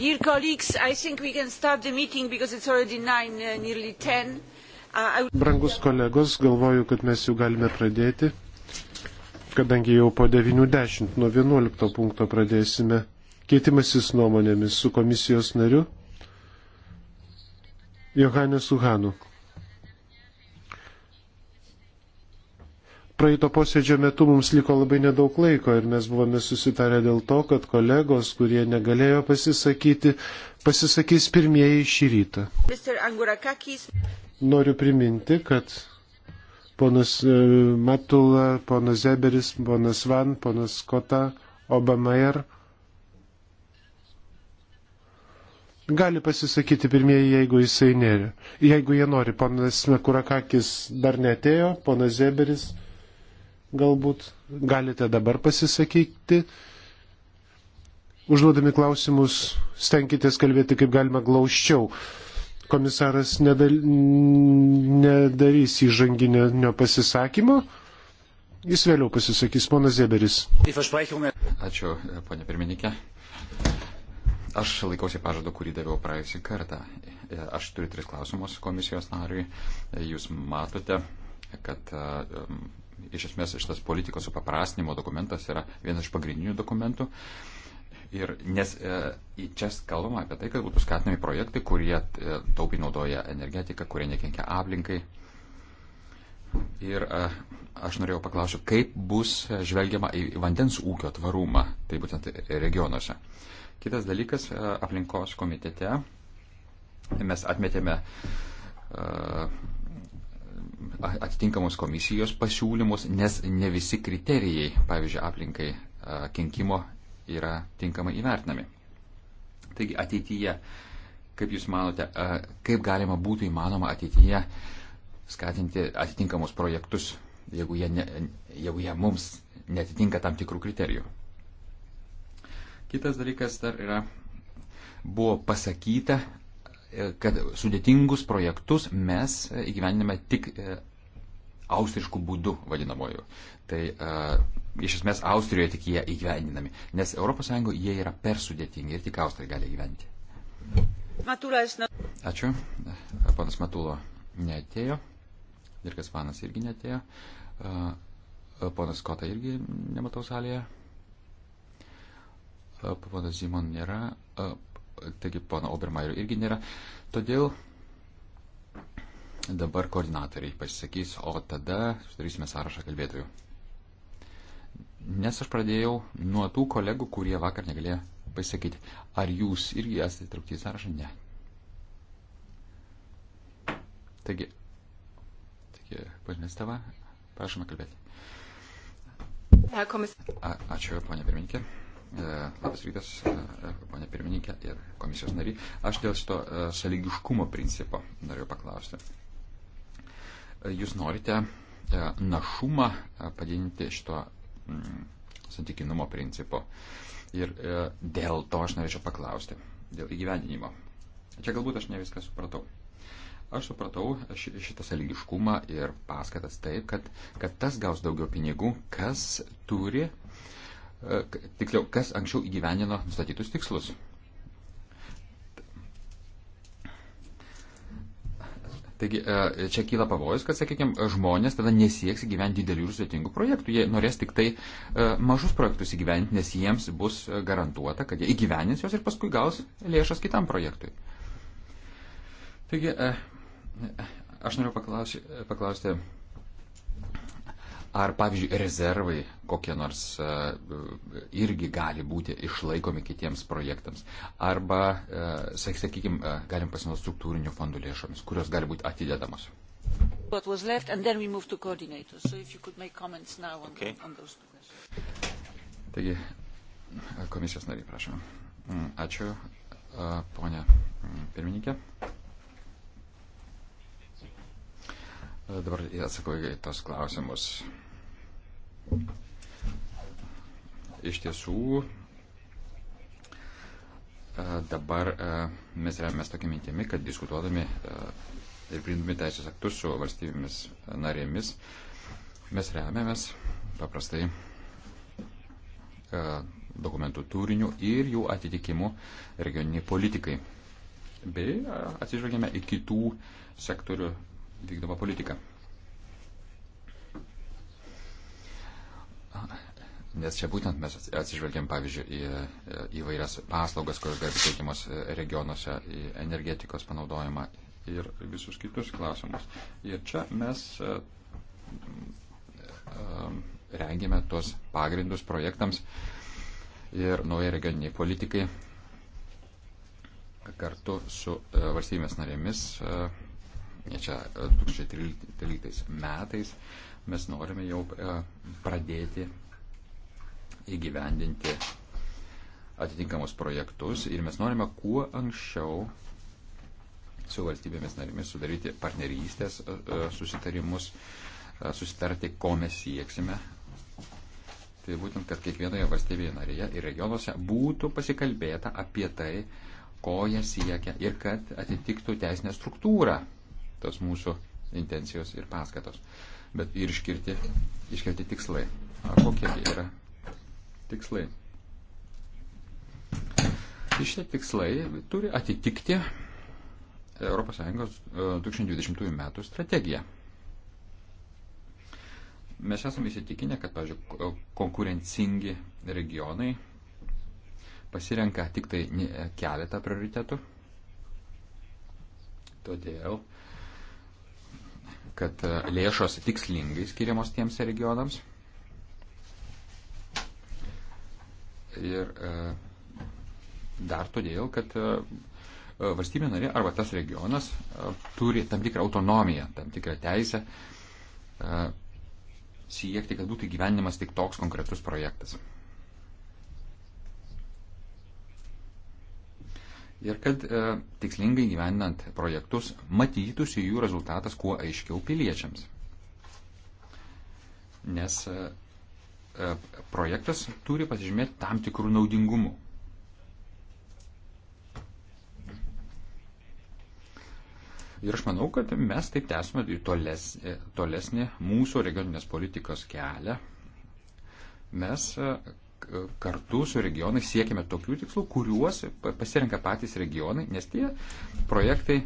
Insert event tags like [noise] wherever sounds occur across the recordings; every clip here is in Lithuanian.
Dear colleagues, I think we can start the meeting because it's already 9, uh, nearly 10. Uh, I... Brangus kolegos, galvoju, kad mes jau galime pradėti, kadangi jau po 9.10 nuo 11 punkto pradėsime keitimasis nuomonėmis su komisijos nariu Johannes Uhanu. praeito posėdžio metu mums liko labai nedaug laiko ir mes buvome susitarę dėl to, kad kolegos, kurie negalėjo pasisakyti, pasisakys pirmieji šį rytą. Noriu priminti, kad ponas e, Matula, ponas Zeberis, ponas Van, ponas Kota, Obamair gali pasisakyti pirmieji, jeigu jisai nėra. Jeigu jie nori, ponas Mekurakakis dar netėjo, ponas Zeberis galbūt galite dabar pasisakyti. Užduodami klausimus, stenkitės kalbėti kaip galima glaučiau. Komisaras nedal, nedarys įžanginio pasisakymo. Jis vėliau pasisakys, ponas Zėberis. Ačiū, ponė pirmininkė. Aš laikausi pažado, kurį daviau praėjusį kartą. Aš turiu tris klausimus komisijos nariui. Jūs matote, kad um, iš esmės šitas politikos supaprastinimo dokumentas yra vienas iš pagrindinių dokumentų. Ir nes e, čia kalbama apie tai, kad būtų skatinami projektai, kurie e, taupiai naudoja energetiką, kurie nekenkia aplinkai. Ir e, aš norėjau paklausti, kaip bus žvelgiama į vandens ūkio tvarumą, tai būtent regionuose. Kitas dalykas, aplinkos komitete mes atmetėme atitinkamos komisijos pasiūlymus, nes ne visi kriterijai, pavyzdžiui, aplinkai kenkimo yra tinkamai įvertinami. Taigi ateityje, kaip Jūs manote, kaip galima būtų įmanoma ateityje skatinti atitinkamus projektus, jeigu jie, ne, jeigu jie mums netitinka tam tikrų kriterijų. Kitas dalykas dar yra, buvo pasakyta kad sudėtingus projektus mes įgyvendiname tik e, austriškų būdų vadinamoju. Tai e, iš esmės Austrijoje tik jie įgyvendinami, nes ES jie yra per sudėtingi ir tik Austrai gali gyventi. Ačiū. E, Panas Matulo neatėjo. Dirkas Vanas irgi neatėjo. Ponas Kota irgi nematau salėje. Ponas Zimon nėra taigi pono Obermairio irgi nėra. Todėl dabar koordinatoriai pasisakys, o tada sudarysime sąrašą kalbėtojų. Nes aš pradėjau nuo tų kolegų, kurie vakar negalėjo pasakyti. Ar jūs irgi esate įtraukti į sąrašą? Ne. Taigi, taigi pažinės tava, prašome kalbėti. A, ačiū, ponė pirmininkė. E, labas rytas, e, ponė pirmininkė ir komisijos nariai. Aš dėl šito e, sąlygiškumo principo norėjau paklausti. Jūs norite našumą padidinti šito mm, santykinumo principo. Ir dėl to aš norėčiau paklausti, dėl įgyvendinimo. Čia galbūt aš ne viską supratau. Aš supratau šitą sąlygiškumą ir paskatas taip, kad, kad tas gaus daugiau pinigų, kas turi uh, E, tiksliau, kas anksčiau įgyvenino nustatytus tikslus. Taigi e, čia kyla pavojus, kad, sakykime, žmonės tada nesieks įgyventi didelių ir sudėtingų projektų. Jie norės tik tai e, mažus projektus įgyventi, nes jiems bus garantuota, kad jie įgyvenins juos ir paskui gaus lėšas kitam projektui. Taigi, aš noriu paklausti, paklausti Ar, pavyzdžiui, rezervai kokie nors e, irgi gali būti išlaikomi kitiems projektams. Arba, e, sakykime, galim pasinaudoti struktūrinių fondų lėšomis, kurios gali būti atidedamos. Okay. Taigi, komisijos nariai, prašom. Mm, ačiū, e, ponia mm, pirmininkė. Dabar atsakau į tos klausimus. Iš tiesų, e, dabar e, mes remiamės tokia mintimi, kad diskutuodami e, ir priimdami teisės aktus su valstybėmis narėmis, mes remiamės paprastai dokumentų turiniu ir jų atitikimu regioniniai politikai. Bei atsižvelgiame į kitų sektorių vykdoma politika. Nes čia būtent mes atsižvelgiam, pavyzdžiui, į įvairias paslaugas, kurios gali būti teikiamos regionuose, į energetikos panaudojimą ir visus kitus klausimus. Ir čia mes e, e, rengėme tuos pagrindus projektams ir naujai regioniniai politikai kartu su e, valstybės narėmis čia 2013 e, metais mes norime jau e, pradėti įgyvendinti atitinkamus projektus ir mes norime kuo anksčiau su valstybėmis narimis sudaryti partnerystės e, susitarimus, susitarti, ko mes sieksime. Tai būtent, kad kiekvienoje valstybėje narėje ir regionuose būtų pasikalbėta apie tai, ko jie siekia ir kad atitiktų teisinę struktūrą tos mūsų intencijos ir paskatos. Bet ir iškirti, iškirti tikslai. A, kokie yra tikslai? Tai šitie tikslai turi atitikti ES 2020 e, metų strategiją. Mes esame įsitikinę, kad, pavyzdžiui, konkurencingi regionai pasirenka tik tai keletą prioritetų. Todėl uh, kad e, lėšos tikslingai skiriamos tiems regionams. Ir e, dar todėl, kad e, valstybė narė arba tas regionas turi tam tikrą autonomiją, tam tikrą teisę siekti, kad būtų gyvenimas tik toks konkretus projektas. ir kad e, tikslingai gyvenant projektus matytųsi jų rezultatas kuo aiškiau piliečiams. Nes e, e, projektas turi pasižymėti tam tikrų naudingumų. Ir aš manau, kad mes taip tęsime toles, e, tolesnį mūsų regioninės politikos kelią. Mes e, kartu su regionai siekime tokių tikslų, kuriuos pasirenka patys regionai, nes tie projektai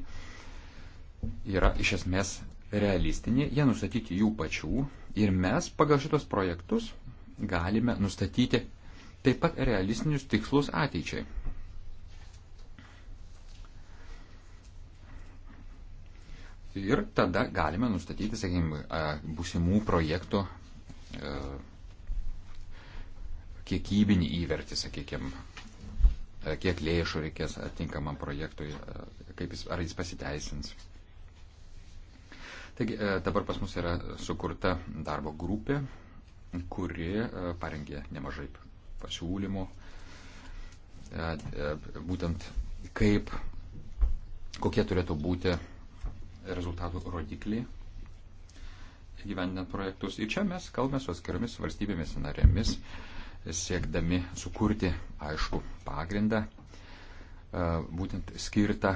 yra iš esmės realistiniai, jie nustatyti jų pačių ir mes pagal šitos projektus galime nustatyti taip pat realistinius tikslus ateičiai. Ir tada galime nustatyti, sakykime, būsimų projektų kiekybinį įvertį, sakykime, kiek lėšų reikės atinkamam projektui, e, kaip jis, ar jis pasiteisins. Taigi e, dabar pas mus yra sukurta darbo grupė, kuri e, parengė nemažai pasiūlymų, būtent kaip, kokie turėtų būti rezultatų rodikliai gyvendinant projektus. Ir čia mes kalbame su atskiromis valstybėmis narėmis. Uh, siekdami sukurti aišku pagrindą, e, būtent skirtą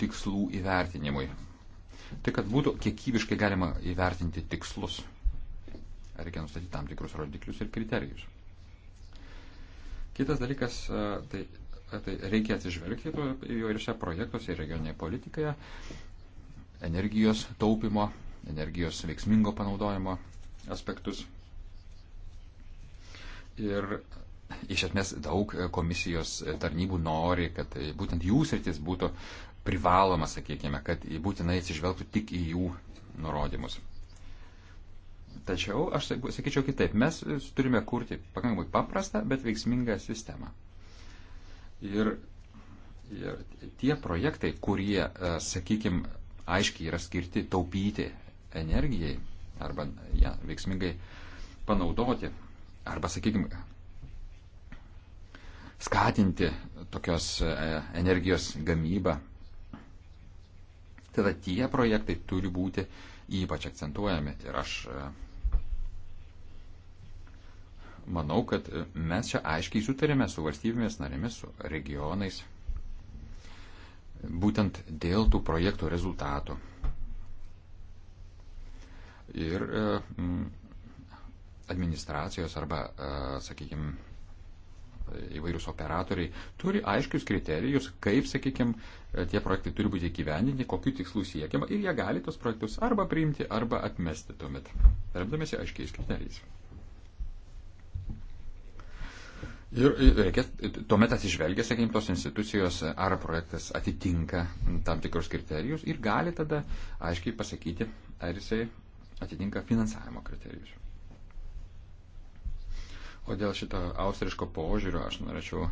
tikslų įvertinimui. Tai, kad būtų kiekybiškai galima įvertinti tikslus. Reikia nustatyti tam tikrus rodiklius ir kriterijus. Kitas dalykas, e, tai, e, tai reikia atsižvelgti įvairiuose projektuose ir regioninėje politikoje energijos taupimo, energijos veiksmingo panaudojimo aspektus. Ir iš esmės daug komisijos tarnybų nori, kad tai būtent jų sritis būtų privaloma, sakykime, kad būtinai atsižvelgtų tik į jų nurodymus. Tačiau aš sakyčiau kitaip, mes turime kurti pakankamai paprastą, bet veiksmingą sistemą. Ir, ir tie projektai, kurie, e, sakykime, aiškiai yra skirti taupyti energijai arba ją ja, veiksmingai panaudoti, arba, sakykime, skatinti tokios e, energijos gamybą. Tada tie projektai turi būti ypač akcentuojami. Ir aš e, manau, kad mes čia aiškiai sutarėme su valstybėmis narėmis, su regionais, būtent dėl tų projektų rezultatų. Ir mm, administracijos arba, e, sakykime, įvairius operatoriai turi aiškius kriterijus, kaip, sakykime, tie projektai turi būti įgyvendinti, kokiu tikslu siekiama ir jie gali tos projektus arba priimti, arba atmesti tuomet, remdamėsi aiškiais kriterijais. Ir reikės, tuomet atsižvelgia, sakykime, tos institucijos, ar projektas atitinka tam tikrus kriterijus ir gali tada aiškiai pasakyti, ar jisai atitinka finansavimo kriterijus. O dėl šito austriško požiūrio aš norėčiau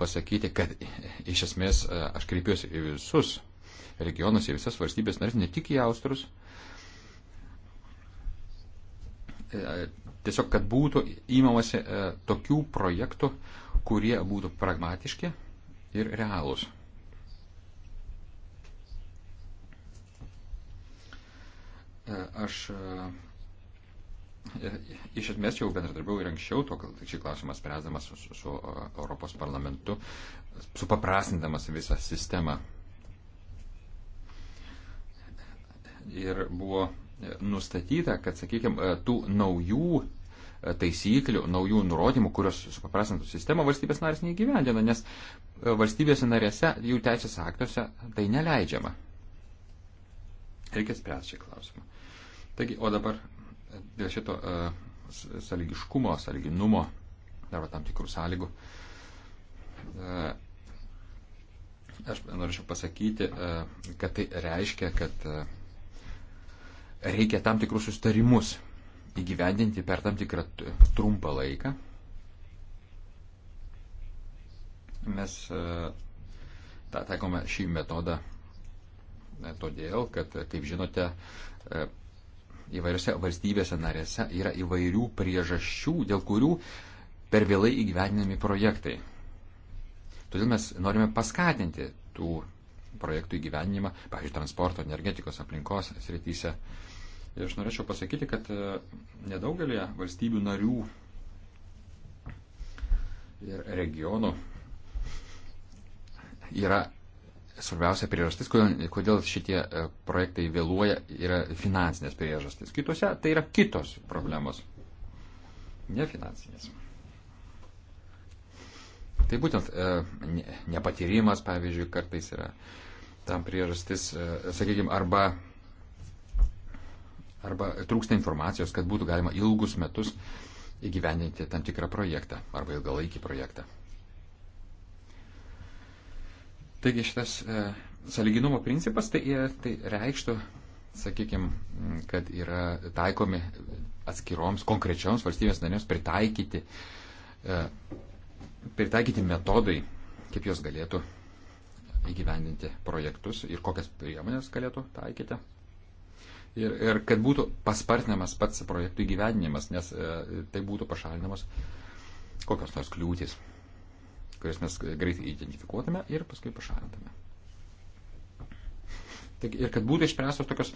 pasakyti, kad iš esmės aš kreipiuosi į visus regionus, į visas valstybės narės, ne tik į austrus. E, tiesiog, kad būtų įmamasi e, tokių projektų, kurie būtų pragmatiški ir realūs. E, aš Iš esmės jau bendradarbiau ir anksčiau, to, šį klausimą spręsdamas su, su, su Europos parlamentu, supaprastindamas visą sistemą. Ir buvo nustatyta, kad, sakykime, tų naujų taisyklių, naujų nurodymų, kurios supaprastintų sistemą valstybės narės neįgyvendina, nes valstybėse narėse jų teisės aktuose tai neleidžiama. Reikia spręsti šį klausimą. Taigi, o dabar dėl šito e, sąlygiškumo, sąlyginumo, arba tam tikrų sąlygų, e, aš norėčiau pasakyti, e, kad tai reiškia, kad reikia tam tikrus sustarimus įgyvendinti per tam tikrą trumpą laiką. Mes taikome šį metodą todėl, kad, kaip žinote, įvairiose valstybėse narėse yra įvairių priežasčių, dėl kurių per vėlai įgyvendinami projektai. Todėl mes norime paskatinti tų projektų įgyvendinimą, pavyzdžiui, transporto, energetikos, aplinkos srityse. Ir aš norėčiau pasakyti, kad e, nedaugelį valstybių narių ir regionų yra svarbiausia priežastis, kodėl šitie e, projektai vėluoja, yra finansinės priežastis. Kitose tai yra kitos problemos, ne finansinės. Tai būtent e, nepatyrimas, pavyzdžiui, kartais yra tam priežastis, e, sakykime, arba, arba trūksta informacijos, kad būtų galima ilgus metus įgyvendinti tam tikrą projektą arba ilgalaikį projektą. Taigi šitas e, saliginumo principas tai, e, tai reikštų, sakykime, kad yra taikomi atskiroms konkrečioms valstybės narėms pritaikyti, e, pritaikyti metodai, kaip jos galėtų įgyvendinti projektus ir kokias priemonės galėtų taikyti. Ir, ir kad būtų paspartinamas pats projektų įgyvendinimas, nes e, tai būtų pašalinamas kokios nors kliūtis kurias mes greitai identifikuotume ir paskui pašalintume. Taigi, ir kad būtų išspręstos tokios,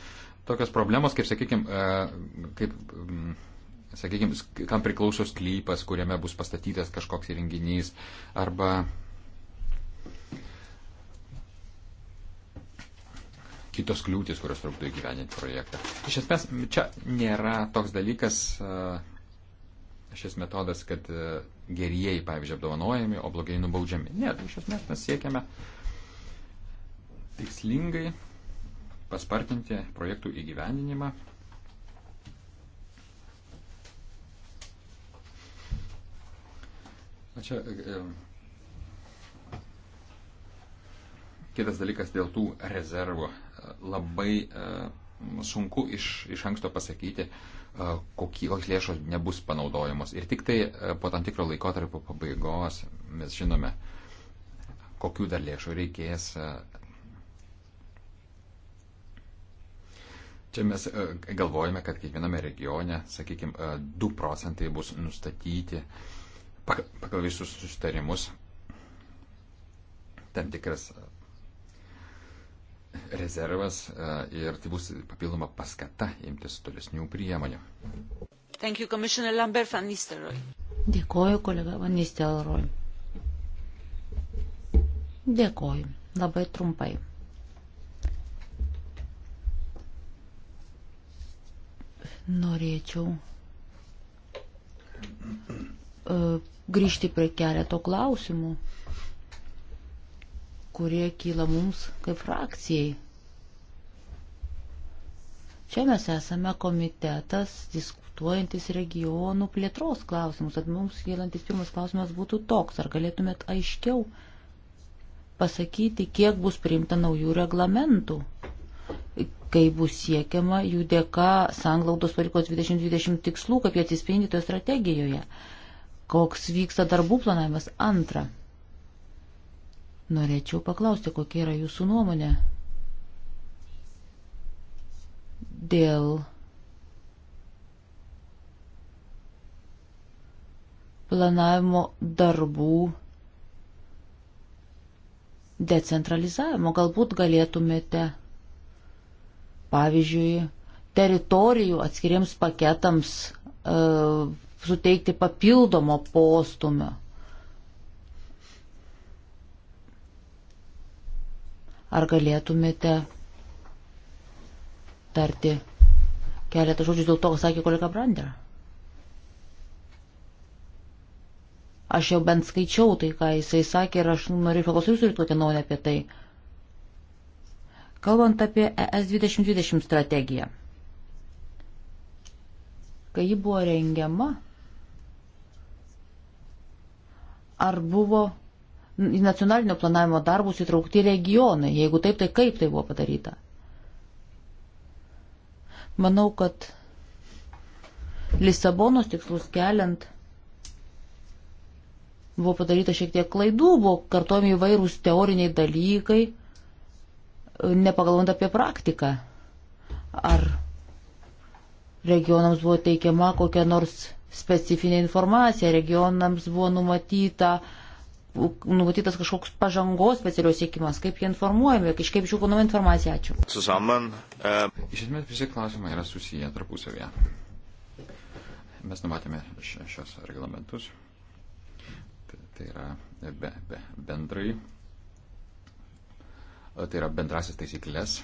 tokios problemos, kaip, sakykime, kaip, mm, sakykime, kam priklauso sklypas, kuriame bus pastatytas kažkoks įrenginys, arba kitos kliūtis, kurios trukdo įgyveninti projektą. Iš esmės, čia nėra toks dalykas, e, šis metodas, kad e, gerieji, pavyzdžiui, apdovanojami, o blogai nubaudžiami. Ne, tai iš esmės mes siekiame tikslingai paspartinti projektų įgyvendinimą. Na čia e, e, kitas dalykas dėl tų rezervų. Labai e, sunku iš, iš anksto pasakyti, e, kokios lėšos nebus panaudojamos. Ir tik tai e, po tam tikro laikotarpio pabaigos mes žinome, kokių dar lėšų reikės. E. Čia mes e, galvojame, kad kiekviename regione, sakykime, 2 procentai bus nustatyti pagal visus susitarimus tam tikras rezervas e, ir tai bus papildoma paskata imtis tolesnių priemonių. Thank you, Commissioner Lambert van Nistelrooy. Dėkoju, kolega van Nistelrooy. Dėkoju. Labai trumpai. Norėčiau e, grįžti prie keleto klausimų kurie kyla mums kaip frakcijai. Čia mes esame komitetas diskutuojantis regionų plėtros klausimus, tad mums kylantis pirmas klausimas būtų toks, ar galėtumėt aiškiau pasakyti, kiek bus priimta naujų reglamentų, kai bus siekiama jų dėka sanglaudos politikos 2020 tikslų, kaip jie atsispindi toje strategijoje, koks vyksta darbų planavimas. Antra, Norėčiau paklausti, kokia yra jūsų nuomonė dėl planavimo darbų decentralizavimo. Galbūt galėtumėte, pavyzdžiui, teritorijų atskiriems paketams e, suteikti papildomo postumio. Ar galėtumėte tarti keletą žodžių dėl to, ką sakė kolega Brander? Aš jau bent skaičiau tai, ką jisai sakė ir aš noriu paklausti, jūs turite kokią nuomonę apie tai. Kalbant apie ES 2020 strategiją. Kai ji buvo rengiama, ar buvo į nacionalinio planavimo darbus įtraukti regionai. Jeigu taip, tai kaip tai buvo padaryta? Manau, kad Lisabonos tikslus keliant buvo padaryta šiek tiek klaidų, buvo kartuomi įvairūs teoriniai dalykai, nepagalvant apie praktiką. Ar regionams buvo teikiama kokia nors specifinė informacija, regionams buvo numatyta uh, numatytas kažkoks pažangos specialios siekimas, kaip jie informuojami, kaip žiūrėjau nuo informaciją. Ačiū. Susaman, uh... E, iš esmės visi klausimai yra susiję tarpusavėje. Mes numatėme šios reglamentus. Tai, tai yra be, be, bendrai. E, tai yra bendrasis taisyklės.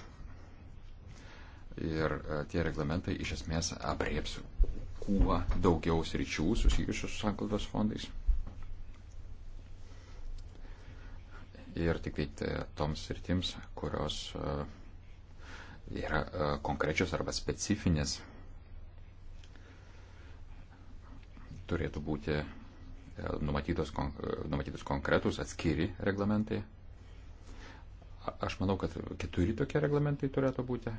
Ir e, tie reglamentai iš esmės apriepsiu kuo daugiau sričių susijusių su sankalbės fondais. ir tik tai toms sritims, kurios e, yra e, konkrečios arba specifinės, turėtų būti e, numatytos, numatytos konkretus atskiri reglamentai. Aš manau, kad keturi tokie reglamentai turėtų būti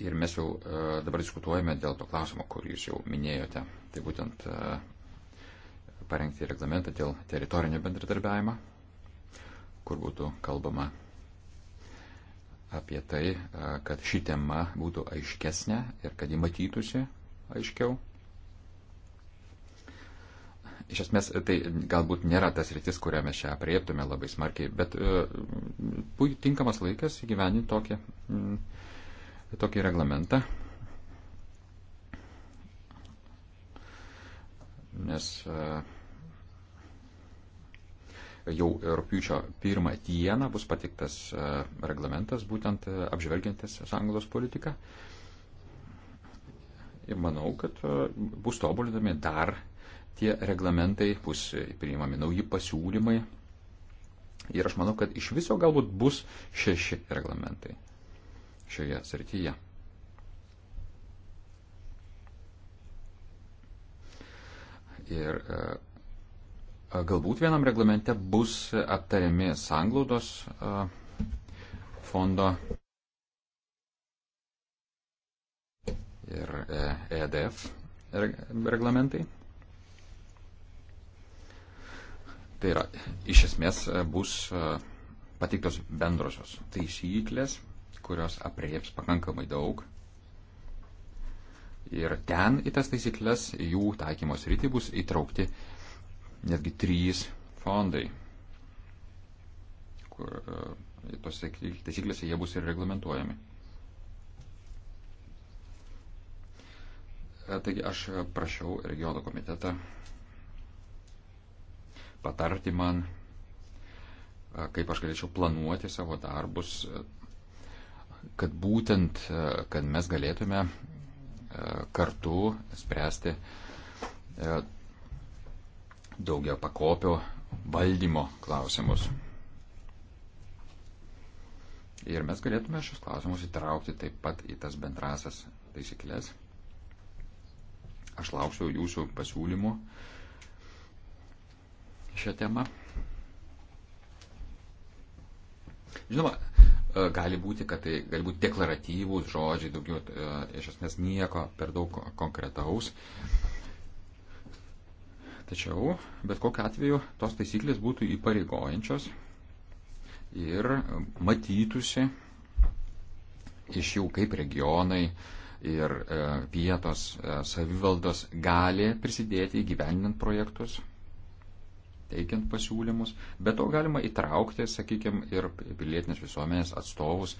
Ir mes jau e, dabar diskutuojame dėl to klausimo, kurį jūs jau minėjote. Tai būtent e, parengti reglamentą dėl teritorinio bendradarbiavimo, kur būtų kalbama apie tai, e, kad ši tema būtų aiškesnė ir kad ji matytųsi aiškiau. Iš esmės, tai galbūt nėra tas rytis, kurią mes čia apriektume labai smarkiai, bet puikiai tinkamas laikas įgyveninti tokią. Mm, tokį reglamentą, nes e, jau rūpiučio pirmą dieną bus patiktas e, reglamentas, būtent e, apžvelgiantis sąjungos politiką. Ir manau, kad bus tobulinami dar tie reglamentai, bus priimami nauji pasiūlymai. Ir aš manau, kad iš viso galbūt bus šeši reglamentai šioje srityje. Ir e, galbūt vienam reglamente bus aptariami sanglaudos e, fondo ir EDF e reglamentai. Tai yra, iš esmės bus pateiktos bendrosios taisyklės kurios aprieips pakankamai daug. Ir ten į tas taisyklės, jų taikymos rytį bus įtraukti netgi trys fondai. Kur, e, tose taisyklėse jie bus ir reglamentuojami. E, taigi aš prašiau regiono komitetą patarti man, e, kaip aš galėčiau planuoti savo darbus kad būtent, e, kad mes galėtume e, kartu spręsti e, daugia pakopio valdymo klausimus. Ir mes galėtume šios klausimus įtraukti taip pat į tas bendrasas taisyklės. Aš lauksiu jūsų pasiūlymų šią temą. Žinoma, E, gali būti, kad tai gali būti deklaratyvūs žodžiai, daugiau e, iš esmės nieko per daug konkretaus. Tačiau, bet kokiu atveju, tos taisyklės būtų įpareigojančios ir matytųsi iš jų, kaip regionai ir e, vietos savivaldos gali prisidėti įgyvendinant projektus teikiant pasiūlymus, bet to galima įtraukti, sakykime, ir pilietinės visuomenės atstovus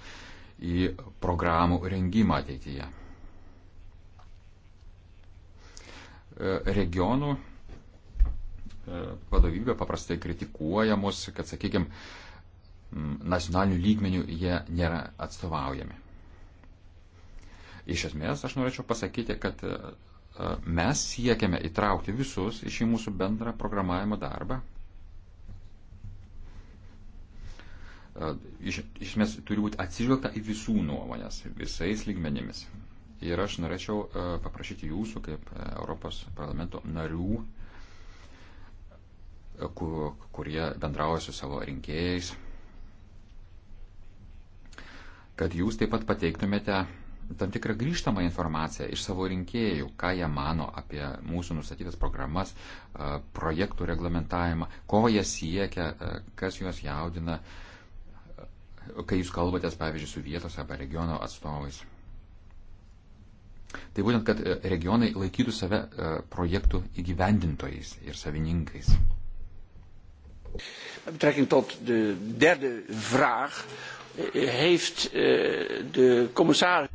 į programų rengimą ateityje. E, regionų e, vadovybė paprastai kritikuoja mus, kad, sakykime, nacionalinių lygmenių jie nėra atstovaujami. Iš esmės aš norėčiau pasakyti, kad E, mes siekiame įtraukti visus į šį mūsų bendrą programavimo darbą. E, iš, iš mes turi būti atsižvelgta į visų nuomonės, visais lygmenimis. Ir aš norėčiau e, paprašyti jūsų, kaip Europos parlamento narių, kurie bendrauja su savo rinkėjais, kad jūs taip pat pateiktumėte tam tikrą grįžtamą informaciją iš savo rinkėjų, ką jie mano apie mūsų nustatytas programas, projektų reglamentavimą, ko jie siekia, kas juos jaudina, kai jūs kalbatės, pavyzdžiui, su vietos arba regiono atstovais. Tai būtent, kad e, regionai laikytų save e, projektų įgyvendintojais ir savininkais. Met betrekking tot de derde vraag heeft e, de commissaris.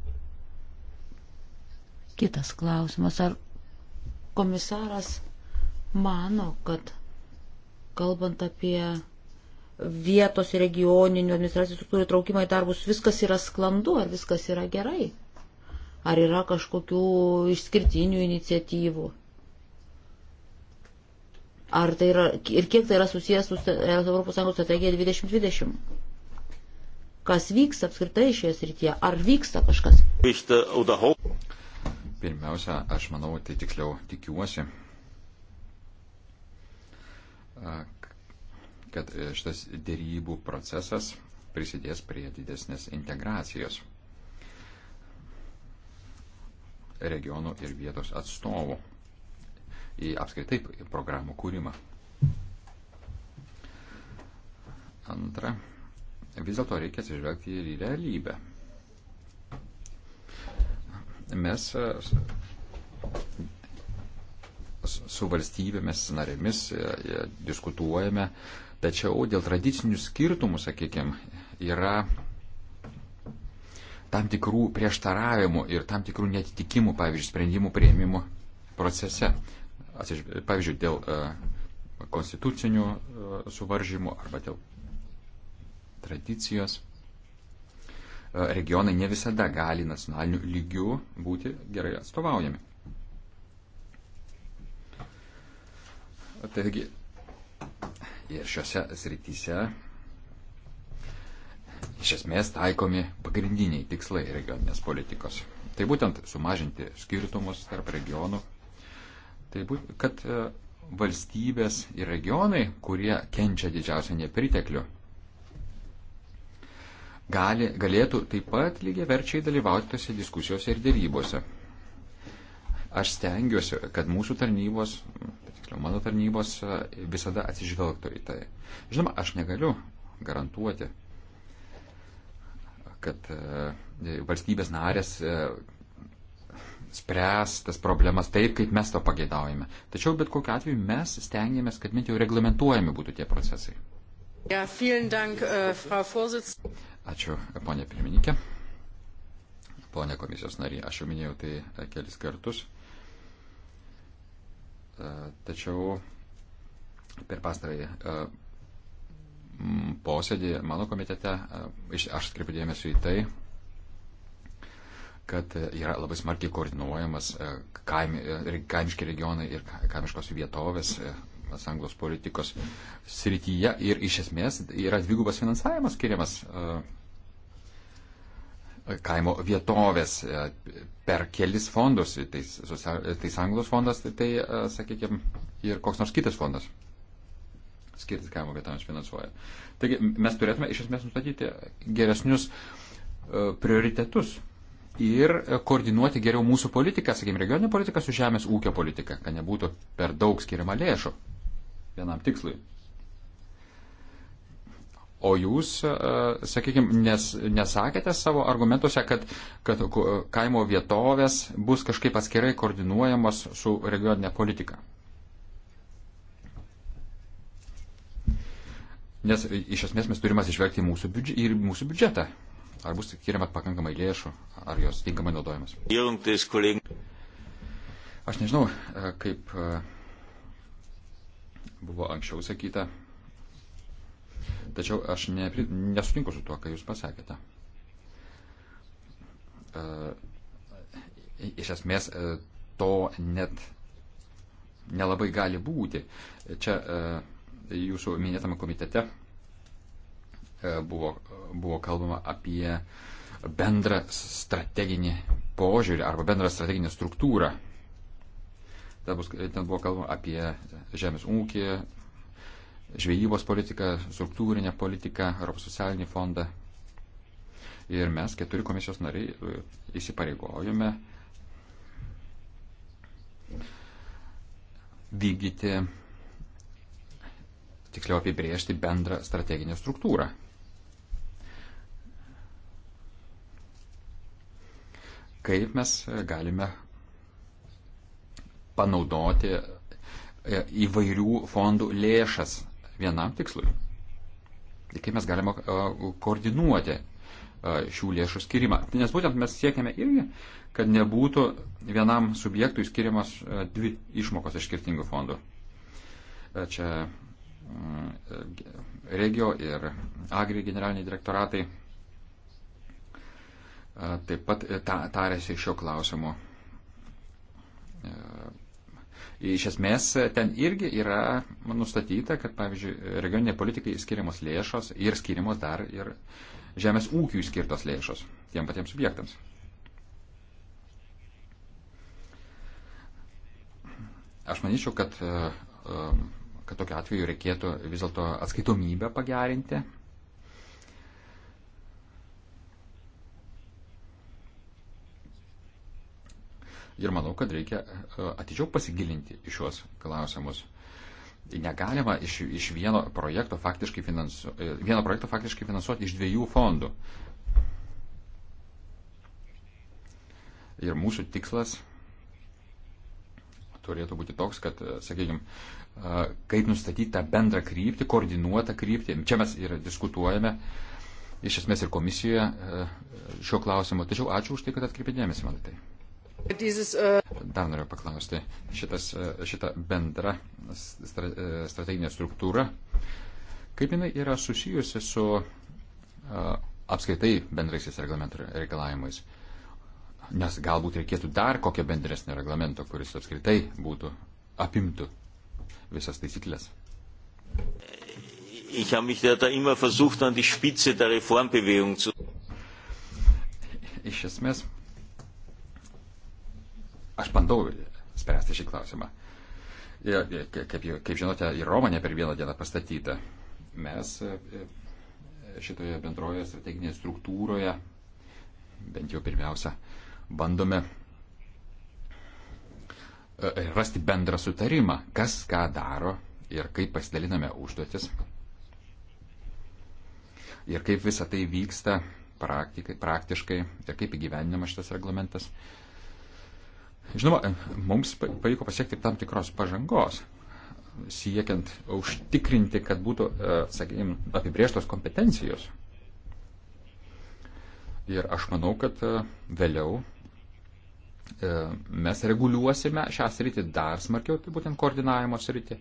Kitas klausimas, ar komisaras mano, kad kalbant apie vietos regioninių administracijų struktūrų traukimą į darbus, viskas yra sklandu, ar viskas yra gerai? Ar yra kažkokių išskirtinių iniciatyvų? Ar tai yra, ir kiek tai yra susijęs su ES strategija 2020? Kas vyksta apskritai šioje srityje? Ar vyksta kažkas? Pirmiausia, aš manau, tai tiksliau tikiuosi, kad šitas dėrybų procesas prisidės prie didesnės integracijos regionų ir vietos atstovų į apskritai programų kūrimą. Antra, vis dėlto reikia atsižvelgti ir į realybę mes e, su valstybėmis narėmis e, e, diskutuojame, tačiau dėl tradicinių skirtumų, sakykime, yra tam tikrų prieštaravimų ir tam tikrų netitikimų, pavyzdžiui, sprendimų prieimimo procese. Pavyzdžiui, dėl konstitucinių suvaržymų arba dėl tradicijos. E, regionai ne visada gali nacionaliniu lygiu būti gerai atstovaujami. Taigi, ir šiuose srityse iš esmės taikomi pagrindiniai tikslai regioninės politikos. Tai būtent sumažinti skirtumus tarp regionų, tai būt, kad e, valstybės ir regionai, kurie kenčia didžiausią nepriteklių, gali, galėtų taip pat lygiai verčiai dalyvauti tose diskusijose ir dėrybose. Aš stengiuosi, kad mūsų tarnybos, tiksliau mano tarnybos, e, visada atsižvelgtų į tai. Žinoma, aš negaliu garantuoti, kad e, valstybės narės e, spręs tas problemas taip, kaip mes to pageidaujame. Tačiau bet kokiu atveju mes stengiamės, kad bent jau reglamentuojami būtų tie procesai. Ja, dank, uh, Ačiū, ponė pirmininkė. Pone komisijos nariai, aš jau minėjau tai e, kelis kartus. E, tačiau per pastarąjį e, posėdį mano komitete, aš skirpiu dėmesį į tai, kad yra labai smarkiai koordinuojamas kaim, kaimiški regionai ir kaimiškos vietovės sąjungos politikos srityje ir iš esmės yra dvigubas finansavimas skiriamas kaimo vietovės e, per kelis fondus, tai, tai Anglos fondas, tai, tai e, sakykime, ir koks nors kitas fondas skirtis kaimo vietams finansuoja. Taigi mes turėtume iš esmės nustatyti geresnius e, prioritetus ir koordinuoti geriau mūsų politiką, sakykime, regioninę politiką su žemės ūkio politika, kad nebūtų per daug skiriama lėšų vienam tikslui. O jūs, e, sakykime, nes, nesakėte savo argumentuose, kad, kad kaimo vietovės bus kažkaip atskirai koordinuojamos su regioninė politika. Nes e, iš esmės mes turime atsižvelgti į mūsų, biudž į mūsų biudžetą. Ar bus skiriama pakankamai lėšų, ar jos tinkamai naudojamas. Aš nežinau, e, kaip buvo anksčiau sakyta, Tačiau aš nepri, nesutinku su tuo, ką Jūs pasakėte. E, iš esmės e, to net nelabai gali būti. Čia e, Jūsų minėtame komitete buvo, buvo kalbama apie bendrą strateginį požiūrį arba bendrą strateginę struktūrą. Ten, bus, ten buvo kalbama apie žemės ūkį, žvejybos politiką, struktūrinę politiką, Europos socialinį fondą. Ir mes, keturi komisijos nariai, įsipareigojome vykdyti, tiksliau apibriežti bendrą strateginę struktūrą. Kaip mes galime panaudoti e, įvairių fondų lėšas vienam tikslui. Ir tai kaip mes galime koordinuoti šių lėšų skirimą. Nes būtent mes siekiame irgi, kad nebūtų vienam subjektui skiriamas dvi išmokos iš skirtingų fondų. Čia mm, regio ir agri generaliniai direktoratai taip pat e, tarėsi šio klausimu e, Iš esmės, ten irgi yra nustatyta, kad, pavyzdžiui, regioniniai politikai skiriamos lėšos ir skiriamos dar ir žemės ūkiui skirtos lėšos tiem patiems subjektams. Aš manyčiau, kad, e, e, kad tokiu atveju reikėtų vis dėlto atskaitomybę pagerinti Ir manau, kad reikia e, atidžiau pasigilinti į šiuos klausimus. Negalima iš, iš vieno, projekto faktiškai finansu, e, vieno projekto faktiškai finansuoti iš dviejų fondų. Ir mūsų tikslas turėtų būti toks, kad, e, sakykime, kaip nustatyti tą bendrą kryptį, koordinuotą kryptį. Čia mes ir diskutuojame, iš esmės ir komisijoje šiuo klausimu. Tačiau ačiū už tai, kad atkreipėdėmėsi man tai. Äh, dar noriu paklausti, šitas, e, šita bendra e, strateginė struktūra, kaip jinai yra susijusi su e, apskaitai bendraisiais reikalavimais? Nes galbūt reikėtų dar kokio bendresnio reglamento, kuris apskritai būtų, apimtų visas taisyklės. Ich habe mich da immer versucht, an die Spitze der Reformbewegung zu. Iš esmės, Aš bandau spręsti šį klausimą. Ir, kaip, kaip žinote, į Romą ne per vieną dieną pastatyta. Mes e, e, šitoje bendroje strateginėje struktūroje, bent jau pirmiausia, bandome e, rasti bendrą sutarimą, kas ką daro ir kaip pasidaliname užduotis. Ir kaip visa tai vyksta praktikai, praktiškai ir kaip įgyvendinamas šitas reglamentas. Uh, Žinoma, mums pavyko pasiekti tam tikros pažangos, siekiant užtikrinti, kad būtų, e, sakykime, apibrieštos kompetencijos. Ir aš manau, kad e, vėliau e, mes reguliuosime šią sritį dar smarkiau, tai būtent koordinavimo sritį.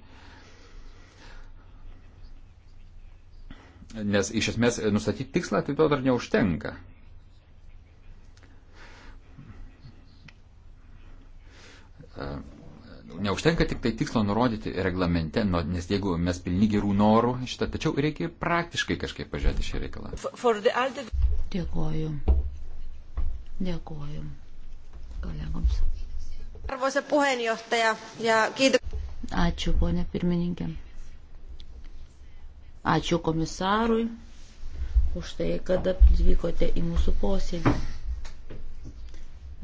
Nes iš esmės nustatyti tikslą tai to dar neužtenka. E, neužtenka tik tai tikslo nurodyti reglamente, nes jeigu mes pilni gerų norų šitą, tačiau reikia praktiškai kažkaip pažiūrėti šį reikalą. The... Dėkoju. Dėkoju kolegoms. Arvoisa puheenjohtaja ja kiitos. Ačiū, ponė pirmininkė. Ačiū komisarui už tai, kad atvykote į mūsų posėdį.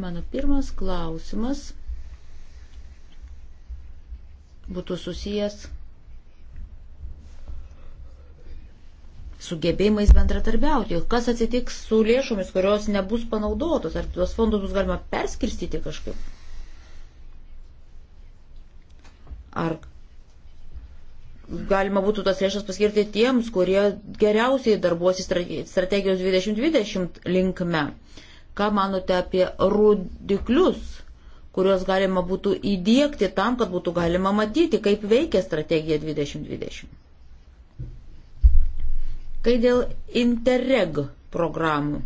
Mano pirmas klausimas būtų susijęs su gebėjimais bendratarbiauti. Kas atsitiks su lėšomis, kurios nebus panaudotos? Ar tuos fondus bus galima perskirstyti kažkaip? Ar galima būtų tas lėšas paskirti tiems, kurie geriausiai darbuosi strategijos 2020 linkme? Ką manote apie rodiklius? kuriuos galima būtų įdėkti tam, kad būtų galima matyti, kaip veikia strategija 2020. Kai dėl Interreg programų,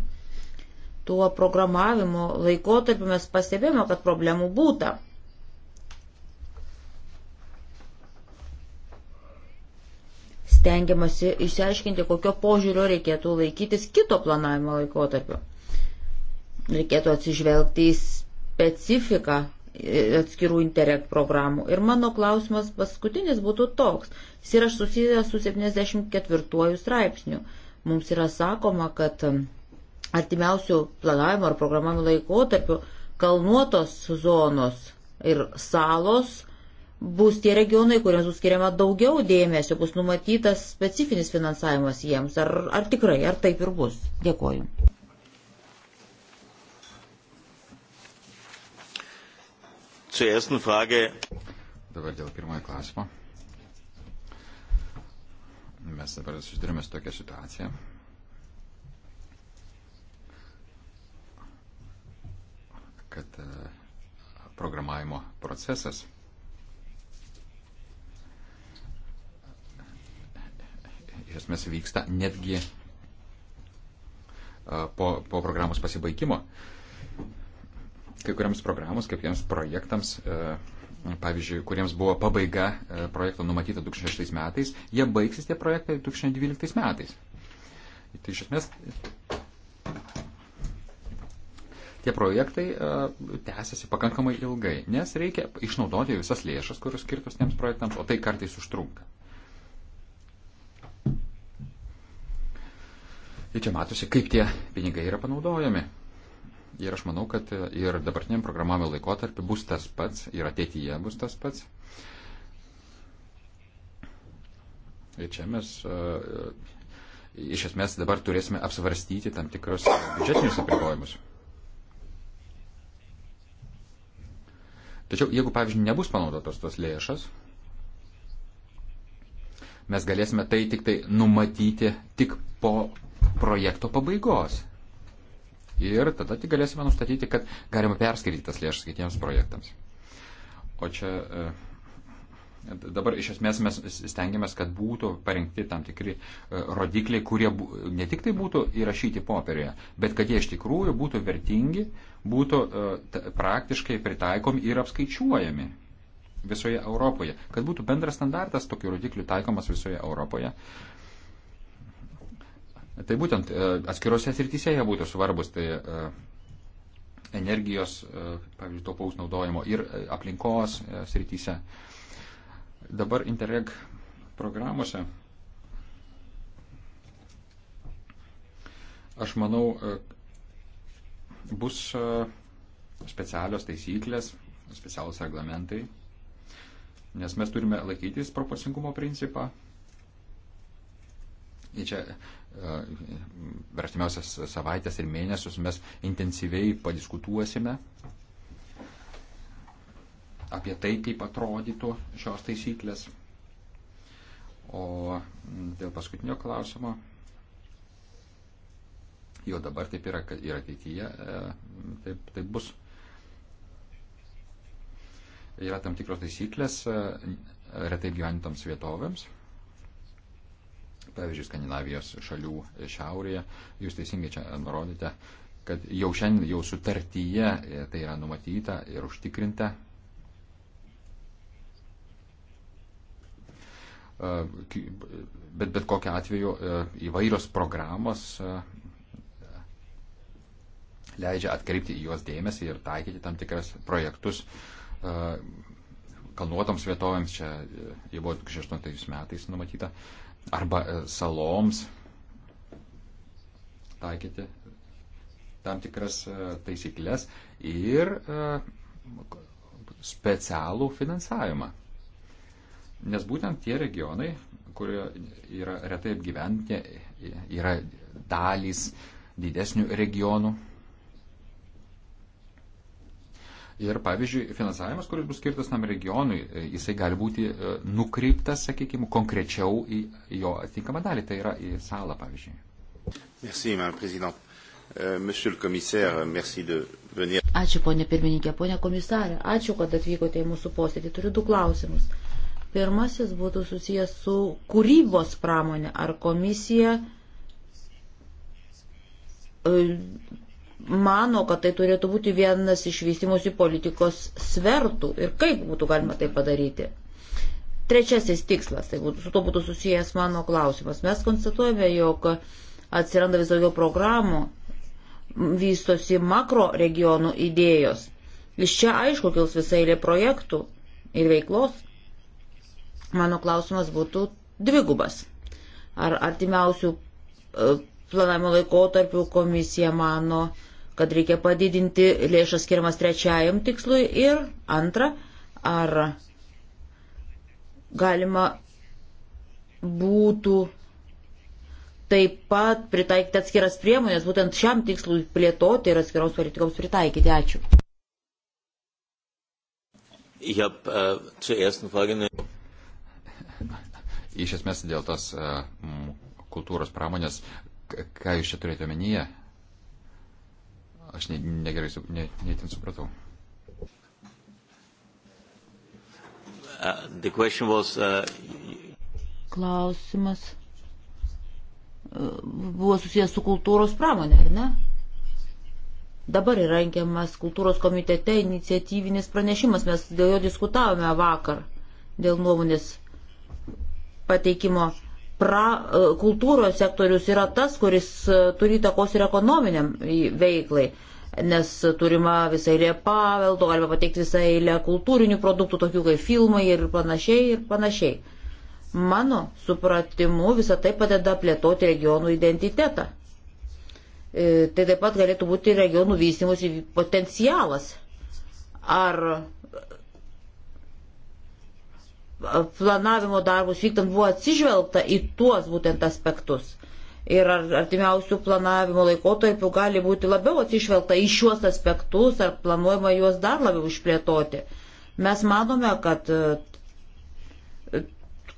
tuo programavimo laikotarpiu mes pastebėjome, kad problemų būta. Stengiamasi išsiaiškinti, kokio požiūrio reikėtų laikytis kito planavimo laikotarpiu. Reikėtų atsižvelgti į specifiką e, atskirų interreg programų. Ir mano klausimas paskutinis būtų toks. Jis yra susijęs su 74 straipsniu. Mums yra sakoma, kad um, artimiausių planavimo ar programavimo laikotarpių kalnuotos zonos ir salos bus tie regionai, kuriems bus skiriama daugiau dėmesio, bus numatytas specifinis finansavimas jiems. Ar, ar tikrai, ar taip ir bus? Dėkuoju. Zur ersten Frage. Dabar dėl pirmojo klausimo. Mes dabar susidurime su tokia situacija. kad e, programavimo procesas iš esmės vyksta netgi e, po, po programos pasibaigimo. Uh, kai kuriams programos, kai kuriems projektams, e, pavyzdžiui, kuriems buvo pabaiga e, projekto numatyta 2006 metais, jie baigsis tie projektai 2012 metais. Tai iš esmės tie projektai e, tęsiasi pakankamai ilgai, nes reikia išnaudoti visas lėšas, kurios skirtos tiems projektams, o tai kartais užtrunka. Ir čia matosi, kaip tie pinigai yra panaudojami. Ir aš manau, kad e, ir dabartiniam programavimo laikotarpiu bus tas pats, ir ateityje bus tas pats. Ir čia mes e, e, iš esmės dabar turėsime apsvarstyti tam tikrus biudžetinius apribojimus. Tačiau jeigu, pavyzdžiui, nebus panaudotos tos lėšas, mes galėsime tai tik tai numatyti tik po projekto pabaigos ir tada tik galėsime nustatyti, kad galima perskaityti tas lėšas kitiems projektams. O čia e, dabar iš esmės mes stengiamės, kad būtų parengti tam tikri e, rodikliai, kurie ne tik tai būtų įrašyti popierioje, bet kad jie iš tikrųjų būtų vertingi, būtų e, praktiškai pritaikomi ir apskaičiuojami visoje Europoje, kad būtų bendras standartas tokių rodiklių taikomas visoje Europoje. Uh, Tai būtent e, atskiruose srityse jie būtų svarbus, tai e, energijos, e, pavyzdžiui, taupaus naudojimo ir aplinkos srityse. Dabar Interreg programuose aš manau, bus specialios taisyklės, specialūs reglamentai, nes mes turime laikytis proporcingumo principą Ir čia e, per artimiausias savaitės ir mėnesius mes intensyviai padiskutuosime apie tai, kaip atrodytų šios taisyklės. O dėl paskutinio klausimo, jo dabar taip yra ir ateityje, e, taip, taip bus. Yra tam tikros taisyklės e, retai gyventams vietovėms pavyzdžiui, Skandinavijos šalių šiaurėje, jūs teisingai čia nurodėte, kad jau šiandien, jau sutartyje e, tai yra numatyta ir užtikrinta. E, bet bet kokiu atveju e, įvairios programos leidžia atkreipti į juos dėmesį ir taikyti tam tikras projektus kalnuotoms vietovėms, čia jau buvo 2008 metais numatyta, arba e, saloms taikyti tam tikras e, taisyklės ir e, specialų finansavimą. Nes būtent tie regionai, kurie yra retai apgyventi, yra dalys didesnių regionų Ir, pavyzdžiui, finansavimas, kuris bus skirtas tam regionui, e, jisai gali būti e, nukreiptas, sakykime, konkrečiau į jo atitinkamą dalį, tai yra į salą, pavyzdžiui. Merci, euh, euh, Ačiū, ponė pirmininkė, ponė komisarė. Ačiū, kad atvykote į mūsų posėdį. Turiu du klausimus. Pirmasis būtų susijęs su kūrybos pramonė. Ar komisija e, mano, kad tai turėtų būti vienas iš vystimusi politikos svertų ir kaip būtų galima tai padaryti. Trečiasis tikslas, tai būtų, su to būtų susijęs mano klausimas. Mes konstatuojame, jog atsiranda vis daugiau programų, vystosi makro regionų idėjos. Iš čia aišku kils visai lė projektų ir veiklos. Mano klausimas būtų dvigubas. Ar artimiausių e, planavimo laikotarpių komisija mano, kad reikia padidinti lėšas skiriamas trečiajam tikslui ir antra, ar galima būtų taip pat pritaikyti atskiras priemonės, būtent šiam tikslui plėtoti ir atskiroms politikoms pritaikyti. Ačiū. Hab, uh, Iš esmės dėl tos uh, kultūros pramonės, ką jūs čia turėjote omenyje, Aš ne, negerai, ne, neįtin supratau. Uh, was, uh... Klausimas uh, buvo susijęs su kultūros pramonė, ar ne? Dabar yra rengiamas kultūros komitete iniciatyvinis pranešimas, mes dėl jo diskutavome vakar, dėl nuomonės pateikimo pra, e, kultūros sektorius yra tas, kuris e, turi takos ir ekonominiam e, veiklai, nes turima visai lė paveldo, galima pateikti visai lė kultūrinių produktų, tokių kaip filmai ir panašiai ir panašiai. Mano supratimu visą tai padeda plėtoti regionų identitetą. Tai taip pat galėtų būti regionų vystimus potencialas. Ar planavimo darbus vykdant buvo atsižvelgta į tuos būtent aspektus. Ir ar artimiausių planavimo laikotarpių gali būti labiau atsižvelgta į šiuos aspektus, ar planuojama juos dar labiau išplėtoti. Mes manome, kad e,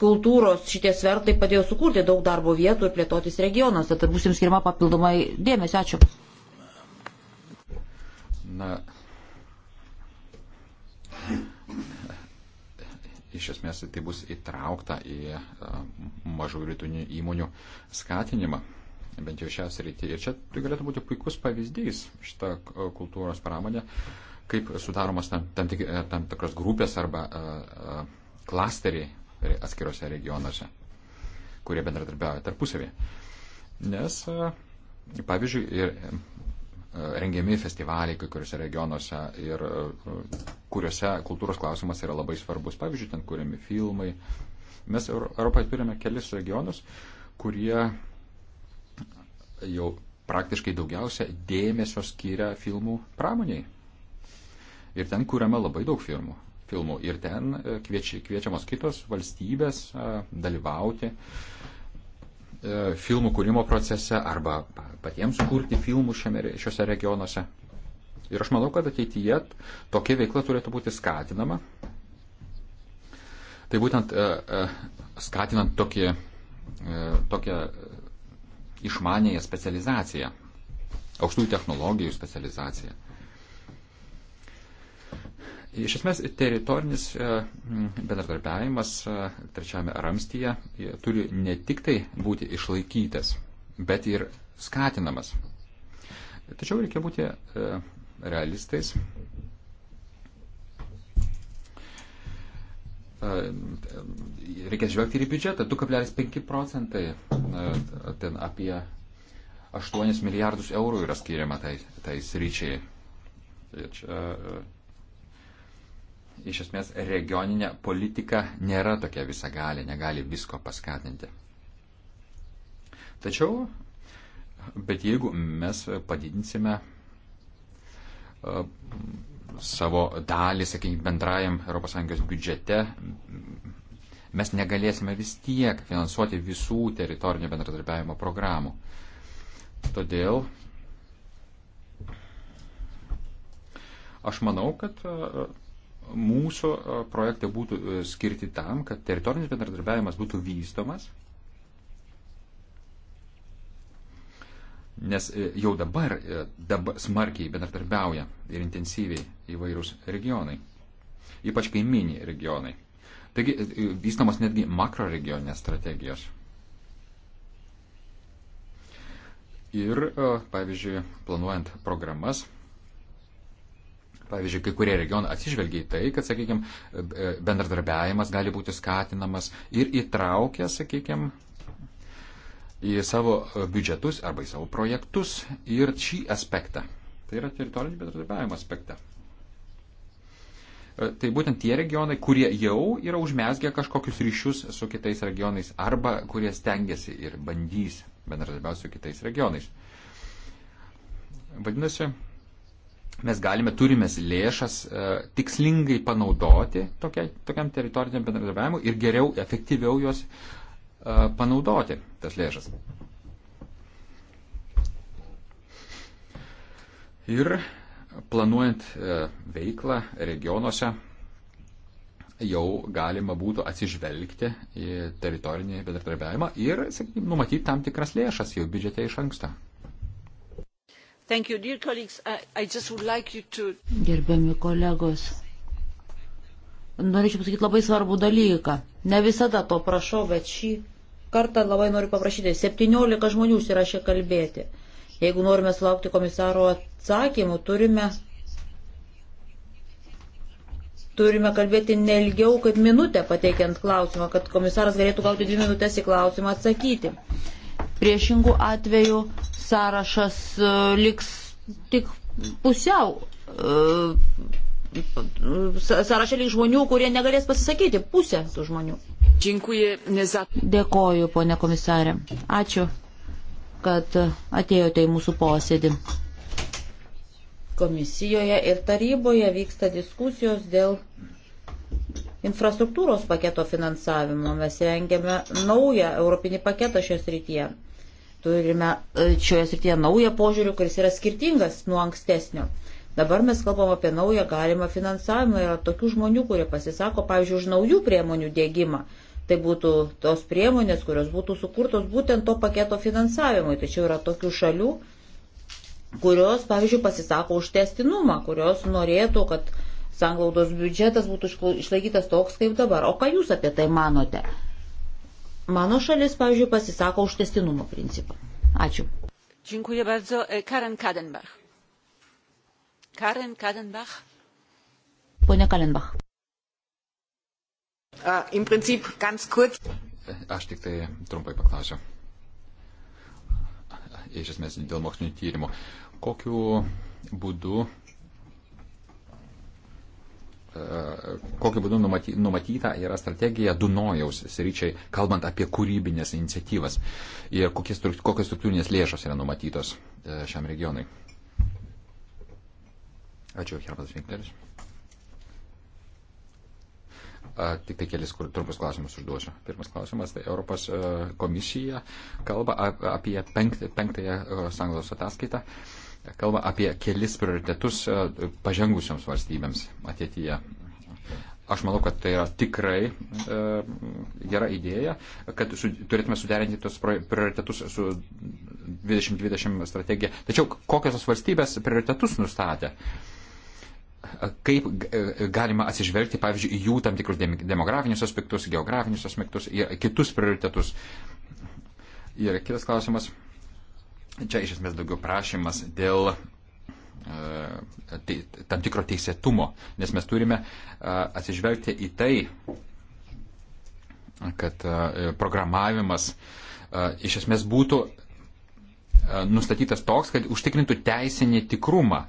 kultūros šitie svertai padėjo sukurti daug darbo vietų ir plėtotis regionuose. Tad būsim skirma papildomai dėmesio. Ačiū. Na, iš esmės tai bus įtraukta į e, mažų ir rytinių įmonių skatinimą, bent jau šią sritį. Ir čia tai galėtų būti puikus pavyzdys šitą kultūros pramonę, kaip sudaromas tam, tam, tik, e, tam tikros grupės arba e, klasteriai atskiruose regionuose, kurie bendradarbiauja tarpusavėje. Nes, pavyzdžiui, ir rengiami festivaliai kai kuriuose regionuose ir e, kuriuose kultūros klausimas yra labai svarbus. Pavyzdžiui, ten kuriami filmai. Mes Europoje turime kelis regionus, kurie jau praktiškai daugiausia dėmesio skiria filmų pramoniai. Ir ten kuriame labai daug filmų. filmų. Ir ten e, kviečia, kviečiamos kitos valstybės e, dalyvauti uh, E, filmų kūrimo procese arba patiems kurti filmų šiame, šiuose regionuose. Ir aš manau, kad ateityje tokia veikla turėtų būti skatinama. Tai būtent e, e, skatinant tokį, tokią išmanėją specializaciją, aukštųjų technologijų specializaciją. Iš esmės, teritorinis e, bendradarbiavimas e, trečiame ramstyje e, turi ne tik tai būti išlaikytas, bet ir skatinamas. Tačiau reikia būti realistais. Reikia žvelgti ir į biudžetą. 2,5 procentai ten apie 8 milijardus eurų yra skiriama tai, tai sryčiai. Ir čia, iš esmės regioninė politika nėra tokia visagalė, negali visko paskatinti. Tačiau, bet jeigu mes padidinsime e, savo dalį, sakykime, bendrajam ES biudžete, mes negalėsime vis tiek finansuoti visų teritorinio bendradarbiavimo programų. Todėl aš manau, kad e, mūsų e, projektai būtų e, skirti tam, kad teritorinis bendradarbiavimas būtų vystomas, nes e, jau dabar, dabar smarkiai bendradarbiauja ir intensyviai įvairūs regionai, ypač kaiminiai regionai. Taigi vystamos netgi makro regioninės strategijos. Ir, pavyzdžiui, planuojant programas, Pavyzdžiui, kai kurie regionai atsižvelgia į tai, kad, sakykime, bendradarbiavimas gali būti skatinamas ir įtraukia, sakykime, į savo biudžetus arba į savo projektus ir šį aspektą. Tai yra teritorinio bendradarbiavimo aspektą. E, tai būtent tie regionai, kurie jau yra užmesgę kažkokius ryšius su kitais regionais arba kurie stengiasi ir bandys bendradarbiauti su kitais regionais. Vadinasi, mes galime, turime lėšas e, tikslingai panaudoti tokia, tokiam teritoriniam bendradarbiavimui ir geriau, efektyviau juos e, panaudoti, tas lėšas. Ir planuojant e, veiklą regionuose jau galima būtų atsižvelgti į teritorinį bendradarbiavimą ir, sakykime, numatyti tam tikras lėšas jau biudžete iš anksto. Gerbiami kolegos, norėčiau pasakyti labai svarbų dalyką. Ne visada to prašau, bet šį kartą labai noriu paprašyti. 17 žmonių užsirašė kalbėti. Jeigu norime sulaukti komisaro atsakymų, turime, turime kalbėti nelgiau kaip minutę pateikiant klausimą, kad komisaras galėtų gauti dvi minutės į klausimą atsakyti. Priešingų atvejų sąrašas e, liks tik pusiau. E, Sąrašė lyg žmonių, kurie negalės pasisakyti, pusė tų žmonių. Dėkoju, ponė komisarė. Ačiū, kad atėjote į mūsų posėdį. Komisijoje ir taryboje vyksta diskusijos dėl infrastruktūros paketo finansavimo. Mes rengiame naują europinį paketą šios rytyje. Turime e, šioje srityje naują požiūrį, kuris yra skirtingas nuo ankstesnio. Dabar mes kalbam apie naują galimą finansavimą. Yra tokių žmonių, kurie pasisako, pavyzdžiui, už naujų priemonių dėgymą. Tai būtų tos priemonės, kurios būtų sukurtos būtent to paketo finansavimui. Tačiau yra tokių šalių, kurios, pavyzdžiui, pasisako už testinumą, kurios norėtų, kad sanglaudos biudžetas būtų išlaikytas toks kaip dabar. O ką jūs apie tai manote? Mano šalis, pavyzdžiui, pasisako už testinumo principą. Ačiū. Dziękuję bardzo. E, Karen Kadenbach. Karen Kadenbach. Pone Kalenbach. Uh, Im Prinzip ganz kurz. E, aš tik tai trumpai paklausiu. E, iš esmės dėl mokslinio tyrimo. Kokiu būdu kokiu būdu numatyta yra strategija Dunojaus sričiai, kalbant apie kūrybinės iniciatyvas ir kokios struktūrinės lėšos yra numatytos e, šiam regionui. Ačiū, Herbatas Vinkleris. Tik tai kelis trumpus klausimus užduosiu. Pirmas klausimas, tai Europos e, komisija kalba apie penktąją e, sanglos ataskaitą kalba apie kelis prioritetus e, pažengusioms valstybėms ateityje. Aš manau, kad tai yra tikrai e, gera idėja, kad su, turėtume suderinti tos prioritetus su 2020 strategija. Tačiau kokios tos valstybės prioritetus nustatė? Kaip e, galima atsižvelgti, pavyzdžiui, jų tam tikrus demografinius aspektus, geografinius aspektus ir kitus prioritetus? Ir kitas klausimas. E, Čia iš esmės daugiau prašymas dėl e, tam tikro teisėtumo, nes mes turime e, atsižvelgti į tai, kad e, programavimas iš esmės būtų nustatytas toks, kad užtikrintų teisinį tikrumą,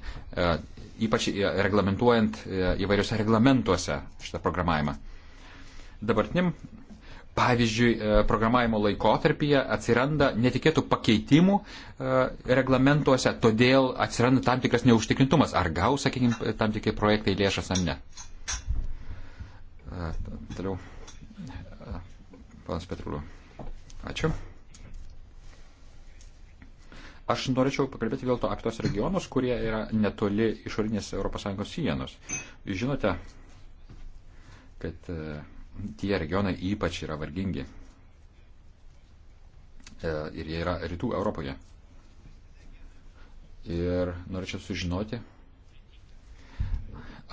ypač reglamentuojant įvairiuose reglamentuose šitą programavimą. Dabartiniam Pavyzdžiui, e, programavimo laikotarpyje atsiranda netikėtų pakeitimų e, reglamentuose, todėl atsiranda tam tikras neužtikrintumas, ar gaus, sakykime, tam tikri projektai lėšas ar ne. E, toliau. Panas Petruliu. Ačiū. Aš norėčiau pakalbėti vėl to apie tos regionus, kurie yra netoli išorinės ES sienos. Žinote, kad tie regionai ypač yra vargingi. E, ir jie yra rytų Europoje. Ir norėčiau sužinoti,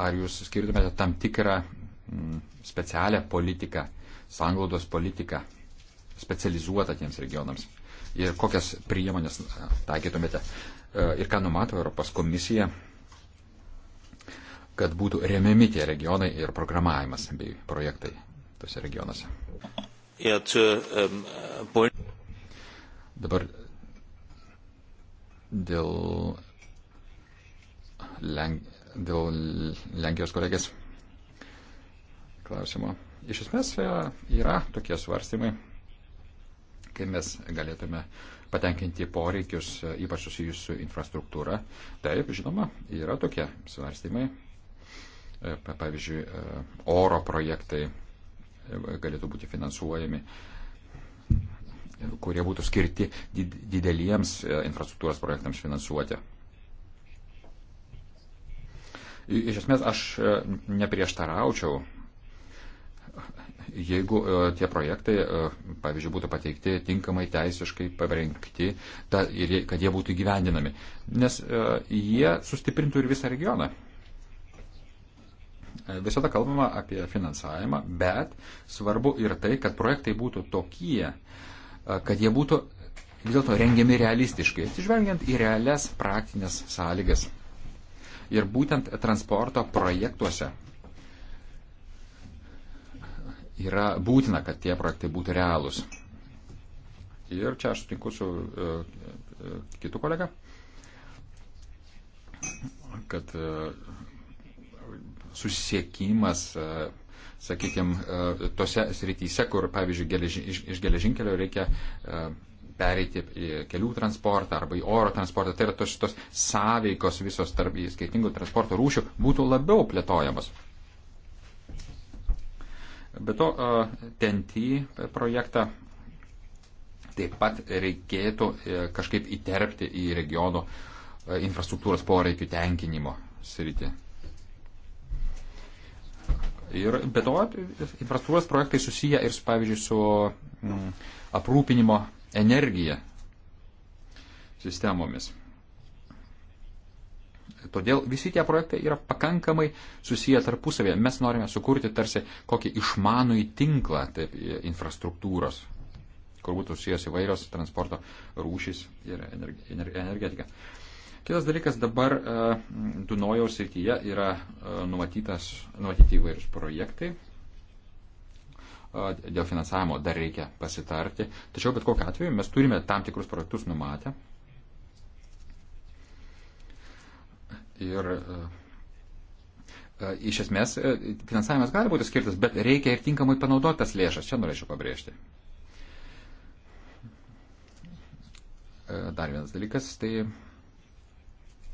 ar jūs skirtumėte tam tikrą mm, specialią politiką, sanglaudos politiką, specializuotą tiems regionams. Ir kokias priemonės e, taikytumėte. E, ir ką numato Europos komisija, kad būtų remiami tie regionai ir programavimas bei projektai tose regionuose. Dabar dėl, Lenk, dėl Lenkijos kolegės klausimo. Iš esmės e, yra tokie svarstymai, kai mes galėtume patenkinti poreikius, e, ypač susijusius su infrastruktūra. Taip, žinoma, yra tokie svarstymai, e, pavyzdžiui, oro projektai galėtų būti finansuojami, kurie būtų skirti dideliems e, infrastruktūros projektams finansuoti. Iš esmės aš e, neprieštaraučiau, jeigu e, tie projektai, pavyzdžiui, būtų pateikti tinkamai teisiškai parengti ta, ir kad jie būtų gyvendinami, nes jie sustiprintų ir visą regioną. Visada kalbama apie finansavimą, bet svarbu ir tai, kad projektai būtų tokie, e, kad jie būtų vis dėlto rengiami realistiškai, atsižvelgiant į realias praktinės sąlygas. Ir būtent transporto projektuose yra būtina, kad tie projektai būtų realūs. Ir čia aš sutinku su uh, kitu kolega, kad uh, susisiekimas, e, sakykime, tose srityse, kur, pavyzdžiui, geleži, iš, iš geležinkelio reikia e, pereiti į kelių transportą arba į oro transportą. Tai yra tos šitos sąveikos visos tarp skirtingų transporto rūšių būtų labiau plėtojamos. Be to, TNT e, projektą taip pat reikėtų kažkaip įterpti į regiono infrastruktūros poreikių tenkinimo sritį. Ir be to, infrastruktūros projektai susiję ir, su, pavyzdžiui, su m, mm, aprūpinimo energija sistemomis. Todėl visi tie projektai yra pakankamai susiję tarpusavėje. Mes norime sukurti tarsi kokį išmanų į tinklą taip, infrastruktūros, kur būtų susijęs įvairios transporto rūšys ir energetika. Kitas dalykas, dabar e, Dunojaus srityje yra e, numatytas, numatyti įvairius projektai. E, dėl finansavimo dar reikia pasitarti. Tačiau bet kokiu atveju mes turime tam tikrus projektus numatę. Ir iš esmės finansavimas gali būti skirtas, bet reikia ir tinkamai panaudoti tas lėšas. Čia norėčiau pabrėžti. Dar vienas dalykas, tai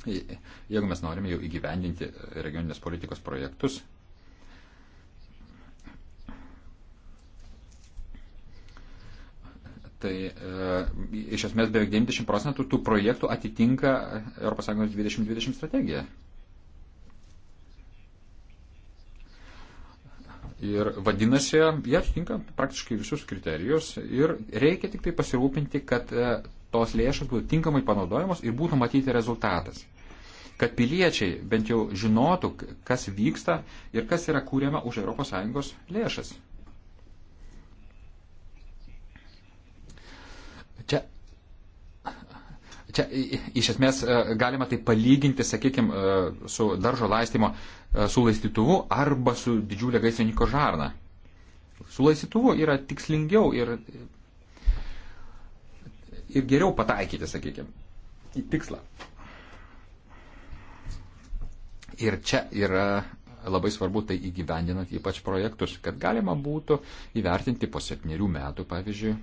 Jeigu mes norime jau įgyvendinti regioninės politikos projektus, tai e, iš esmės beveik 90 procentų tų projektų atitinka ES 2020 strategiją. Ir vadinasi, jie atitinka praktiškai visus kriterijus ir reikia tik tai pasirūpinti, kad e, tos lėšos būtų tinkamai panaudojamos ir būtų matyti rezultatas. Kad piliečiai bent jau žinotų, kas vyksta ir kas yra kūriama už ES lėšas. Čia, čia iš esmės e, galima tai palyginti, sakykime, su daržo laistymo, e, su laistytuvu arba su didžiulė gaisrininko žarna. Su laistytuvu yra tikslingiau ir ir geriau pataikyti, sakykime, į tikslą. Ir čia yra labai svarbu tai įgyvendinant ypač projektus, kad galima būtų įvertinti po septyniarių metų, pavyzdžiui, e,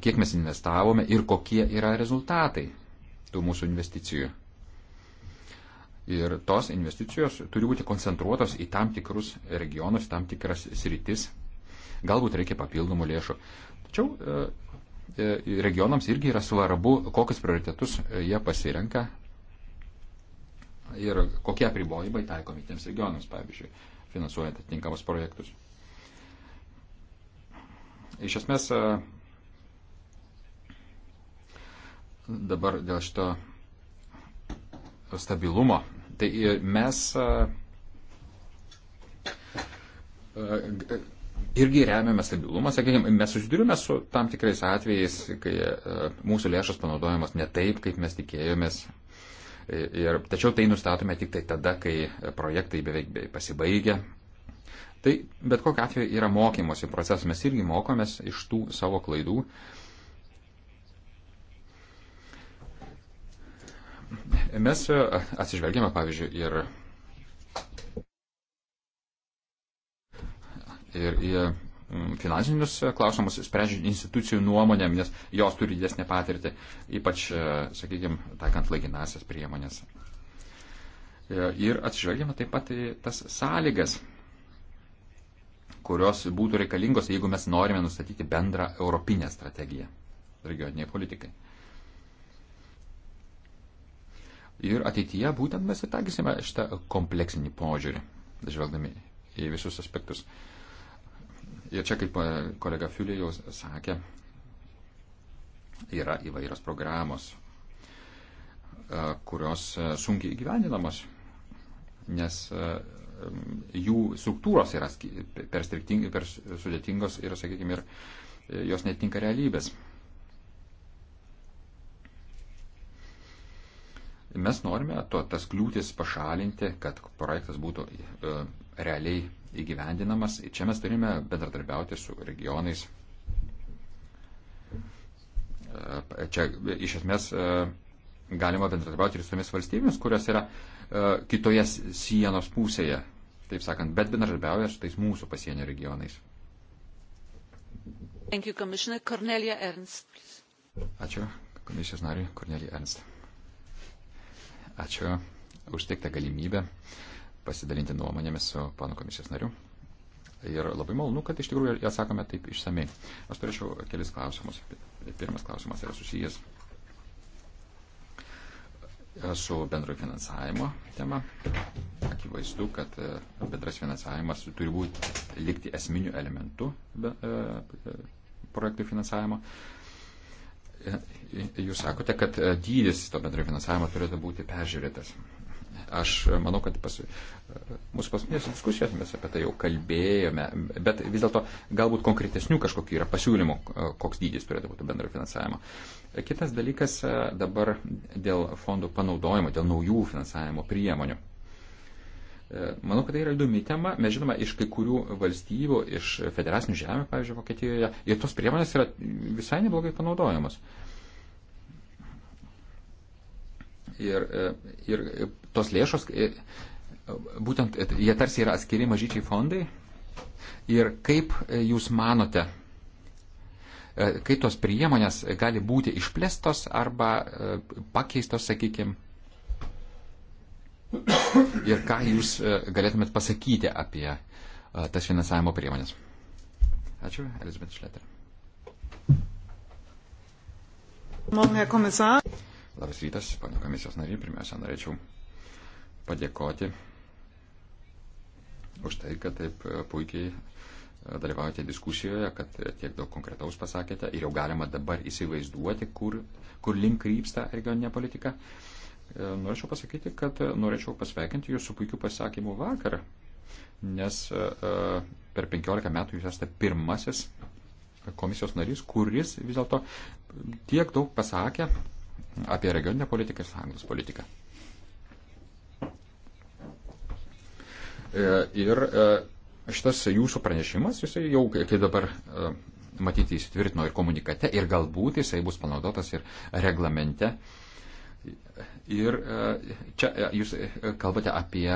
kiek mes investavome ir kokie yra rezultatai tų mūsų investicijų. Ir tos investicijos turi būti koncentruotos į tam tikrus regionus, tam tikras sritis. Galbūt reikia papildomų lėšų. Tačiau e, E, regionams irgi yra svarbu, kokius prioritetus e, jie pasirenka ir kokie apribojimai taikomi tiems regionams, pavyzdžiui, finansuojant atitinkamus projektus. Iš esmės, e, dabar dėl šito stabilumo, tai mes irgi remiame stabilumą, sakykime, mes susidurime su tam tikrais atvejais, kai e, mūsų lėšas panaudojamas ne taip, kaip mes tikėjomės. E, ir, tačiau tai nustatome tik tai tada, kai projektai beveik, beveik pasibaigia. Tai bet kokiu atveju yra mokymosi procesas, mes irgi mokomės iš tų savo klaidų. Mes e, atsižvelgėme, pavyzdžiui, ir ir į finansinius klausimus sprendžia institucijų nuomonėm, nes jos turi didesnį patirtį, ypač, e, sakykime, taikant laikinasias priemonės. E, ir atsižvelgiama taip pat į tas sąlygas, kurios būtų reikalingos, jeigu mes norime nustatyti bendrą europinę strategiją regioniniai politikai. Ir ateityje būtent mes ir taikysime šitą kompleksinį požiūrį, žvelgdami į visus aspektus. Uh, Ir čia, kaip kolega Fiulė jau sakė, yra įvairios programos, e, kurios e, sunkiai įgyvendinamos, nes e, jų struktūros yra per, per sudėtingos ir, sakykime, ir jos netinka realybės. Mes norime to, tas kliūtis pašalinti, kad projektas būtų e, realiai įgyvendinamas. Ir čia mes turime bendradarbiauti su regionais. E, čia iš esmės e, galima bendradarbiauti ir su tomis valstybėmis, kurios yra e, kitoje sienos pusėje, taip sakant, bet bendradarbiauja su tais mūsų pasienio regionais. You, Ernst, Ačiū komisijos nariui Kornelija Ernst. Ačiū už teiktą galimybę uh, pasidalinti nuomonėmis su panu komisijos nariu. Ir labai malonu, kad iš tikrųjų atsakome taip išsamei. Aš turėčiau kelis klausimus. Pirmas klausimas yra susijęs su bendrojo finansavimo tema. Akivaizdu, kad bendras finansavimas turi būti likti esminiu elementu e, e, projektų finansavimo. E, jūs sakote, kad dydis to bendrojo finansavimo turėtų būti peržiūrėtas. Aš manau, kad pas, mūsų paskutinės diskusijos mes apie tai jau kalbėjome, bet vis dėlto galbūt konkretesnių kažkokių yra pasiūlymų, koks dydis turėtų būti bendro finansavimo. Kitas dalykas e, dabar dėl fondų panaudojimo, dėl naujų finansavimo priemonių. E, manau, kad tai yra įdomi tema. Mes žinome iš kai kurių valstybių, iš federacinių žemė, pavyzdžiui, Vokietijoje, ir tos priemonės yra visai neblogai panaudojamos. Ir, e, ir tos lėšos būtent jie tarsi yra atskiri mažyčiai fondai. Ir kaip e, jūs manote, e, kaip tos priemonės gali būti išplėstos arba e, pakeistos, sakykime, ir ką jūs galėtumėt pasakyti apie tas finansavimo priemonės. Ačiū, Elizabeth Šleter. Labas rytas, panio komisijos nariai. Pirmiausia, norėčiau padėkoti už tai, kad taip e, puikiai e, dalyvaujate diskusijoje, kad tiek daug konkretaus pasakėte ir jau galima dabar įsivaizduoti, kur, kur link krypsta regioninė politika. E, norėčiau pasakyti, kad norėčiau pasveikinti jūsų puikių pasakymų vakar, nes per 15 metų jūs esate pirmasis komisijos narys, kuris vis dėlto tiek daug pasakė apie regioninę politiką ir sąjungos politiką. E, ir e, šitas jūsų pranešimas, jisai jau, kaip dabar e, matyti, įsitvirtino ir komunikate, ir galbūt jisai bus panaudotas ir reglamente. Ir čia jūs kalbate apie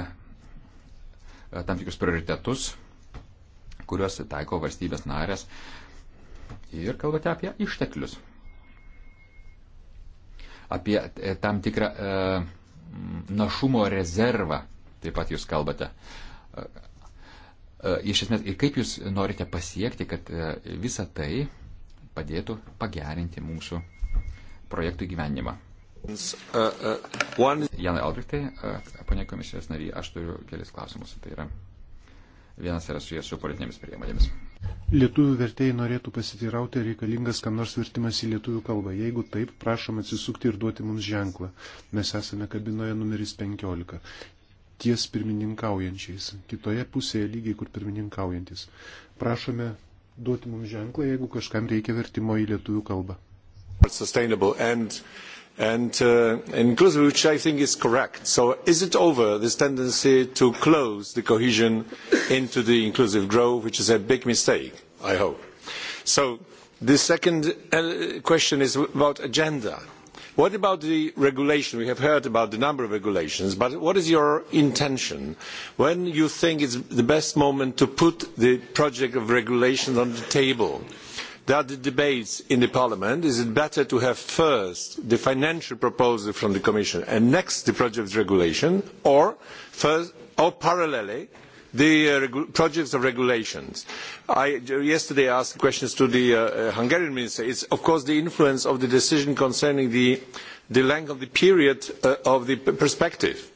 tam tikrus prioritetus, kuriuos taiko valstybės narės. Ir kalbate apie išteklius. Apie tam tikrą našumo rezervą taip pat jūs kalbate. E, e, iš esmės, ir kaip jūs norite pasiekti, kad e, visa tai padėtų pagerinti mūsų projektų gyvenimą? Janai Albrechtai, ponia komisijos nariai, aš turiu kelis klausimus. Tai yra, vienas yra su jie su politinėmis priemonėmis. Lietuvių vertėjai norėtų pasitirauti, ar reikalingas kam nors vertimas į lietuvių kalbą. Jeigu taip, prašom atsisukti ir duoti mums ženklą. Mes esame kabinoje numeris 15 ties pirmininkaujančiais. Kitoje pusėje lygiai kur pirmininkaujantis. Prašome duoti mums ženklą, jeigu kažkam reikia vertimo į lietuvių kalbą. And uh, inclusive, which I think is correct. So, is it over this tendency to close the cohesion into the inclusive growth, which is a big mistake, I hope? So, the second uh, question is about agenda What about the regulation? We have heard about the number of regulations, but what is your intention? When you think it's the best moment to put the project of regulation on the table? There are the debates in the Parliament. Is it better to have first the financial proposal from the Commission and next the project of regulation, or first, or parallelly, the uh, projects of regulations. I yesterday asked questions to the uh, uh, Hungarian minister. It's of course the influence of the decision concerning the, the length of the period uh, of the perspective.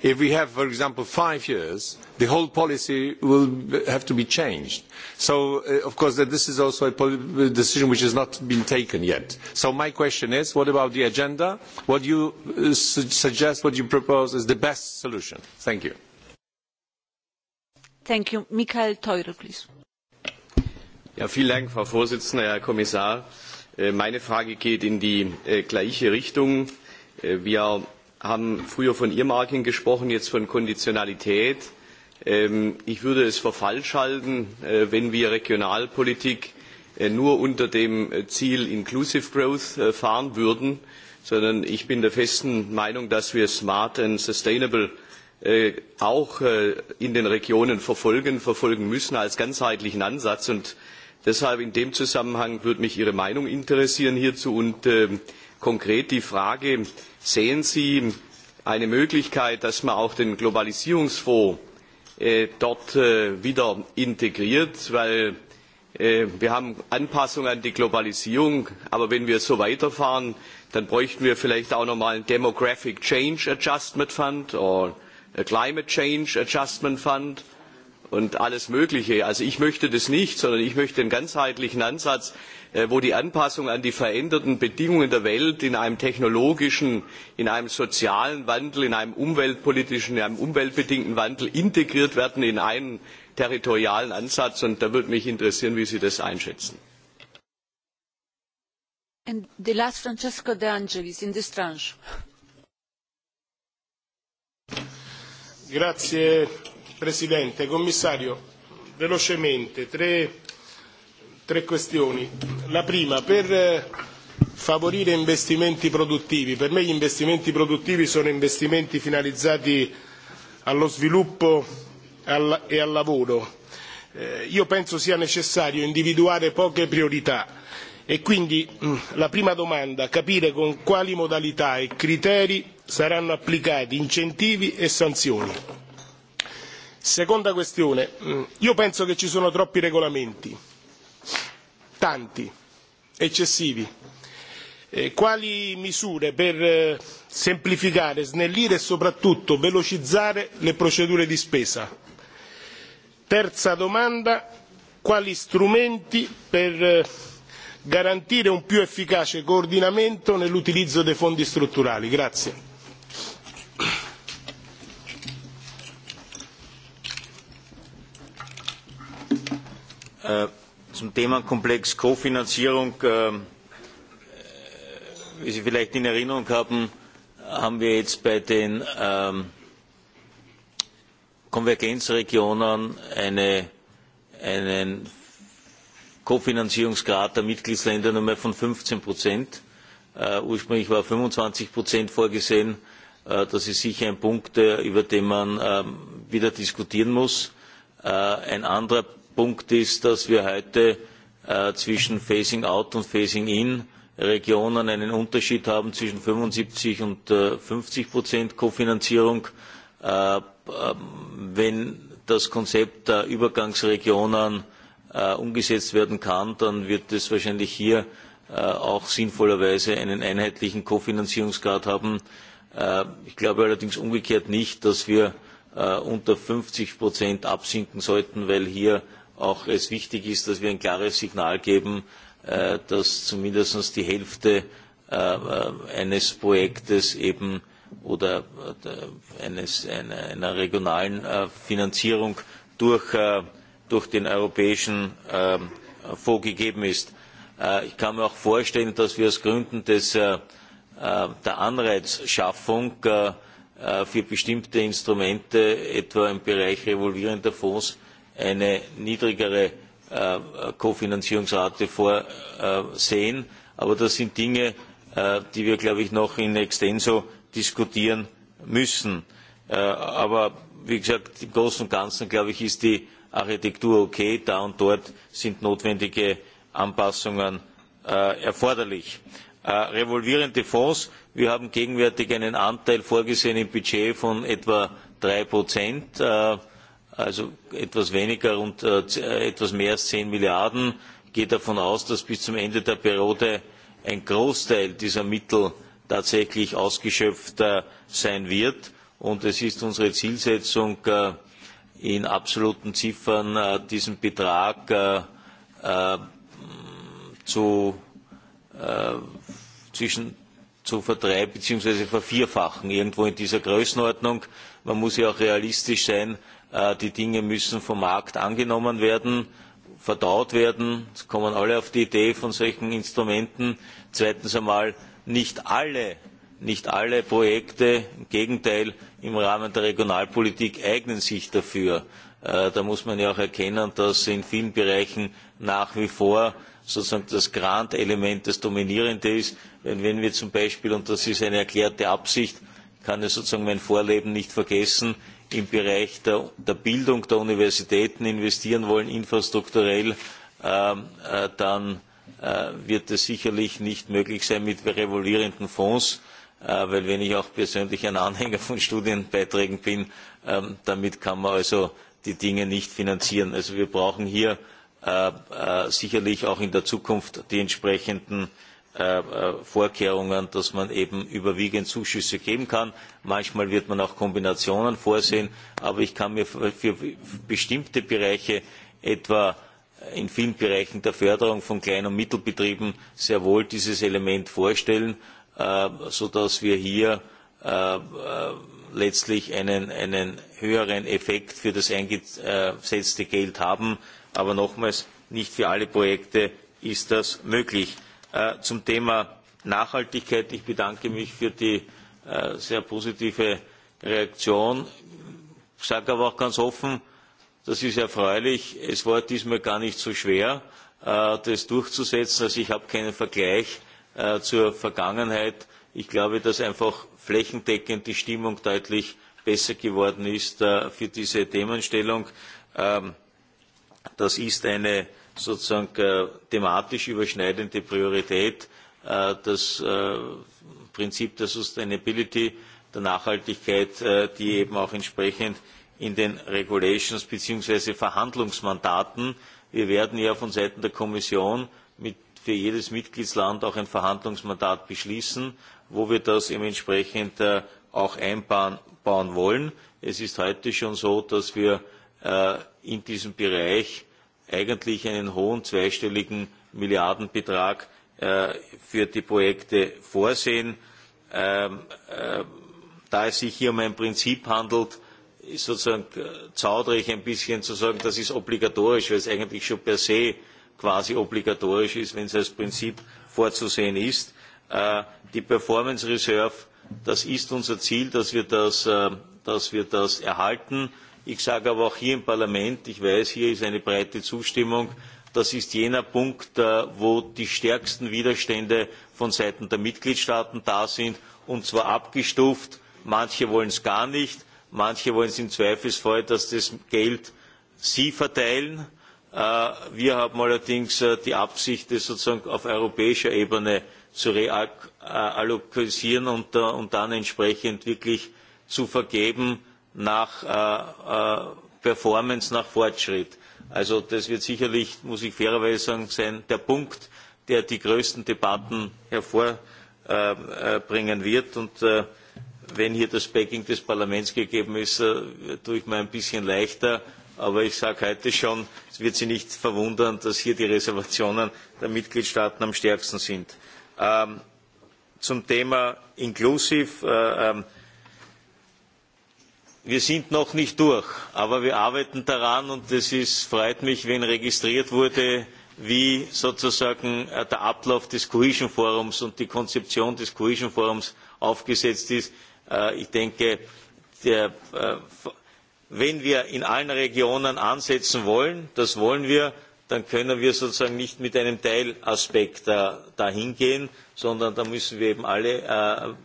If we have, for example, five years, the whole policy will have to be changed. So, uh, of course, that this is also a decision which has not been taken yet. So my question is, what about the agenda? What you uh, su suggest, what you propose is the best solution? Thank you. Thank you. Michael Teurer, please. Ja, vielen Dank, Frau Vorsitzende, Herr Kommissar. Äh, meine Frage geht in die äh, gleiche Richtung. Äh, wir haben früher von Earmarking gesprochen, jetzt von Konditionalität. Ähm, ich würde es für falsch halten, wenn wir Regionalpolitik nur unter dem Ziel Inclusive Growth fahren würden, sondern ich bin der festen Meinung, dass wir Smart and Sustainable Äh, auch äh, in den Regionen verfolgen, verfolgen müssen als ganzheitlichen Ansatz. Und deshalb in dem Zusammenhang würde mich Ihre Meinung interessieren hierzu und äh, konkret die Frage, sehen Sie eine Möglichkeit, dass man auch den Globalisierungsfonds äh, dort äh, wieder integriert, weil äh, wir haben Anpassungen an die Globalisierung, aber wenn wir so weiterfahren, dann bräuchten wir vielleicht auch nochmal einen Demographic Change Adjustment Fund oder Äh, Climate Change Adjustment Fund und alles Mögliche. Also ich möchte das nicht, sondern ich möchte einen ganzheitlichen Ansatz, äh, wo die Anpassung an die veränderten Bedingungen der Welt in einem technologischen, in einem sozialen Wandel, in einem umweltpolitischen, in einem umweltbedingten Wandel integriert werden in einen territorialen Ansatz. Und da würde mich interessieren, wie Sie das einschätzen. And the last Francesco De Angelis in this tranche. Grazie Presidente. Commissario, velocemente tre, tre questioni. La prima, per eh, favorire investimenti produttivi, per me gli investimenti produttivi sono investimenti finalizzati allo sviluppo e al lavoro. Eh, io penso sia necessario individuare poche priorità e quindi mm, la prima domanda capire con quali modalità e criteri saranno applicati incentivi e sanzioni. Seconda questione, mm, io penso che ci sono troppi regolamenti, tanti, eccessivi. E quali misure per eh, semplificare, snellire e soprattutto velocizzare le procedure di spesa? Terza domanda, quali strumenti per eh, garantire un più efficace coordinamento nell'utilizzo dei fondi strutturali? Grazie. Äh, zum Themenkomplex Kofinanzierung, äh, wie Sie vielleicht in Erinnerung haben, haben wir jetzt bei den ähm, Konvergenzregionen eine, einen Kofinanzierungsgrad der Mitgliedsländer nur mehr von 15 Prozent. Uh, ursprünglich war 25 Prozent vorgesehen. Uh, das ist sicher ein Punkt, uh, über den man ähm, wieder diskutieren muss. Ein anderer Punkt ist, dass wir heute äh, zwischen Phasing Out und Phasing In Regionen einen Unterschied haben zwischen 75 und äh, 50 Prozent Kofinanzierung. Äh, ähm, wenn das Konzept der Übergangsregionen äh, umgesetzt werden kann, dann wird es wahrscheinlich hier äh, auch sinnvollerweise einen einheitlichen Kofinanzierungsgrad haben. Äh, ich glaube allerdings umgekehrt nicht, dass wir äh, unter 50 Prozent absinken sollten, weil hier auch es wichtig ist, dass wir ein klares Signal geben, äh, dass zumindest die Hälfte äh, äh, eines Projektes eben oder äh, eines, einer, einer regionalen äh, Finanzierung durch, äh, durch den europäischen äh, Fonds gegeben ist. Äh, ich kann mir auch vorstellen, dass wir aus Gründen des, äh, äh der Anreizschaffung äh, äh, für bestimmte Instrumente, etwa im Bereich revolvierender Fonds, eine niedrigere äh, Kofinanzierungsrate vorsehen. Äh, aber das sind Dinge, äh, die wir, glaube ich, noch in extenso diskutieren müssen. Äh, aber wie gesagt, im Großen und Ganzen, glaube ich, ist die Architektur okay. Da und dort sind notwendige Anpassungen äh, erforderlich. Äh, revolvierende Fonds. Wir haben gegenwärtig einen Anteil vorgesehen im Budget von etwa drei Prozent. Äh, also etwas weniger und äh, äh, etwas mehr als zehn Milliarden. Ich gehe davon aus, dass bis zum Ende der Periode ein Großteil dieser Mittel tatsächlich ausgeschöpft äh, sein wird. Und es ist unsere Zielsetzung, äh, in absoluten Ziffern äh, diesen Betrag äh, äh, zu, äh, zwischen, zu verdrei- bzw. vervierfachen, irgendwo in dieser Größenordnung. Man muss ja auch realistisch sein, Äh, die Dinge müssen vom Markt angenommen werden, verdaut werden. Es kommen alle auf die Idee von solchen Instrumenten. Zweitens einmal nicht alle nicht alle Projekte, im Gegenteil, im Rahmen der Regionalpolitik eignen sich dafür. Äh, da muss man ja auch erkennen, dass in vielen Bereichen nach wie vor sozusagen das Grant-Element das dominierende ist. Wenn, wenn wir zum Beispiel, und das ist eine erklärte Absicht, kann ich sozusagen mein Vorleben nicht vergessen, im Bereich der, der Bildung der Universitäten investieren wollen, infrastrukturell, äh, äh, dann äh, wird es sicherlich nicht möglich sein mit revolvierenden Fonds, äh, weil wenn ich auch persönlich ein Anhänger von Studienbeiträgen bin, äh, damit kann man also die Dinge nicht finanzieren. Also wir brauchen hier äh, äh, sicherlich auch in der Zukunft die entsprechenden äh, Äh, äh, Vorkehrungen, dass man eben überwiegend Zuschüsse geben kann. Manchmal wird man auch Kombinationen vorsehen, aber ich kann mir für bestimmte Bereiche, etwa in vielen Bereichen der Förderung von Klein- und Mittelbetrieben, sehr wohl dieses Element vorstellen, äh, sodass wir hier letztlich einen, einen höheren Effekt für das eingesetzte Geld haben. Aber nochmals, nicht für alle Projekte ist das möglich äh, zum Thema Nachhaltigkeit. Ich bedanke mich für die äh, sehr positive Reaktion. Ich sage aber auch ganz offen, das ist erfreulich. Es war diesmal gar nicht so schwer, äh, das durchzusetzen. Also ich habe keinen Vergleich äh, zur Vergangenheit. Ich glaube, dass einfach flächendeckend die Stimmung deutlich besser geworden ist äh, für diese Themenstellung. Ähm, das ist eine sozusagen äh, thematisch überschneidende Priorität äh, das äh, Prinzip der Sustainability, der Nachhaltigkeit, die eben auch entsprechend in den Regulations bzw. Verhandlungsmandaten. Wir werden ja von Seiten der Kommission mit, für jedes Mitgliedsland auch ein Verhandlungsmandat beschließen, wo wir das eben entsprechend äh, auch einbauen wollen. Es ist heute schon so, dass wir äh, in diesem Bereich eigentlich einen hohen zweistelligen Milliardenbetrag äh, für die Projekte vorsehen. Ähm, äh, da es sich hier um ein Prinzip handelt, ist sozusagen äh, zaudere ich ein bisschen zu sagen, das ist obligatorisch, weil es eigentlich schon per se quasi obligatorisch ist, wenn es als Prinzip vorzusehen ist. Äh, die Performance Reserve, das ist unser Ziel, dass wir das, äh, dass wir das erhalten. Äh, Ich sage aber auch hier im Parlament, ich weiß, hier ist eine breite Zustimmung, das ist jener Punkt, äh, wo die stärksten Widerstände von Seiten der Mitgliedstaaten da sind, und zwar abgestuft. Manche wollen es gar nicht, manche wollen es im Zweifelsfall, dass das Geld sie verteilen. Äh, wir haben allerdings äh, die Absicht, das sozusagen auf europäischer Ebene zu reallokieren und, und dann entsprechend wirklich zu vergeben nach äh, äh, Performance, nach Fortschritt. Also das wird sicherlich, muss ich fairerweise sagen, sein der Punkt, der die größten Debatten hervorbringen äh, äh wird. Und äh, wenn hier das Backing des Parlaments gegeben ist, äh, tue ich mir ein bisschen leichter. Aber ich sage heute schon, es wird Sie nicht verwundern, dass hier die Reservationen der Mitgliedstaaten am stärksten sind. Ähm, zum Thema Inclusive. Äh, ähm, wir sind noch nicht durch aber wir arbeiten daran und es ist, freut mich wenn registriert wurde wie sozusagen äh, der ablauf des cohesion forums und die konzeption des cohesion forums aufgesetzt ist. Äh, ich denke der, äh, wenn wir in allen regionen ansetzen wollen das wollen wir dann können wir sozusagen nicht mit einem teilaspekt dahingehen sondern da müssen wir eben alle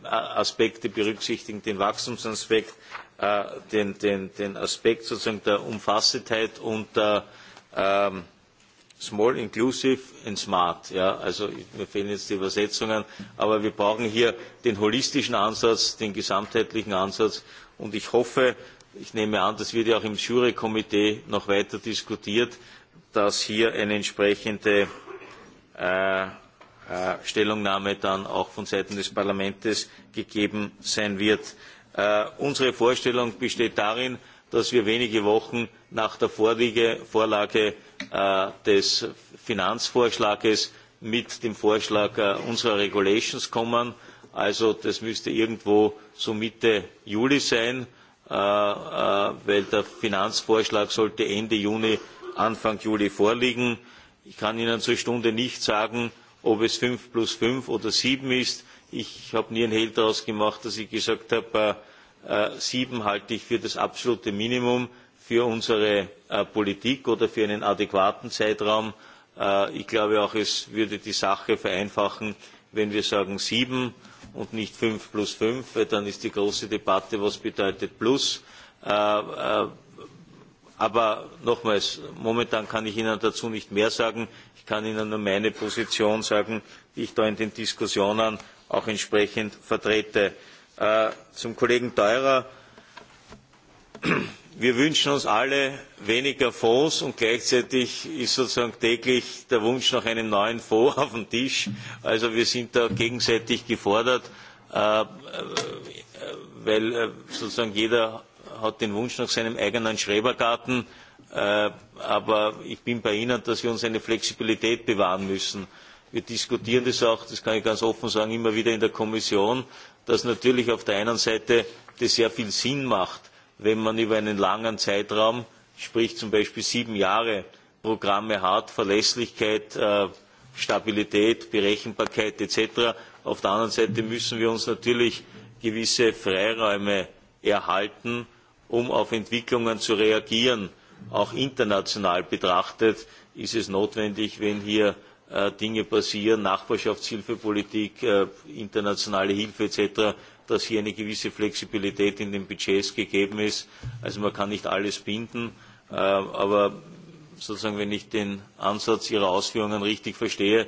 aspekte berücksichtigen den wachstumsaspekt äh, den, den, den Aspekt sozusagen der Umfassetheit und der ähm, Small, Inclusive and Smart. Ja, also mir fehlen jetzt die Übersetzungen, aber wir brauchen hier den holistischen Ansatz, den gesamtheitlichen Ansatz und ich hoffe, ich nehme an, das wird ja auch im Jury-Komitee noch weiter diskutiert, dass hier eine entsprechende äh, äh, Stellungnahme dann auch von Seiten des Parlaments gegeben sein wird. Äh, unsere Vorstellung besteht darin, dass wir wenige Wochen nach der Vorliege, Vorlage äh, des Finanzvorschlages mit dem Vorschlag äh, unserer Regulations kommen. Also das müsste irgendwo so Mitte Juli sein, äh, äh, weil der Finanzvorschlag sollte Ende Juni, Anfang Juli vorliegen. Ich kann Ihnen zur Stunde nicht sagen, ob es 5 plus 5 oder 7 ist Ich habe nie ein Hehl daraus gemacht, dass ich gesagt habe, äh, äh, sieben halte ich für das absolute Minimum für unsere äh, Politik oder für einen adäquaten Zeitraum. Äh, ich glaube auch, es würde die Sache vereinfachen, wenn wir sagen sieben und nicht fünf plus fünf, weil dann ist die große Debatte, was bedeutet plus. Äh, äh, aber nochmals, momentan kann ich Ihnen dazu nicht mehr sagen. Ich kann Ihnen nur meine Position sagen, die ich da in den Diskussionen auch entsprechend vertrete. Äh, zum Kollegen Theurer. Wir wünschen uns alle weniger Fonds und gleichzeitig ist sozusagen täglich der Wunsch nach einem neuen Fonds [laughs] auf dem Tisch. Also wir sind da gegenseitig gefordert, äh, äh, weil äh, sozusagen jeder hat den Wunsch nach seinem eigenen Schrebergarten. Äh, aber ich bin bei Ihnen, dass wir uns eine Flexibilität bewahren müssen. Äh, wir diskutieren das auch das kann ich ganz offen sagen immer wieder in der kommission dass natürlich auf der einen seite das sehr viel sinn macht wenn man über einen langen zeitraum sprich zum beispiel sieben jahre programme hat verlässlichkeit äh, stabilität berechenbarkeit etc. auf der anderen seite müssen wir uns natürlich gewisse freiräume erhalten um auf entwicklungen zu reagieren. auch international betrachtet ist es notwendig wenn hier Äh, Dinge passieren, Nachbarschaftshilfepolitik, äh, internationale Hilfe etc., dass hier eine gewisse Flexibilität in den Budgets gegeben ist. Also man kann nicht alles binden, äh, aber sozusagen, wenn ich den Ansatz Ihrer Ausführungen richtig verstehe,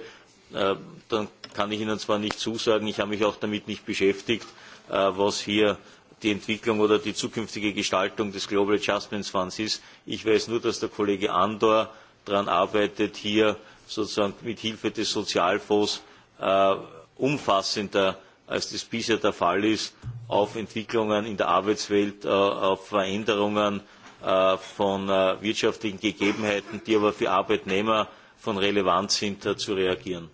dann kann ich Ihnen zwar nicht zusagen, ich habe mich auch damit nicht beschäftigt, was hier die Entwicklung oder die zukünftige Gestaltung des Global Adjustment Funds ist. Ich weiß nur, dass der Kollege Andor daran arbeitet, hier äh, sozusagen mit Hilfe des Sozialfonds äh, umfassender als das bisher der Fall ist, auf Entwicklungen in der Arbeitswelt, äh, auf Veränderungen äh, von äh, wirtschaftlichen Gegebenheiten, die aber für Arbeitnehmer von Relevanz sind, äh, zu reagieren.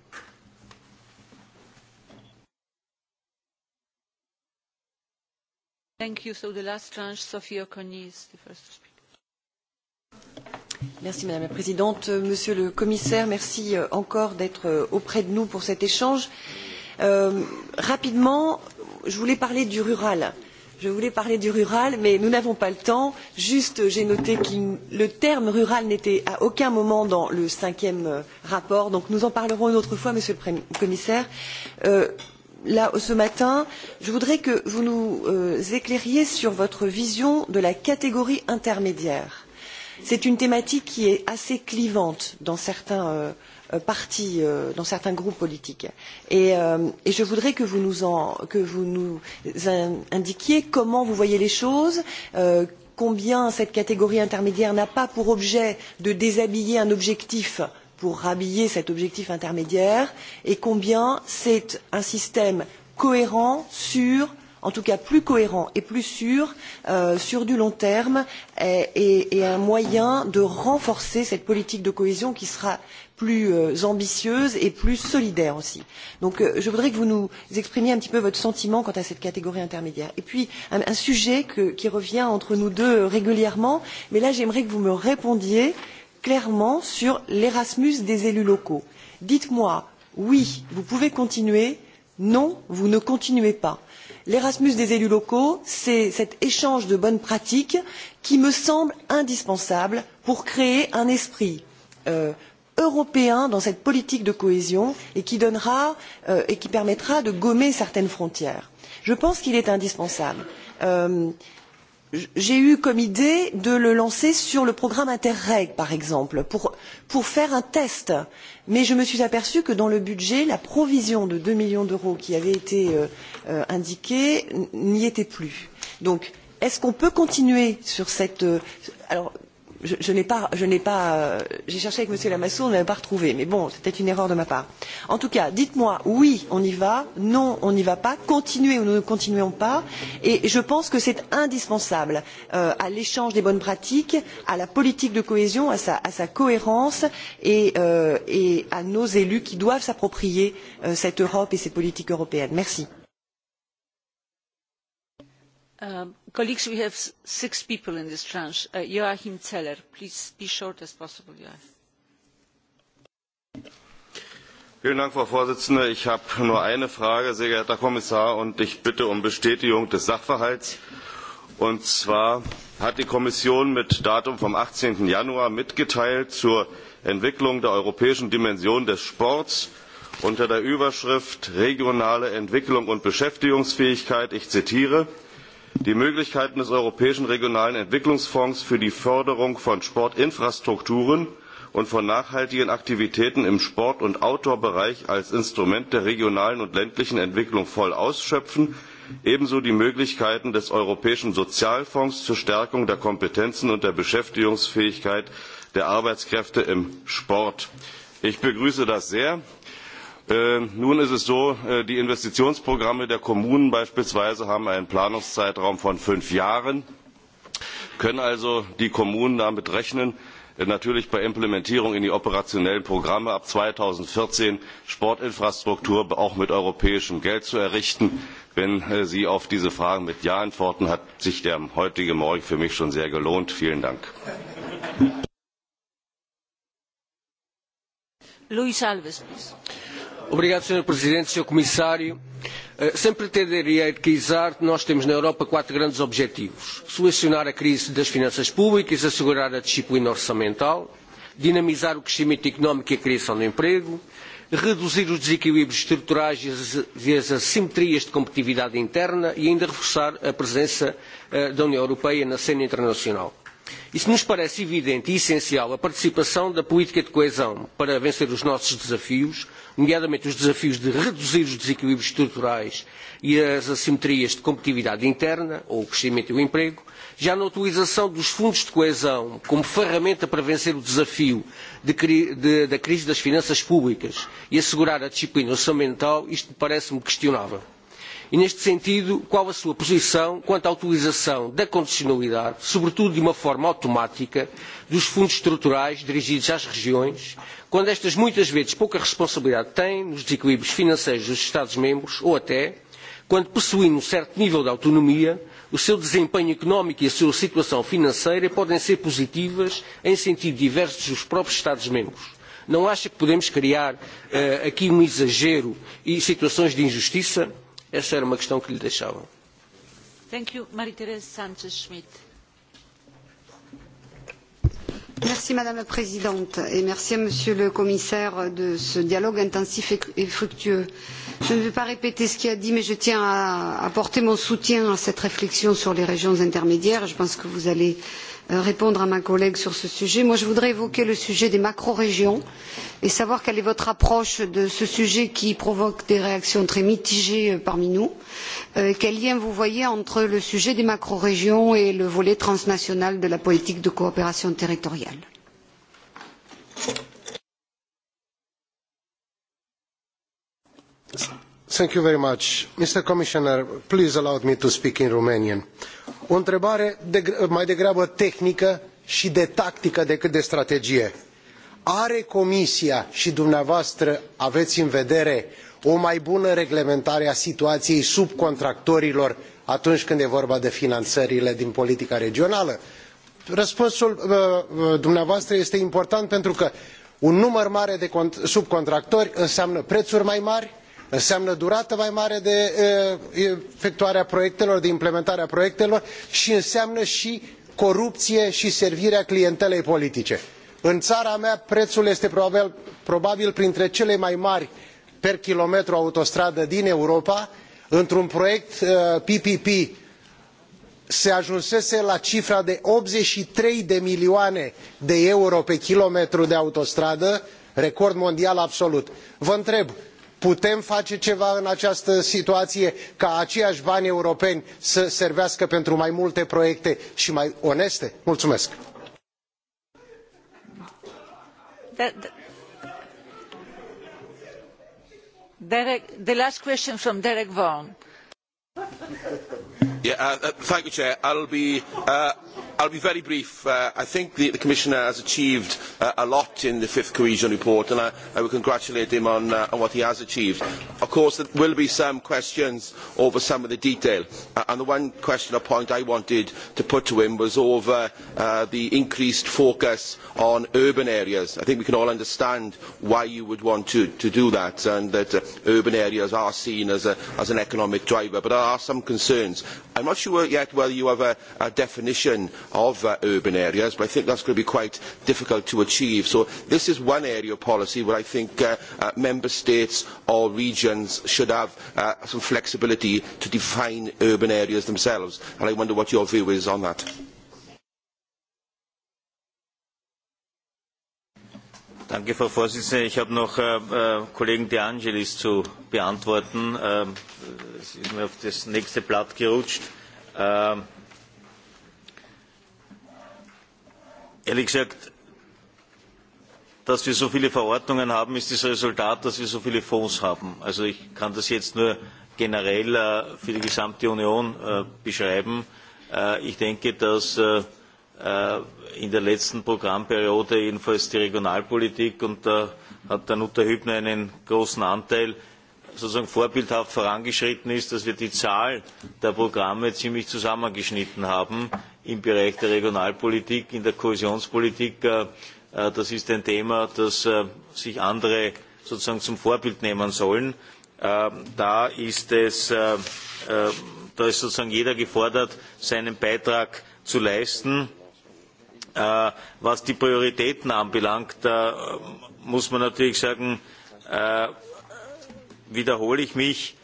Thank you. So the last tranche, Sophia Conny is the first to speak. Merci Madame la Présidente. Euh, Monsieur le Commissaire, merci euh, encore d'être euh, auprès de nous pour cet échange. Euh, rapidement, je voulais parler du rural. Je voulais parler du rural, mais nous n'avons pas le temps. Juste, j'ai noté que le terme rural n'était à aucun moment dans le cinquième rapport, donc nous en parlerons une autre fois, Monsieur le Commissaire. Euh, là ce matin je voudrais que vous nous euh, éclairiez sur votre vision de la catégorie intermédiaire C'est une thématique qui est assez clivante dans certains euh, euh, partis, euh, dans certains groupes politiques. Et, euh, et je voudrais que vous nous, en, que vous nous indiquiez comment vous voyez les choses, euh, combien cette catégorie intermédiaire n'a pas pour objet de déshabiller un objectif pour rhabiller cet objectif intermédiaire et combien c'est un système cohérent, sûr, en tout cas plus cohérent et plus sûr euh, sur du long terme et, et, et un moyen de renforcer cette politique de cohésion qui sera plus euh, ambitieuse et plus solidaire aussi. Donc euh, je voudrais que vous nous exprimiez un petit peu votre sentiment quant à cette catégorie intermédiaire. Et puis un, un sujet que, qui revient entre nous deux régulièrement, mais là j'aimerais que vous me répondiez clairement sur l'Erasmus des élus locaux. Dites-moi, oui, vous pouvez continuer, non, vous ne continuez pas l'erasmus des élus locaux c'est cet échange de bonnes pratiques qui me semble indispensable pour créer un esprit euh, européen dans cette politique de cohésion et qui, donnera, euh, et qui permettra de gommer certaines frontières. je pense qu'il est indispensable. Euh, j'ai eu comme idée de le lancer sur le programme interreg par exemple pour, pour faire un test mais je me suis aperçue que dans le budget la provision de deux millions d'euros qui avait été euh, euh indiquée n'y était plus. donc est ce qu'on peut continuer sur cette euh, alors je, je n'ai pas, je n'ai pas, euh, j'ai cherché avec M. Lamassoure, on n'avait pas retrouvé. Mais bon, c'était une erreur de ma part. En tout cas, dites-moi, oui, on y va, non, on n'y va pas, continuez ou nous ne continuons pas. Et je pense que c'est indispensable euh, à l'échange des bonnes pratiques, à la politique de cohésion, à sa, à sa cohérence et, euh, et à nos élus qui doivent s'approprier euh, cette Europe et ces politiques européennes. Merci. Um, colleagues we have six people in this tranche. Uh, joachim zeller please be short as possible. Vielen Dank, frau präsidentin! ich habe nur eine frage sehr geehrter herr kommissar und ich bitte um bestätigung des sachverhalts. und zwar hat die kommission mit datum vom. achtzehn januar mitgeteilt zur entwicklung der europäischen dimension des sports unter der überschrift regionale entwicklung und beschäftigungsfähigkeit ich zitiere die möglichkeiten des europäischen regionalen entwicklungsfonds für die förderung von sportinfrastrukturen und von nachhaltigen aktivitäten im sport und outdoor bereich als instrument der regionalen und ländlichen entwicklung voll ausschöpfen ebenso die möglichkeiten des europäischen sozialfonds zur stärkung der kompetenzen und der beschäftigungsfähigkeit der arbeitskräfte im sport. ich begrüße das sehr. Äh, nun ist es so äh, die investitionsprogramme der kommunen beispielsweise haben einen planungszeitraum von fünf jahren können also die kommunen damit rechnen äh, natürlich bei implementierung in die operationellen programme ab zweitausendvierzehn sportinfrastruktur auch mit europäischem geld zu errichten. wenn sie auf diese fragen mit ja antworten hat sich der heutige morgen für mich schon sehr gelohnt. vielen dank! Luis Alves, please. Obrigado, Sr. Presidente, Sr. Comissário. Eh, Sem pretender hierarquizar, nós temos na Europa quatro grandes objetivos. Solucionar a crise das finanças públicas, assegurar a disciplina orçamental, dinamizar o crescimento económico e a criação de emprego, reduzir os desequilíbrios estruturais e as e assimetrias de competitividade interna e ainda reforçar a presença eh, da União Europeia na cena internacional. Isso nos parece evidente e essencial a participação da política de coesão para vencer os nossos desafios, nomeadamente os desafios de reduzir os desequilíbrios estruturais e as assimetrias de competitividade interna, ou o crescimento e o emprego, já na utilização dos fundos de coesão como ferramenta para vencer o desafio de, de, da crise das finanças públicas e assegurar a disciplina orçamental, isto parece-me questionável. E, neste sentido, qual a sua posição quanto à utilização da condicionalidade, sobretudo de uma forma automática, dos fundos estruturais dirigidos às regiões, quando estas muitas vezes pouca responsabilidade têm nos desequilíbrios financeiros dos Estados-membros ou até, quando possuindo um certo nível de autonomia, o seu desempenho económico e a sua situação financeira podem ser positivas em sentido diverso dos próprios Estados-membros. Não acha que podemos criar uh, aqui um exagero e situações de injustiça? Essa era uma questão que lhe deixavam. Thank you, Marie-Thérèse Sanchez-Schmidt. Merci Madame la Présidente et merci à Monsieur le Commissaire de ce dialogue intensif et fructueux. Je ne vais pas répéter ce qui a dit, mais je tiens à apporter mon soutien à cette réflexion sur les régions intermédiaires. Je pense que vous allez euh, Euh, répondre à ma collègue sur ce sujet. Moi, je voudrais évoquer le sujet des macrorégions et savoir quelle est votre approche de ce sujet qui provoque des réactions très mitigées euh, parmi nous. Euh, quel lien vous voyez entre le sujet des macrorégions et le volet transnational de la politique de coopération territoriale Thank you very much. Mr. Commissioner, please allow me to speak in Romanian o întrebare de, mai degrabă tehnică i de tactică decât de strategie are comisia i dumneavoastră avei în vedere o mai bună reglementare a situaiei subcontractorilor atunci când e vorba de finanările din politica regională? răspunsul uh, uh, dumneavoastră este important pentru că un număr mare de subcontractori înseamnă preuri mai mari înseamnă durată mai mare de e, e, efectuare a proiectelor de implementare a proiectelor i înseamnă i corupie i servirea clientelei politice. în ara mea preul este probabil, probabil printre cele mai mari per kilometru autostradă din europa într un proiect ppp e, se ajunsese la cifra de optzeci și trei de milioane de euro pe kilometru de autostradă record mondial absolut. vă întreb putem face ceva în această situaie ca aceiai bani europeni să servească pentru mai multe proiecte i mai oneste? mulumesc. Yeah, uh, uh, thank you, Chair. I'll be, uh, I'll be very brief. Uh, I think the, the Commissioner has achieved uh, a lot in the fifth cohesion report, and I, I would congratulate him on, uh, on what he has achieved. Of course, there will be some questions over some of the detail, uh, and the one question or point I wanted to put to him was over uh, the increased focus on urban areas. I think we can all understand why you would want to, to do that, and that uh, urban areas are seen as, a, as an economic driver, but there are some concerns I am not sure yet whether you have a, a definition of uh, urban areas, but I think that's going to be quite difficult to achieve. So this is one area of policy where I think uh, uh, member states or regions should have uh, some flexibility to define urban areas themselves. And I wonder what your view is on that. Danke, Frau Vorsitzende. Ich habe noch äh, äh Kollegen De Angelis zu beantworten. Äh, es ist mir auf das nächste Blatt gerutscht. Äh, ehrlich gesagt, dass wir so viele Verordnungen haben, ist das Resultat, dass wir so viele Fonds haben. Also ich kann das jetzt nur generell äh, für die gesamte Union äh, beschreiben. Äh, ich denke, dass äh, Äh, in der letzten Programmperiode jedenfalls die Regionalpolitik und da hat dann Uta Hübner einen großen Anteil sozusagen vorbildhaft vorangeschritten ist, dass wir die Zahl der Programme ziemlich zusammengeschnitten haben im Bereich der Regionalpolitik, in der Kohäsionspolitik. Äh, äh, das ist ein Thema, das sich andere sozusagen zum Vorbild nehmen sollen. Da ist, es, da ist sozusagen jeder gefordert, seinen Beitrag zu leisten Äh, was die Prioritäten anbelangt, äh, muss man natürlich sagen, äh, wiederhole ich mich,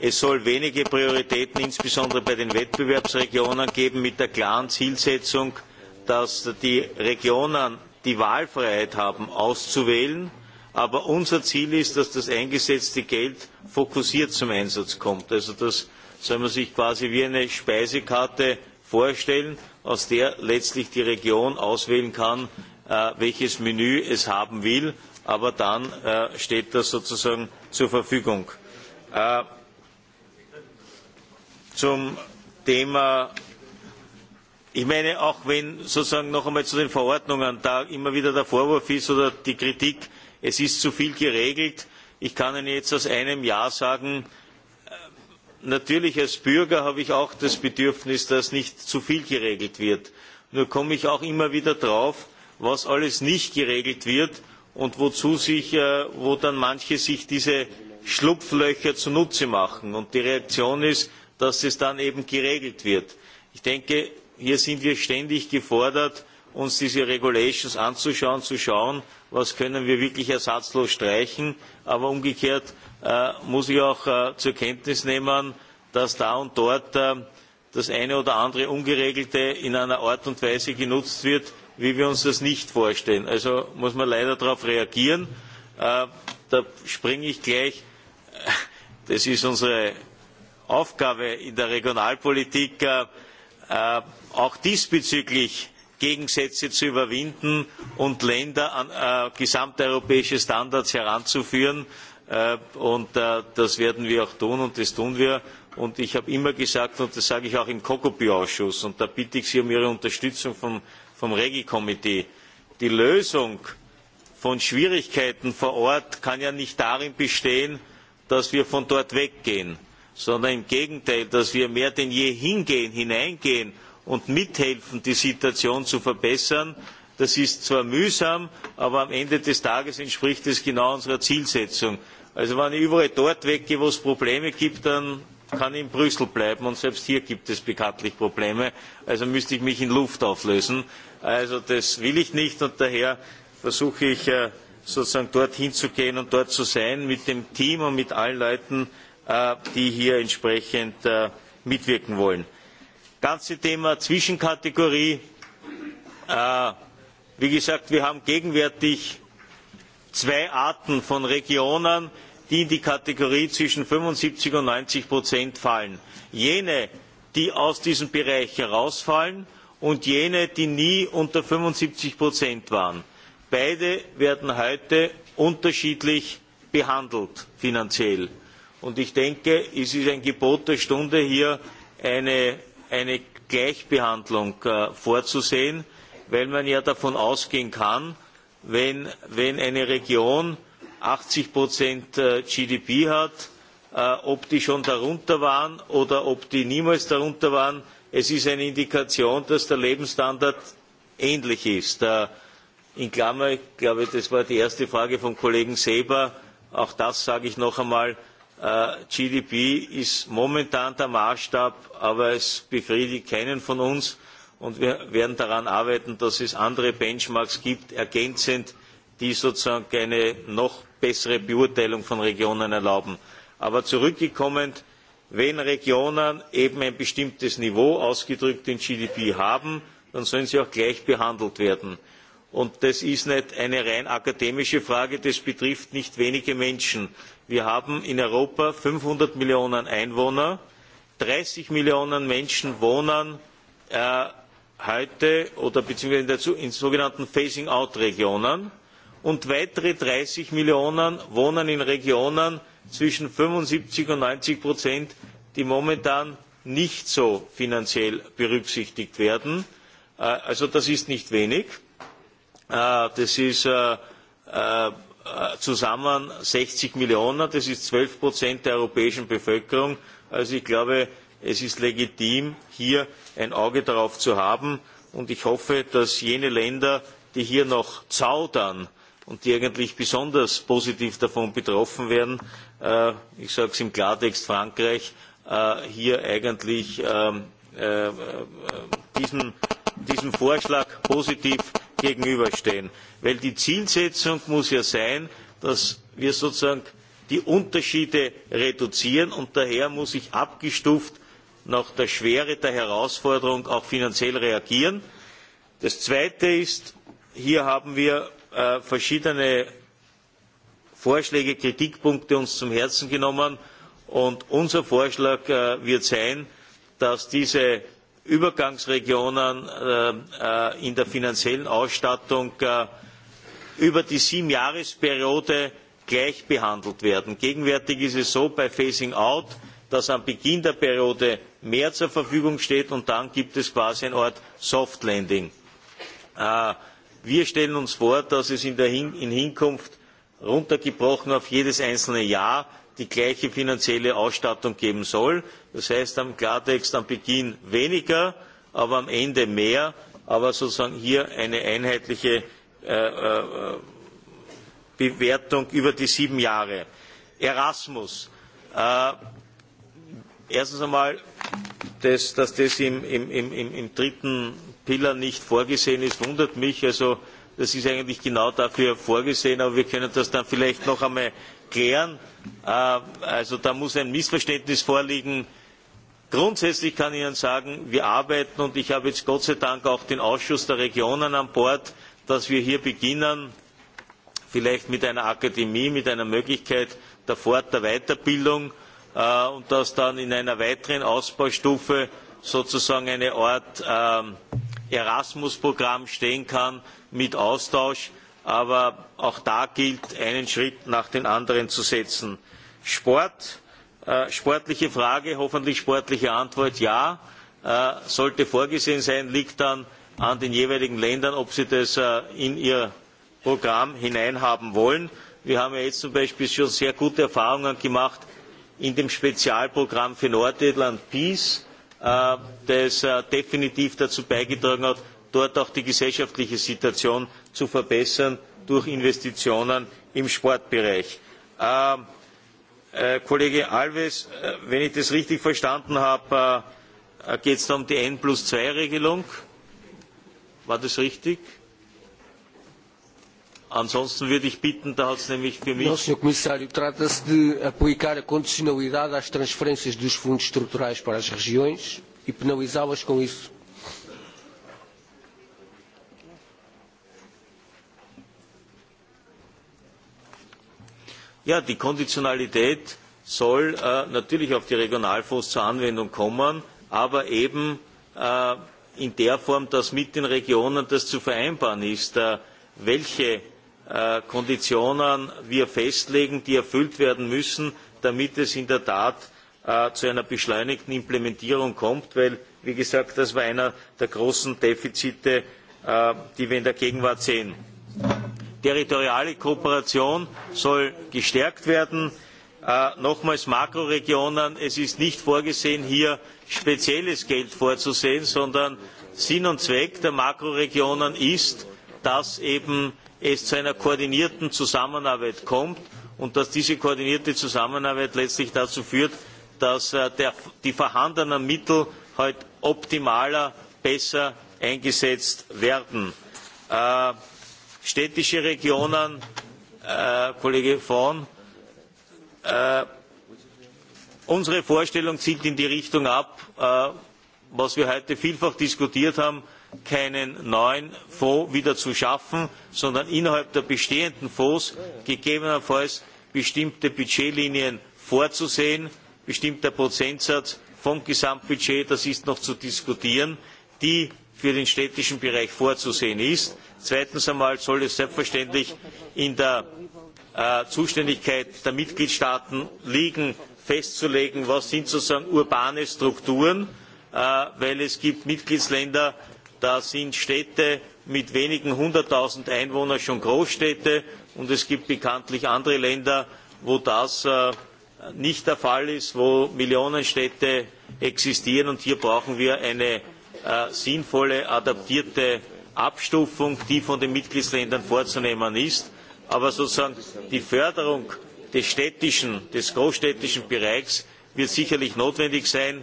es soll wenige Prioritäten, insbesondere bei den Wettbewerbsregionen, geben mit der klaren Zielsetzung, dass die Regionen die Wahlfreiheit haben, auszuwählen. Aber unser Ziel ist, dass das eingesetzte Geld fokussiert zum Einsatz kommt. Also das soll man sich quasi wie eine Speisekarte vorstellen aus der letztlich die Region auswählen kann, äh, welches Menü es haben will, aber dann äh, steht das sozusagen zur Verfügung. Äh, zum Thema ich meine, auch wenn sozusagen noch einmal zu den Verordnungen da immer wieder der Vorwurf ist oder die Kritik, es ist zu viel geregelt, ich kann Ihnen jetzt aus einem Jahr sagen, äh, natürlich als bürger habe ich auch das bedürfnis dass nicht zu viel geregelt wird. nur komme ich auch immer wieder darauf was alles nicht geregelt wird und äh, wo dann manche sich diese schlupflöcher zunutze machen. und die reaktion ist dass es dann eben geregelt wird. ich denke hier sind wir ständig gefordert uns diese regulations anzuschauen zu schauen was können wir wirklich ersatzlos streichen aber umgekehrt Äh, muss ich auch äh, zur Kenntnis nehmen, dass da und dort äh, das eine oder andere Ungeregelte in einer Art und Weise genutzt wird, wie wir uns das nicht vorstellen. Also muss man leider darauf reagieren. Da springe ich gleich. [laughs] Das ist unsere Aufgabe in der Regionalpolitik, auch diesbezüglich Gegensätze zu überwinden und Länder an gesamteuropäische Standards heranzuführen Äh, und äh, das werden wir auch tun und das tun wir. Und ich habe immer gesagt, und das sage ich auch im Kokopi-Ausschuss, und da bitte ich Sie um Ihre Unterstützung vom, vom Regi-Komitee, die Lösung von Schwierigkeiten vor Ort kann ja nicht darin bestehen, dass wir von dort weggehen, sondern im Gegenteil, dass wir mehr denn je hingehen, hineingehen und mithelfen, die Situation zu verbessern, Das ist zwar mühsam, aber am Ende des Tages entspricht es genau unserer Zielsetzung. Also wenn ich überall dort weggehe, wo es Probleme gibt, dann kann ich in Brüssel bleiben und selbst hier gibt es bekanntlich Probleme. Also müsste ich mich in Luft auflösen. Also das will ich nicht und daher versuche ich äh, sozusagen dorthin zu gehen und dort zu sein mit dem Team und mit allen Leuten, äh, die hier entsprechend äh, mitwirken wollen. Das ganze Thema Zwischenkategorie Wie gesagt, wir haben gegenwärtig zwei Arten von Regionen, die in die Kategorie zwischen 75 und 90 Prozent fallen. Jene, die aus diesem Bereich herausfallen und jene, die nie unter 75 Prozent waren. Beide werden heute unterschiedlich behandelt finanziell. Und ich denke, es ist ein Gebot der Stunde, hier eine, eine Gleichbehandlung äh, vorzusehen weil man ja davon ausgehen kann wenn, wenn eine region achtzig äh, gdp hat äh, ob die schon darunter waren oder ob die niemals darunter waren es ist eine indikation dass der lebensstandard ähnlich ist. Äh, in klammern ich glaube das war die erste frage vom kollegen seeber auch das sage ich noch einmal gdp ist momentan der maßstab aber es befriedigt keinen von uns und wir werden daran arbeiten, dass es andere Benchmarks gibt, ergänzend, die sozusagen eine noch bessere Beurteilung von Regionen erlauben. Aber zurückgekommend, wenn Regionen eben ein bestimmtes Niveau ausgedrückt in GDP haben, dann sollen sie auch gleich behandelt werden. Und das ist nicht eine rein akademische Frage, das betrifft nicht wenige Menschen. Wir haben in Europa 500 Millionen Einwohner, 30 Millionen Menschen wohnen äh, heute oder beziehungsweise in sogenannten phasing out regionen und weitere dreißig millionen wohnen in regionen zwischen fünfundsiebzig und neunzig prozent die momentan nicht so finanziell berücksichtigt werden. Äh, also das ist nicht wenig. Äh, das ist äh, zusammen sechzig millionen das ist zwölf prozent der europäischen bevölkerung. also ich glaube es ist legitim hier ein auge darauf zu haben und ich hoffe dass jene länder die hier noch zaudern und die eigentlich besonders positiv davon betroffen wären äh, ich sage es im klartext frankreich äh, hier eigentlich ähm, äh, diesem, diesem vorschlag positiv gegenüberstehen. denn die zielsetzung muss ja sein dass wir sozusagen die unterschiede reduzieren und daher muss ich abgestuft nach der schwere der herausforderung auch finanziell reagieren. das zweite ist hier haben wir äh, verschiedene vorschläge kritikpunkte uns zu herzen genommen und unser vorschlag äh, wird sein dass diese übergangsregionen äh, äh in der finanziellen ausstattung äh, über die siebenjahresperiode gleich behandelt werden. gegenwärtig ist es so bei phasing out dass am beginn der periode mehr zur Verfügung steht und dann gibt es quasi eine Art Soft Landing. Äh, wir stellen uns vor, dass es in, der Hin in Hinkunft runtergebrochen auf jedes einzelne Jahr die gleiche finanzielle Ausstattung geben soll. Das heißt am Klartext am Beginn weniger, aber am Ende mehr, aber sozusagen hier eine einheitliche äh, äh, Bewertung über die sieben Jahre. Erasmus. Äh, erstens einmal das, dass das im, im, im, im dritten Pillar nicht vorgesehen ist, wundert mich. Also das ist eigentlich genau dafür vorgesehen, aber wir können das dann vielleicht noch einmal klären. Äh, also da muss ein Missverständnis vorliegen. Grundsätzlich kann ich Ihnen sagen, wir arbeiten und ich habe jetzt Gott sei Dank auch den Ausschuss der Regionen an Bord, dass wir hier beginnen, vielleicht mit einer Akademie, mit einer Möglichkeit der Fort- der Weiterbildung äh, und dass dann in einer weiteren Ausbaustufe sozusagen eine Art ähm, Erasmus-Programm stehen kann mit Austausch. Aber auch da gilt, einen Schritt nach dem anderen zu setzen. Sport, äh, sportliche Frage, hoffentlich sportliche Antwort, ja, äh, sollte vorgesehen sein, liegt dann an den jeweiligen Ländern, ob sie das äh, in ihr Programm hineinhaben wollen. Wir haben ja jetzt zum Beispiel schon sehr gute Erfahrungen gemacht in dem Spezialprogramm für Nordirland Peace, äh, das äh, definitiv dazu beigetragen hat, dort auch die gesellschaftliche Situation zu verbessern durch Investitionen im Sportbereich. Ähm, äh, Kollege Alves, äh, wenn ich das richtig verstanden habe, äh, äh geht es da um die N plus 2 Regelung. War das richtig? Äh, Ansonsten würde ich bitten, da hat es nämlich für mich... Não, Sr. Comissário, trata-se de aplicar a condicionalidade às transferências dos fundos estruturais para as regiões e penalizá-las com isso. Ja, die Konditionalität soll äh, natürlich auf die Regionalfonds zur Anwendung kommen, aber eben äh, in der Form, dass mit den Regionen das zu vereinbaren ist, äh, welche Äh, konditionen wir festlegen die erfüllt werden müssen damit es in der tat äh, zu einer beschleunigten implementierung kommt denn wie gesagt das war einer der großen defizite äh, die wir in der gegenwart sehen. territoriale kooperation soll gestärkt werden. nochmals makroregionen es ist nicht vorgesehen hier spezielles geld vorzusehen sondern sinn und zweck der makroregionen ist dass eben es zu einer koordinierten zusammenarbeit kommt und dass diese koordinierte zusammenarbeit letztlich dazu führt dass äh, der, die vorhandenen mittel heute optimaler besser eingesetzt werden. Äh, städtische regionen äh, kollege vaughan äh, unsere vorstellung zielt in die richtung ab äh, was wir heute vielfach diskutiert haben keinen neuen Fonds wieder zu schaffen, sondern innerhalb der bestehenden Fonds gegebenenfalls bestimmte Budgetlinien vorzusehen, bestimmter Prozentsatz vom Gesamtbudget, das ist noch zu diskutieren, die für den städtischen Bereich vorzusehen ist. Zweitens einmal soll es selbstverständlich in der äh, Zuständigkeit der Mitgliedstaaten liegen, festzulegen, was sind sozusagen urbane Strukturen, äh, weil es gibt Mitgliedsländer, da sind städte mit wenigen hunderttausend einwohnern schon großstädte und es gibt bekanntlich andere länder wo das äh, nicht der fall ist wo millionenstädte existieren und hier brauchen wir eine äh, sinnvolle adaptierte abstufung die von den mitgliedstaaten vorzunehmen ist. aber sozusagen die förderung des städtischen des großstädtischen bereichs wird sicherlich notwendig sein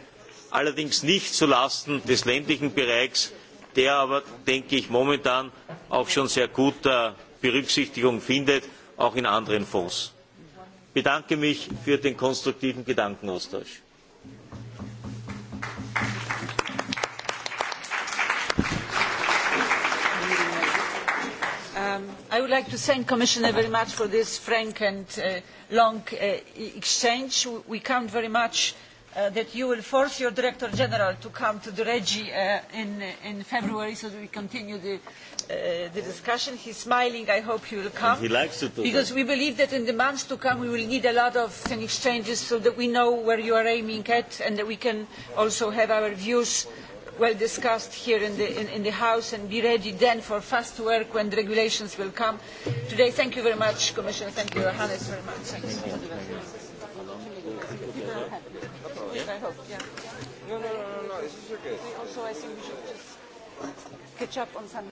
allerdings nicht zu lasten des ländlichen bereichs der aber, denke ich, momentan auch schon sehr gut äh, Berücksichtigung findet, auch in anderen Fonds. Ich bedanke mich für den konstruktiven Gedankenaustausch. Um, i would like to thank the commissioner very much for this frank and uh, long uh, e-, exchange. we count very much on uh, that you will force your Director General to come to the Regi uh, in, in February so that we continue the, uh, the discussion. He's smiling. I hope he will come. And he likes to do Because that. we believe that in the months to come we will need a lot of exchanges so that we know where you are aiming at and that we can also have our views well discussed here in the, in, in the House and be ready then for fast work when the regulations will come. Today, thank you very much, Commissioner. Thank you, Johannes, very much. Thanks. Thank you. I hope. Yeah. No, no, no, no, no. This is okay. We also, I think we should just catch up on some.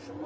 Thank you.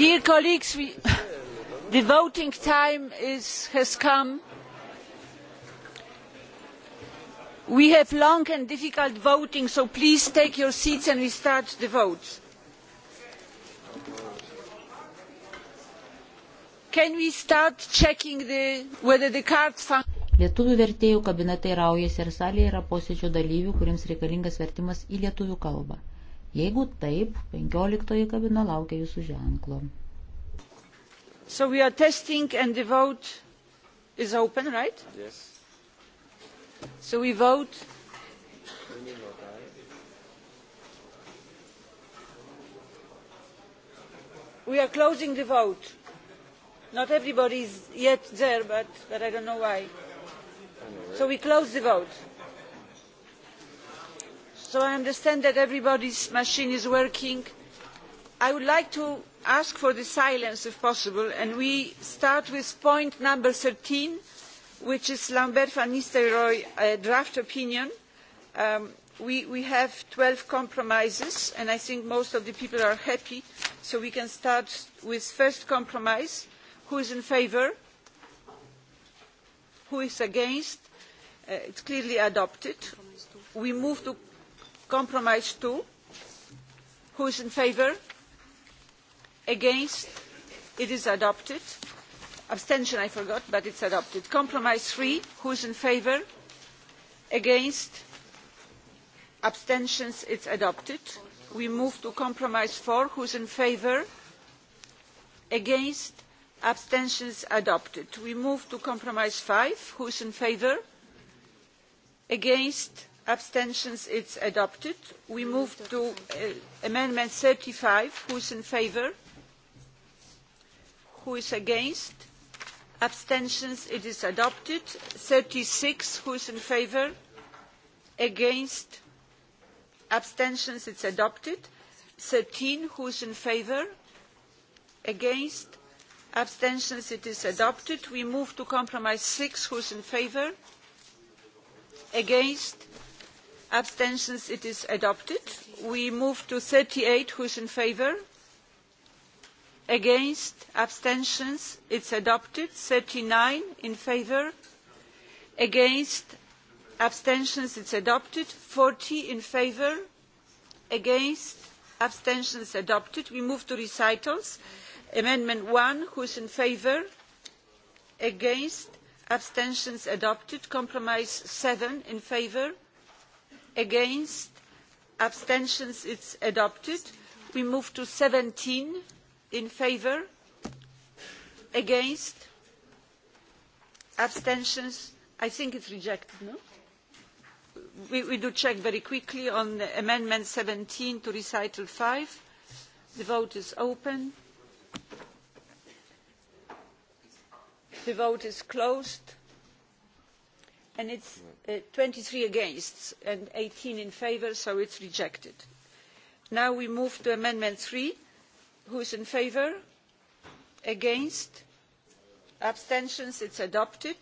dear colleagues we, the voting time is, has come. we have long and difficult voting so please take your seats and we start the votes. can we start checking the, whether the cards function? Lietuvių vertėjų kabinetai raujasi ir salėje yra posėdžio dalyvių, kuriems reikalingas vertimas į lietuvių kalbą. Jeigu taip, 15 kabina laukia jūsų ženklo. So we are testing and the vote is open, right? Yes. So we vote. We are closing the vote. Not everybody is yet there, but, but I don't know why. So we close the vote so i understand that everybody's machine is working. i would like to ask for silence if possible and we start with point number thirteen which is lambert van nistelrooij's draft opinion. Um, we, we have twelve compromises and i think most of the people are happy so we can start with the first compromise. who is in favour? who is against? Uh, it is clearly adopted. we move to compromise two who is in favour against it is adopted abstention i forgot but it's adopted compromise three who is in favour against abstentions it's adopted we move to compromise four who is in favour against abstentions adopted we move to compromise five who is in favour against abstentions it is adopted. we move to uh, amendment thirty five who is in favour? who is against? abstentions it is adopted. thirty six who is in favour? against? abstentions it is adopted. thirteen who is in favour? against? abstentions it is adopted. we move to compromise six who is in favour? against? abstentions it is adopted. we move to thirty eight who is in favour against abstentions it is adopted thirty nine in favour against abstentions it is adopted forty in favour against abstentions adopted. we move to recitals amendment one who is in favour against abstentions adopted compromise seven in favour against abstentions it is adopted. we move to seventeen in favour against abstentions i think it is rejected no? we, we do check very quickly on amendment seventeen to recital five the vote is open the vote is closed and it's uh, 23 against and 18 in favour, so it's rejected. Now we move to Amendment 3. Who is in favour? Against? Abstentions? It's adopted.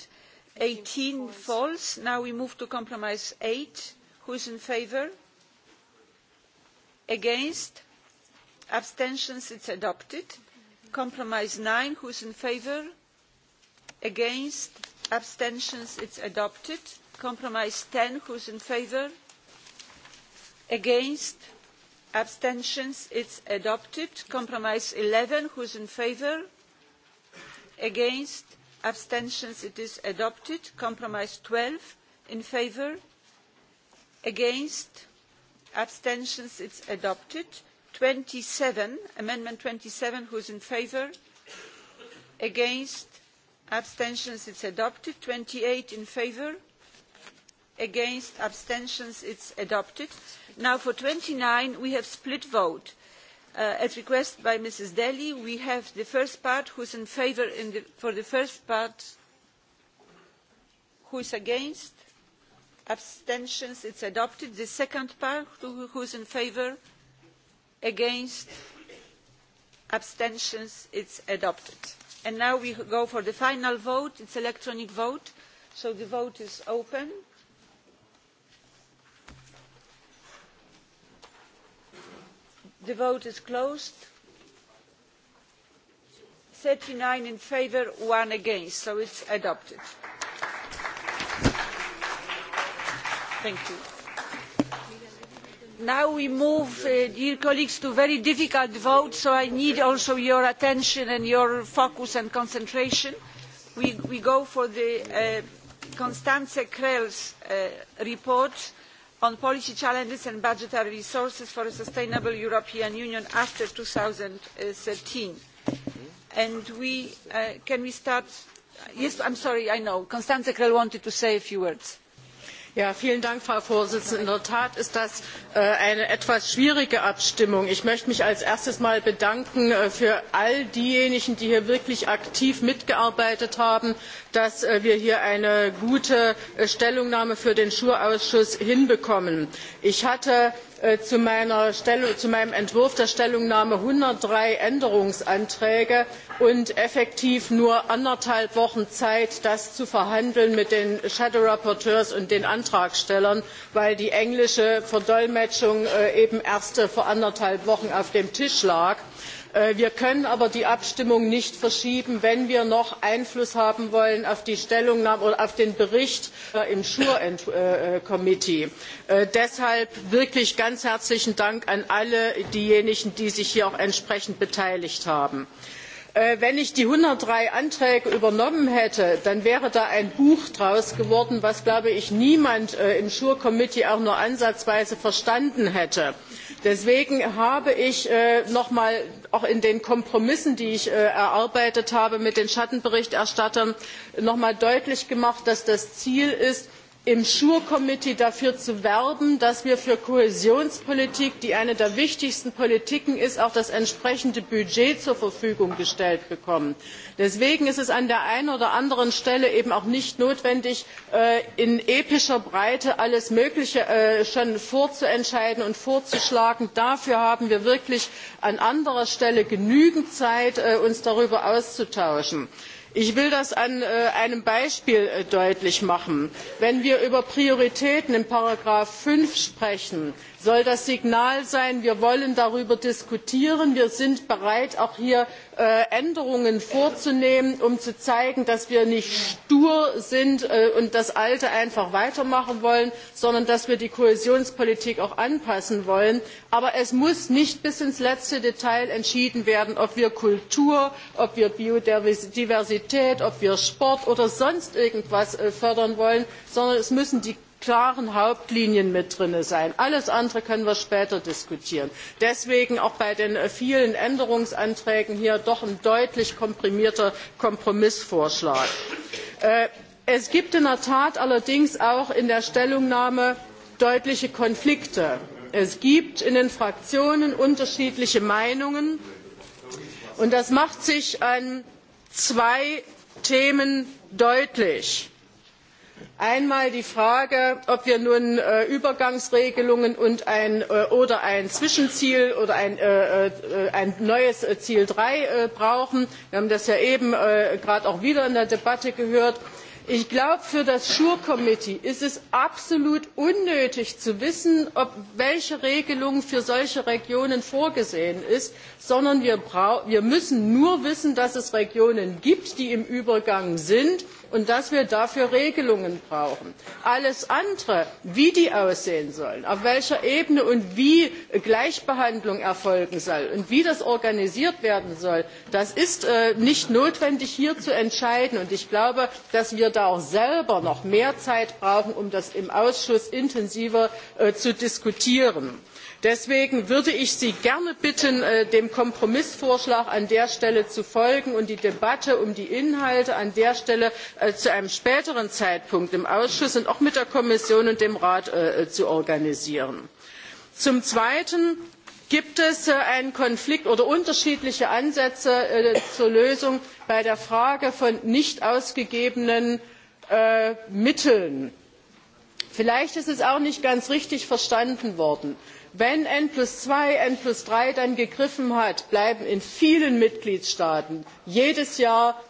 18 false. Now we move to Compromise 8. Who is in favour? Against? Abstentions? It's adopted. Compromise 9. Who is in favour? Against? abstentions it is adopted. compromise ten who is in favour? against abstentions it is adopted. compromise eleven who is in favour? against abstentions it is adopted. compromise twelve in favour? against abstentions it is adopted. twenty seven amendment twenty seven who is in favour? against abstentions it's adopted 28 in favor against abstentions it's adopted now for 29 we have split vote uh, at request by mrs deli we have the first part who's in favor in the, for the first part who is against abstentions it's adopted the second part who, who's in favor against abstentions it's adopted and now we go for the final vote it's electronic vote so the vote is open the vote is closed thirty nine in favour one against so it's adopted thank you now we move uh, dear colleagues to very difficult vote so i need also your attention and your focus and concentration we, we go for the uh, constanze krell's uh, report on policy challenges and budgetary resources for a sustainable european union after 2013 and we uh, can we start yes i'm sorry i know constanze krell wanted to say a few words Ja, Dank, frau präsidentin! in der tat ist das äh, eine etwas schwierige abstimmung. ich möchte mich als erstes einmal bedanken bei äh, all denjenigen die hier wirklich aktiv mitgearbeitet haben dass äh, wir hier eine gute äh, stellungnahme für den sure ausschuss hinbekommen. ich hatte äh, zu meinem entwurf der stellungnahme einhundertdrei änderungsanträge und effektiv nur anderthalb wochen zeit das zu verhandeln mit den schattenberichterstattern und den antragstellern weil die englische verdolmetschung eben erst vor anderthalb wochen auf dem tisch lag. Äh, wir können aber die abstimmung nicht verschieben wenn wir noch einfluss haben wollen auf den bericht äh, im sure ausschuss. Äh, deshalb wirklich ganz herzlichen dank an alle diejenigen die sich hier auch entsprechend beteiligt haben. wenn ich die einhundertdrei anträge übernommen hätte dann wäre da ein buch daraus geworden das glaube ich niemand im sure ausschuss auch nur ansatzweise verstanden hätte deswegen habe ich äh, noch einmal auch in den kompromissen die ich äh, erarbeitet habe mit den schattenberichterstattern noch einmal deutlich gemacht dass das ziel ist im sure ausschuss dafür zu werben dass wir für kohäsionspolitik die eine der wichtigsten politiken ist auch das entsprechende budget zur verfügung gestellt bekommen. deswegen ist es an der einen oder anderen stelle eben auch nicht notwendig äh, in epischer breite alles mögliche äh, schon vorzuentscheiden und vorzuschlagen. dafür haben wir wirklich an anderer stelle genügend zeit äh, uns darüber auszutauschen ich will das an äh, einem beispiel äh, deutlich machen wenn wir über prioritäten in ziffer fünf sprechen soll das signal sein wir wollen darüber diskutieren wir sind bereit auch hier äh, änderungen vorzunehmen um zu zeigen dass wir nicht stur sind äh, und das alte einfach weitermachen wollen sondern dass wir die kohäsionspolitik auch anpassen wollen? aber es muss nicht bis ins letzte detail entschieden werden ob wir kultur ob wir biodiversität ob wir sport oder sonst irgendwas äh, fördern wollen sondern es müssen klaren hauptlinien mit drin sein. alles andere können wir später diskutieren. deswegen auch bei den äh, vielen änderungsanträgen hier doch ein deutlich komprimierter kompromissvorschlag. Äh, es gibt in der tat allerdings auch in der stellungnahme deutliche konflikte. es gibt in den fraktionen unterschiedliche meinungen und das macht sich an zwei themen deutlich einmal die frage ob wir nun äh, übergangsregelungen ein, äh, oder ein zwischenziel oder ein, äh, ein neues ziel drei brauchen wir haben das ja eben gerade auch wieder in der debatte gehört ich glaube für das sure committee ist es absolut unnötig zu wissen welche regelung für solche regionen vorgesehen ist sondern wir, wir müssen nur wissen dass es regionen gibt die im übergang sind und dass wir dafür regelungen brauchen. alles andere wie die aussehen sollen auf welcher ebene und wie gleichbehandlung erfolgen soll und wie das organisiert werden soll das ist äh, nicht notwendig hier zu entscheiden. ich glaube dass wir da auch selber noch mehr zeit brauchen um das im ausschuss intensiver äh, zu diskutieren deswegen würde ich sie gerne bitten äh, dem kompromissvorschlag an der stelle zu folgen und die debatte um die inhalte an der stelle äh, zu einem späteren zeitpunkt im ausschuss und auch mit der kommission und dem rat äh, zu organisieren. zum zweiten gibt es einen konflikt oder unterschiedliche ansätze zur lösung bei der frage von nicht ausgegebenen mitteln. vielleicht ist es auch nicht ganz richtig verstanden worden wenn n zwei n drei dann gegriffen hat bleiben in vielen mitgliedstaaten jedes jahr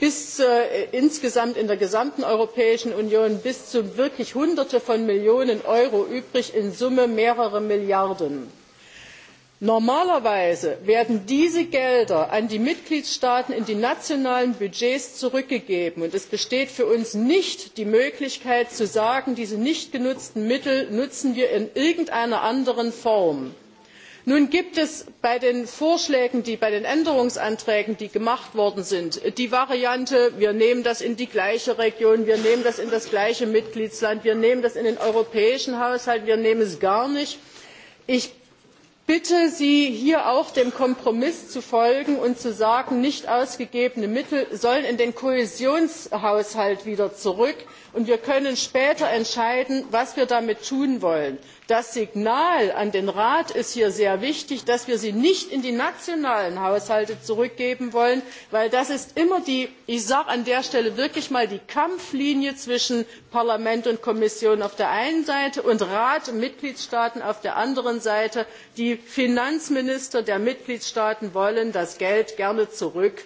äh, insgesamt in der gesamten europäischen union bis zu wirklich hunderten von millionen euro übrig in summe mehrere milliarden normalerweise werden diese gelder an die mitgliedstaaten in die nationalen budgets zurückgegeben und es besteht für uns nicht die möglichkeit zu sagen diese nicht genutzten mittel nutzen wir in irgendeiner anderen form. nun gibt es bei den vorschlägen die bei den änderungsanträgen gemacht worden sind die variante wir nehmen das in die gleiche region wir nehmen das in das gleiche mitgliedsland wir nehmen das in den europäischen haushalt wir nehmen es gar nicht bitte sie hier auch dem kompromiss zu folgen und zu sagen nicht ausgegebene mittel sollen in den kohäsionshaushalt wieder zurück und wir können später entscheiden was wir damit tun wollen das signal an den rat ist hier sehr wichtig dass wir sie nicht in die nationalen haushalte zurückgeben wollen denn das ist immer ich sage an der stelle wirklich mal die kampflinie zwischen parlament und kommission auf der einen seite und rat und mitgliedstaaten auf der anderen seite die finanzminister der mitgliedstaaten wollen das geld gerne zurück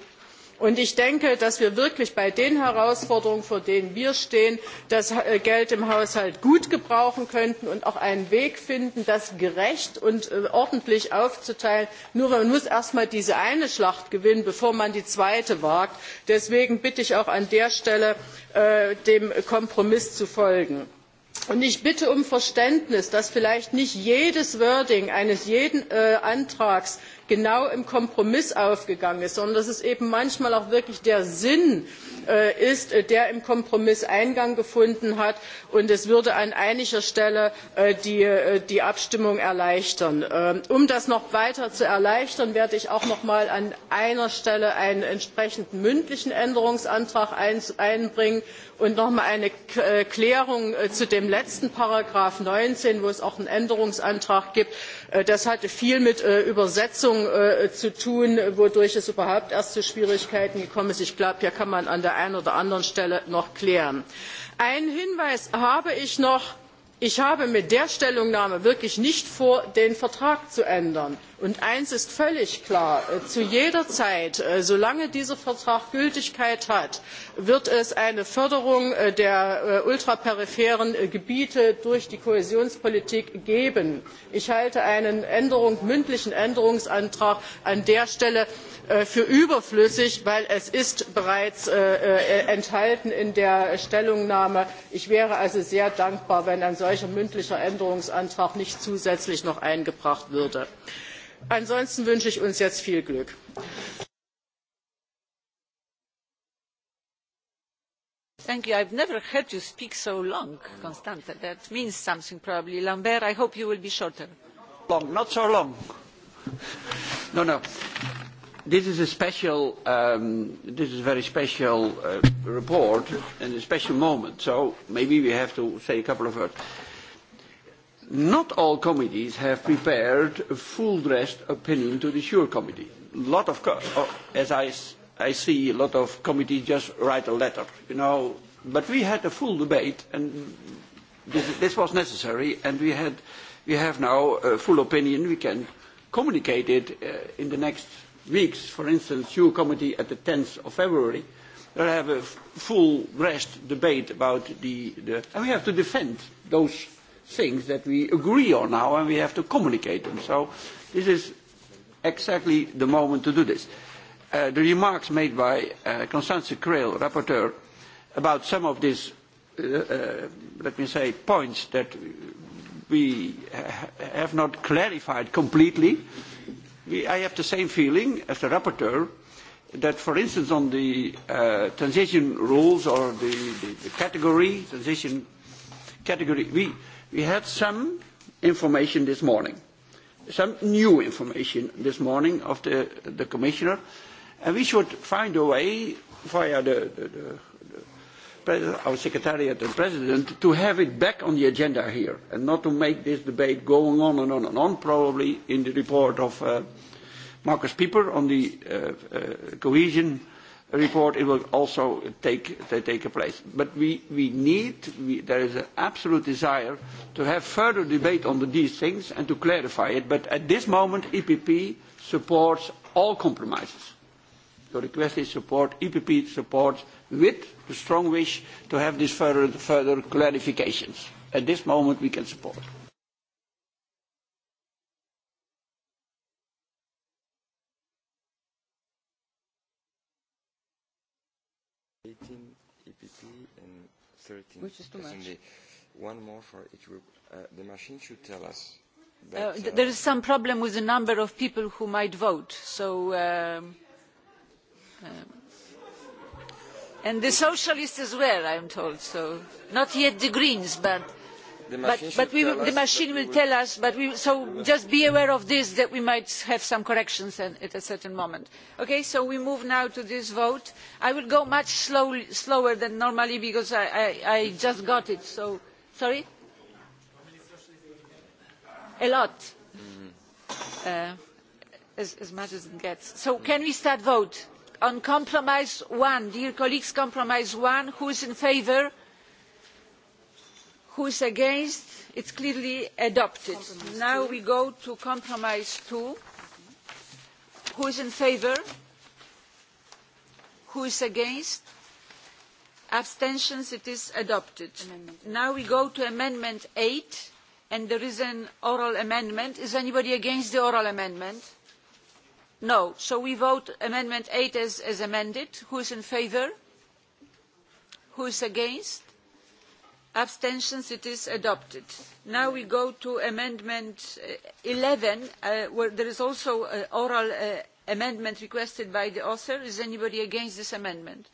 und ich denke dass wir wirklich bei den herausforderungen vor denen wir stehen das äh, geld im haushalt gut gebrauchen könnten und auch einen weg finden das gerecht und äh, ordentlich aufzuteilen. nur man muss erst einmal diese eine schlacht gewinnen bevor man die zweite wagt. deswegen bitte ich auch an der stelle äh, dem kompromiss zu folgen. Und ich bitte um verständnis dass vielleicht nicht jedes wording eines jeden antrags genau im kompromiss aufgegangen ist sondern dass es eben manchmal auch wirklich der sinn äh, ist äh, der im kompromiss eingang gefunden hat und es würde an einiger stelle äh, die abstimmung erleichtern. Ähm, um das noch weiter zu erleichtern werde ich auch noch einmal an einer stelle einen entsprechenden mündlichen änderungsantrag einbringen und noch einmal eine klärung zu dem letzten ziffer neunzehn wo es auch einen änderungsantrag gibt Äh, das hatte viel mit äh, übersetzung äh, zu tun wodurch es überhaupt erst zu schwierigkeiten gekommen ist. ich glaube hier kann man an der einen oder anderen stelle noch klären. einen hinweis habe ich noch ich habe mit der stellungnahme wirklich nicht vor den vertrag zu ändern und eines ist völlig klar äh, zu jeder zeit äh, solange dieser vertrag gültigkeit hat wird es eine förderung äh, der ultraperipheren gebiete durch die kohäsionspolitik geben. ich halte einen mündlichen änderungsantrag an der stelle für überflüssig denn er ist bereits in der stellungnahme enthalten. ich wäre also sehr dankbar wenn ein solcher mündlicher änderungsantrag nicht zusätzlich noch eingebracht würde ansonsten wünsche ich uns jetzt viel glück. thank you. i've never heard you speak so long constanze that means something probably. lambert i hope you will be shorter. long not so long. no no. this is a special um, this is a very special uh, report and a special moment so maybe we have to say a couple of words not all committees have prepared a full-dressed opinion to the SURE committee. A lot of, oh, as I, I see, a lot of committees just write a letter, you know. But we had a full debate, and this, this was necessary, and we, had, we have now a full opinion. We can communicate it uh, in the next weeks. For instance, SURE committee at the 10th of February, they have a full-dressed debate about the, the... And we have to defend those things that we agree on now and we have to communicate them. So this is exactly the moment to do this. Uh, the remarks made by uh, Constance Creel, rapporteur, about some of these, uh, uh, let me say, points that we ha have not clarified completely, we, I have the same feeling as the rapporteur that, for instance, on the uh, transition rules or the, the, the category, transition category, we, We had some information this morning, some new information this morning of the, the Commissioner, and we should find a way via the, the, the, the, our Secretariat and President to have it back on the agenda here and not to make this debate going on and on and on, probably in the report of uh, Marcus Pieper on the uh, uh, cohesion report, it will also take, take place. But we, we need, we, there is an absolute desire to have further debate on the, these things and to clarify it. But at this moment, EPP supports all compromises. So the question is support, EPP supports with the strong wish to have this further, further clarifications. At this moment, we can support. 13. Which is too much. SMD. One more for each group. Uh, the machine should tell us. Uh, that, uh, uh, there is some problem with the number of people who might vote. So, um, uh, and the socialists as well, I'm told. So, not yet the Greens, but the machine, but, but we, the machine will tell us but we, so just be aware of this that we might have some corrections and, at a certain moment. okay so we move now to this vote. i will go much slow, slower than normally because i, I, I just got it so sorry a lot mm-hmm. uh, as, as much as it gets. so can we start vote on compromise one dear colleagues compromise one who is in favour? who is against it is clearly adopted. Compromise now two. we go to compromise two who is in favour who is against abstentions it is adopted. Amendment. now we go to amendment eight and there is an oral amendment. is anybody against the oral amendment? no. so we vote amendment eight as, as amended. who is in favour? who is against? abstentions it is adopted. now we go to amendment uh, eleven uh, where there is also an uh, oral uh, amendment requested by the author. is anybody against this amendment?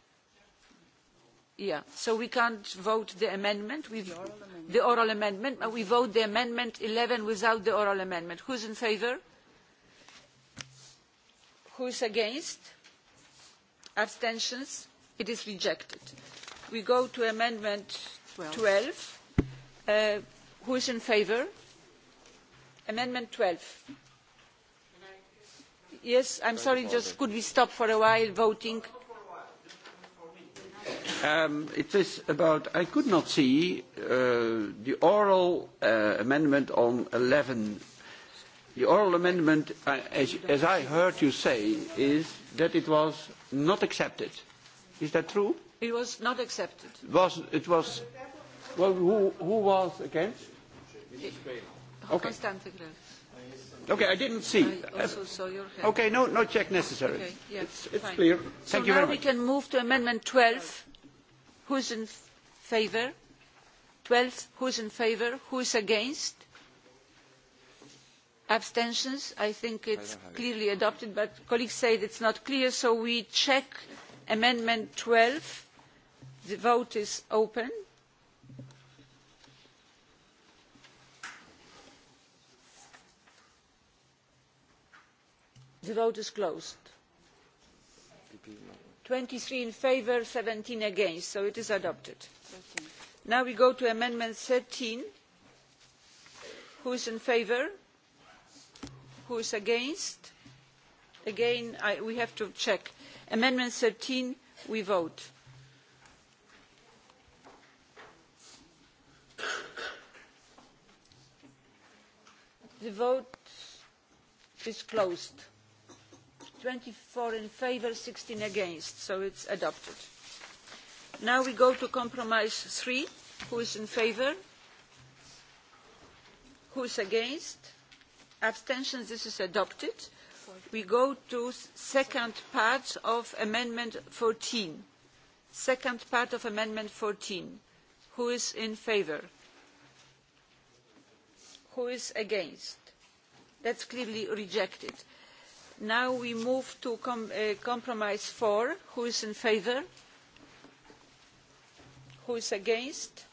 yeah so we can't vote the amendment We've, the oral amendment, the oral amendment but we vote the amendment eleven without the oral amendment. who's in favour? who's against? abstentions? it is rejected. we go to amendment 12. Uh, who is in favour? Amendment 12. Yes, I'm sorry, just could we stop for a while voting? Um, it is about, I could not see uh, the oral uh, amendment on 11. The oral amendment, uh, as, as I heard you say, is that it was not accepted. Is that true? Uh, It was not accepted. It was, it was well, who, who was against? Okay. Okay, I didn't see. I also saw your hand. Okay, no, no check necessary. Okay, yeah, it's it's fine. clear. Thank so you very now much. we can move to Amendment 12. Who's in favour? 12. Who's in favour? Who's against? Abstentions? I think it's I clearly it. adopted, but colleagues say it's not clear, so we check Amendment 12 The vote is open. The vote is closed. 23 in favour, 17 against, so it is adopted. 13. Now we go to Amendment 13. Who is in favour? Who is against? Again, I, we have to check. Amendment 13, we vote. The vote is closed. 24 in favour, 16 against, so it's adopted. Now we go to compromise 3. Who is in favour? Who is against? Abstentions, this is adopted. We go to second part of amendment 14. Second part of amendment 14. Who is in favour? who is against? that's clearly rejected. now we move to com uh, compromise four who is in favour? who is against?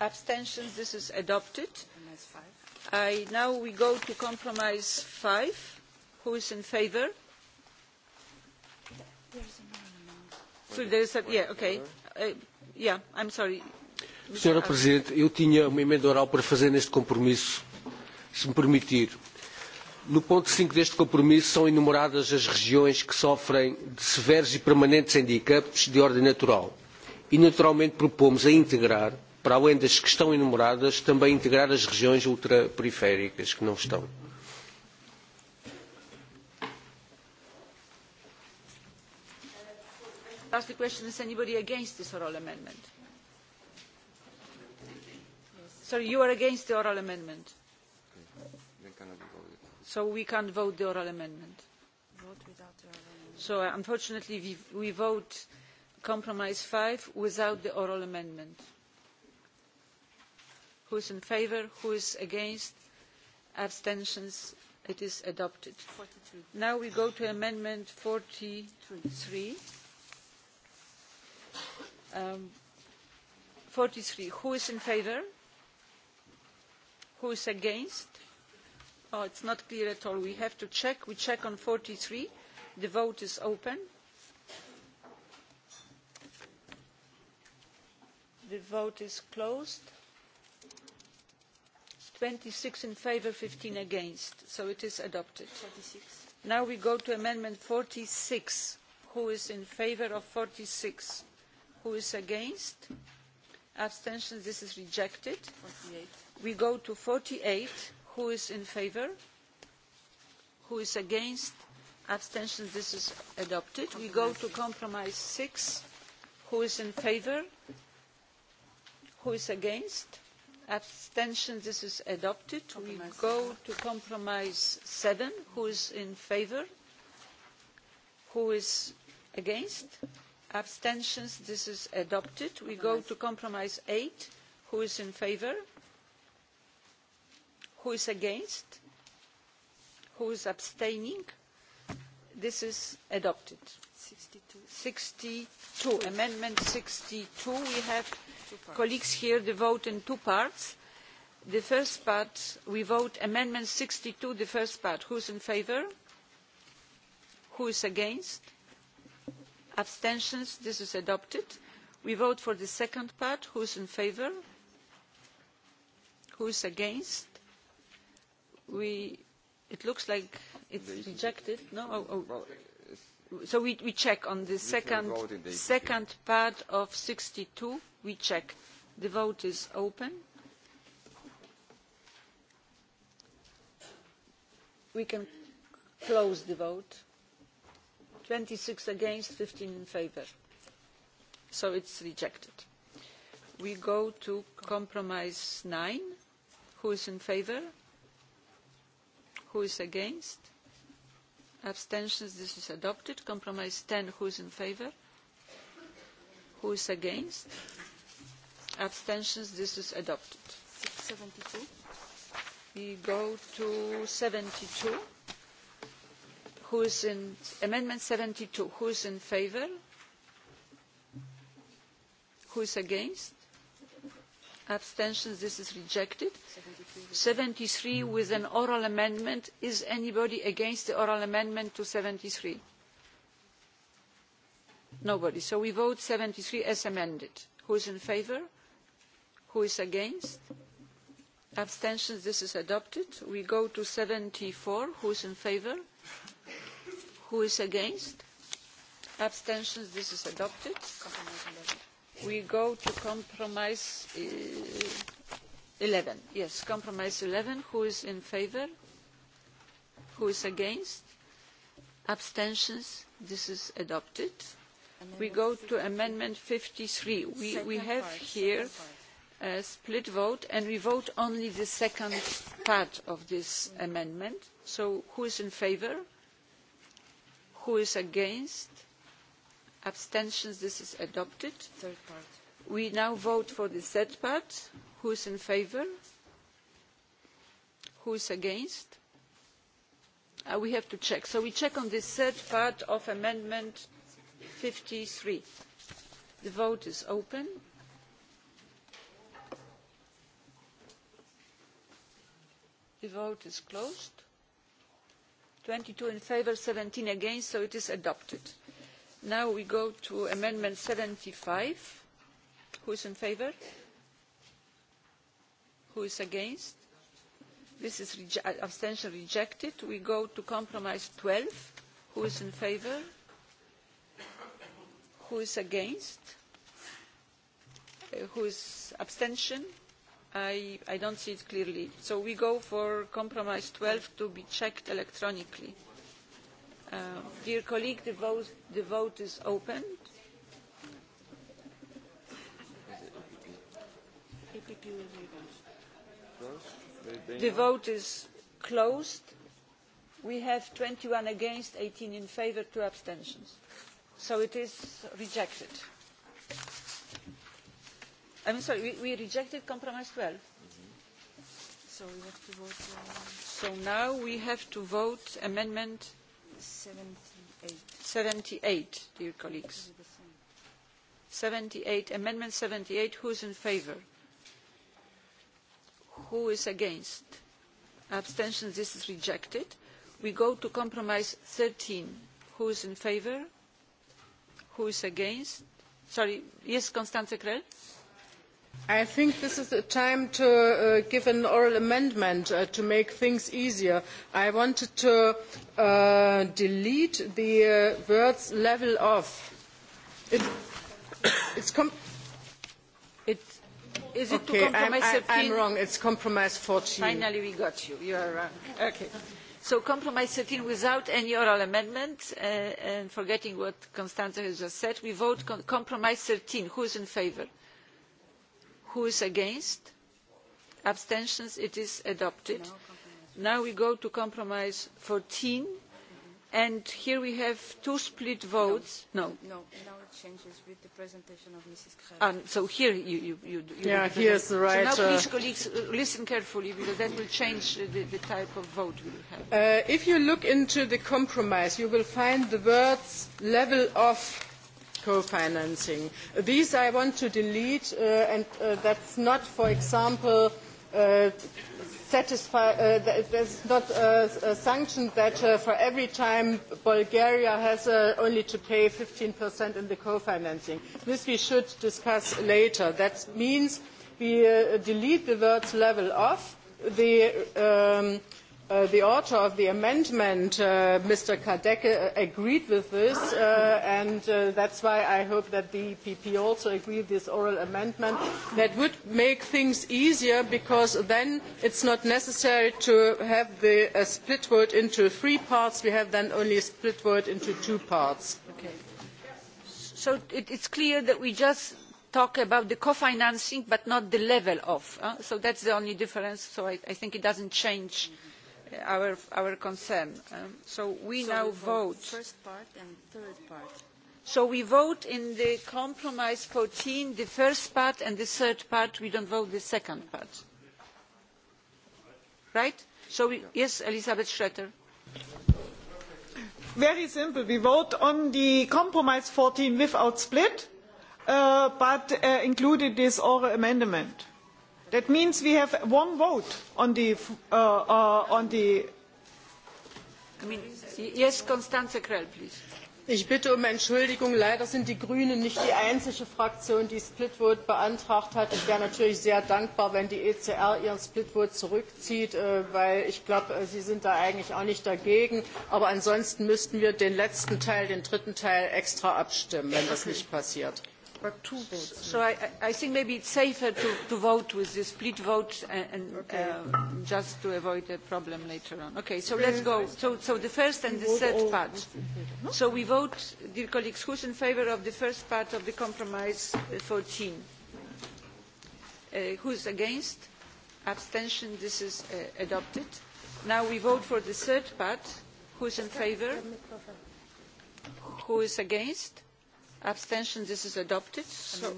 abstentions this is adopted. I, now we go to compromise five who is in favour? so there is a yeah okay uh, yeah i'm sorry Senhora Presidente, eu tinha uma emenda oral para fazer neste compromisso, se me permitir. No ponto 5 deste compromisso são enumeradas as regiões que sofrem de severos e permanentes handicaps de ordem natural. E naturalmente propomos a integrar, para além das que estão enumeradas, também integrar as regiões ultraperiféricas que não estão. Does the question is anybody against this oral amendment? Sorry, you are against the oral amendment. So we can't vote the oral amendment. Vote without the oral amendment. So uh, unfortunately we, we vote compromise 5 without the oral amendment. Who is in favour? Who is against? Abstentions? It is adopted. 43. Now we go to amendment 43. Um, 43. Who is in favour? who is against oh it's not clear at all we have to check we check on 43 the vote is open the vote is closed 26 in favor 15 against so it is adopted 46 now we go to amendment 46 who is in favor of 46 who is against abstentions this is rejected 48 we go to 48 who is in favor who is against abstentions this is adopted we go to compromise 6 who is in favor who is against abstentions this is adopted compromise. we go to compromise 7 who is in favor who is against abstentions this is adopted we go to compromise 8 who is in favor who is against who is abstaining this is adopted. sixty two amendment sixty two we have colleagues here the vote in two parts. the first part we vote amendment sixty two the first part who is in favour who is against abstentions this is adopted. we vote for the second part who is in favour who is against we it looks like it's rejected no oh, oh. so we, we check on the second second part of 62 we check the vote is open we can close the vote 26 against 15 in favor so it's rejected we go to compromise 9 who is in favor who is against abstentions this is adopted compromise 10 who is in favor who is against abstentions this is adopted 672 we go to 72 who is in amendment 72 who is in favor who is against abstentions this is rejected 73 with an oral amendment is anybody against the oral amendment to 73 nobody so we vote 73 as amended who is in favor who is against abstentions this is adopted we go to 74 who is in favor who is against abstentions this is adopted compromise 11 we go to compromise uh, eleven yes compromise eleven who is in favour who is against abstentions this is adopted we go to amendment fifty three we we have here a split vote and we vote only the second part of this amendment so who is in favour who is against abstentions this is adopted third part we now vote for the third part who is in favor who is against uh, we have to check so we check on the third part of amendment 53 the vote is open the vote is closed 22 in favor 17 against so it is adopted Now we go to Amendment 75. Who is in favour? Who is against? This is rege uh, abstention rejected. We go to Compromise 12. Who is in favour? Who is against? Uh, who is abstention? I, I don't see it clearly. So we go for Compromise 12 to be checked electronically. Uh, dear colleague, the vote, the vote is opened. The vote is closed. We have 21 against, 18 in favour, two abstentions. So it is rejected. I'm sorry, we, we rejected compromise 12. Mm-hmm. So we have to vote. Um... So now we have to vote amendment 12. 78. 78, dear colleagues. 78, amendment 78, who's in favour? Who is against? Abstentions, this is rejected. We go to compromise 13. Who is in favour? Who is against? Sorry, yes, Constanze Krell? Yes I think this is the time to uh, give an oral amendment uh, to make things easier. I wanted to uh, delete the uh, words level off. It, it's com it, is it okay, to compromise I'm, I, I'm wrong. It's compromise 14. Finally, we got you. You are wrong. Okay. So compromise 13 without any oral amendment uh, and forgetting what Constanza has just said, we vote com compromise 13. Who's in favour? who is against abstentions it is adopted now we go to compromise 14 and here we have two split votes no no, no now it changes with the presentation of mrs Krehl. Ah, um, so here you you, you, you yeah here's the right so now uh, please colleagues uh, listen carefully because that will change the, the type of vote we will have uh, if you look into the compromise you will find the words level of co-financing. These I want to delete, uh, and uh, that's not, for example, uh, satisfy, uh, there's not a, a sanction that uh, for every time Bulgaria has uh, only to pay 15% in the co-financing. This we should discuss later. That means we uh, delete the words level off, the um, Uh, the author of the amendment, uh, Mr. Kadek, uh, agreed with this, uh, and uh, that's why I hope that the EPP also agreed this oral amendment. That would make things easier because then it's not necessary to have the uh, split vote into three parts. We have then only a split vote into two parts. Okay. So it, it's clear that we just talk about the co-financing but not the level of. Uh, so that's the only difference. So I, I think it doesn't change. Mm-hmm our, our concern. Um, so we so now we vote. vote. First part and third part. So we vote in the compromise 14, the first part and the third part. We don't vote the second part. Right? So we, yes, Elisabeth Schroeter. Very simple. We vote on the compromise 14 without split, uh, but uh, included this oral amendment That means we have one vote on the, uh, uh, on the Yes, Constanze Krell, please. Ich bitte um Entschuldigung. Leider sind die Grünen nicht die einzige Fraktion, die Split Vote beantragt hat. Ich wäre natürlich sehr dankbar, wenn die ECR ihren Split Vote zurückzieht, äh, weil ich glaube, äh, sie sind da eigentlich auch nicht dagegen. Aber ansonsten müssten wir den letzten Teil, den dritten Teil extra abstimmen, wenn das nicht passiert. Okay. But two votes. So I, I think maybe it's safer to, to vote with the split vote and, and okay. uh, just to avoid a problem later on. Okay, so let's go. So, so the first and the third part. So we vote, dear colleagues, who's in favour of the first part of the compromise 14? Uh, uh, who's against? Abstention, this is uh, adopted. Now we vote for the third part. Who's in favour? Who is against? abstention this is adopted so,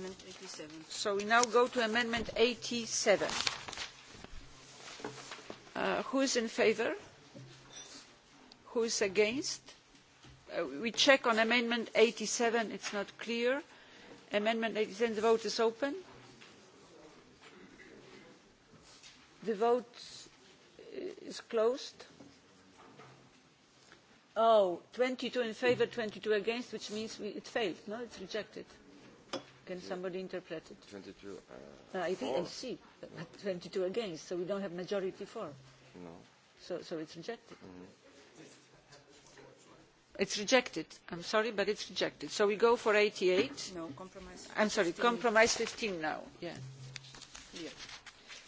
so we now go to amendment 87 uh, who is in favor who is against uh, we check on amendment 87 it's not clear amendment 87 the vote is open the vote is closed Oh, 22 in favor, 22 against, which means we, it failed. No, it's rejected. Can somebody interpret it? 22. Uh, no, uh, I think four. I see, but 22 against, so we don't have majority for. No. So, so it's rejected. Mm-hmm. It's rejected. I'm sorry, but it's rejected. So we go for 88. No, compromise. 15. I'm sorry, compromise 15 now. Yeah. yeah.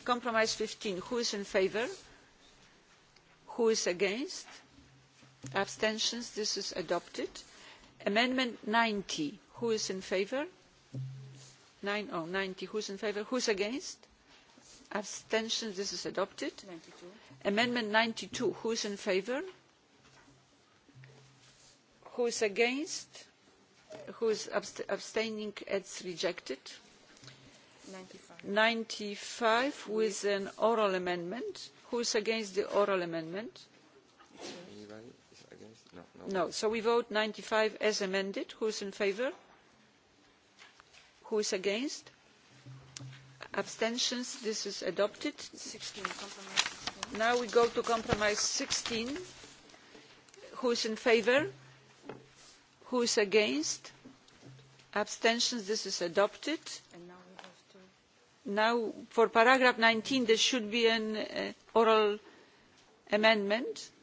Compromise 15. Who is in favor? Who is against? abstentions this is adopted amendment 90 who is in favor 9 oh 90 who's in favor who's against abstentions this is adopted 92. amendment 92 who's in favor who's against who's abst abstaining it's rejected 95. 95 with an oral amendment who's against the oral amendment no, no. no. So we vote 95 as amended. Who's in favour? Who is against? Abstentions? This is adopted. 16, compromise 16. Now we go to compromise 16. Who is in favour? Who is against? Abstentions? This is adopted. And now, we have to... now for paragraph 19 there should be an uh, oral amendment. Uh,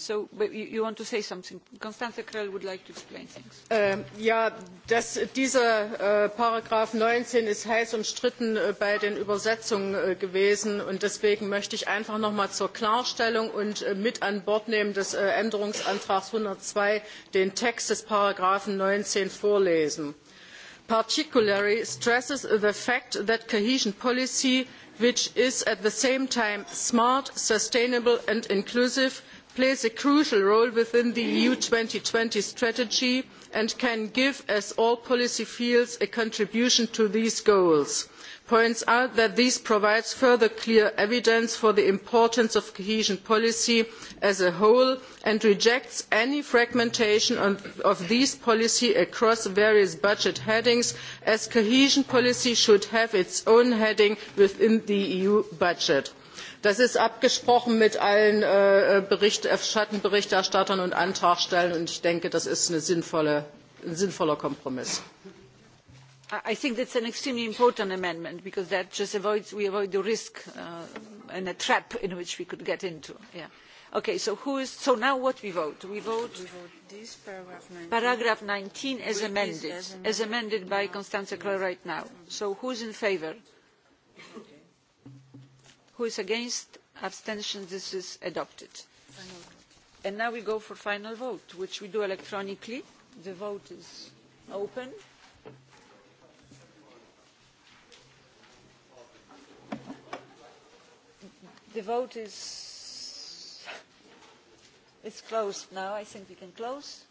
So, but you, you want to say something. Constanze Krell would like to explain things. Ähm, ja, das, dieser äh, Paragraph 19 ist heiß umstritten äh, bei den Übersetzungen äh, gewesen und deswegen möchte ich einfach noch mal zur Klarstellung und äh, mit an Bord nehmen des äh, Änderungsantrags 102 den Text des Paragraphen 19 vorlesen. Particularly stresses the fact that cohesion policy, which is at the same time smart, sustainable and inclusive, plays a crucial role within the eu two thousand and twenty strategy and can give as all policy fields a contribution to these goals points out that this provides further clear evidence for the importance of cohesion policy as a whole and rejects any fragmentation of this policy across various budget headings as cohesion policy should have its own heading within the eu budget das ist abgesprochen mit allen äh, Bericht, äh, Schattenberichterstattern und Antragstellern und ich denke, das ist eine sinnvolle, ein sinnvoller Kompromiss. I think that's an extremely important amendment because that just avoids, we avoid the risk uh, and a trap in which we could get into. Yeah. Okay, so who is, so now what we vote? We vote, we vote this paragraph 19, paragraph 19 as, amended, as amended, as amended by now. Constanze Kloll right now. So who's in favour? Yes who is against abstentions this is adopted and now we go for final vote which we do electronically the vote is open the vote is it's closed now i think we can close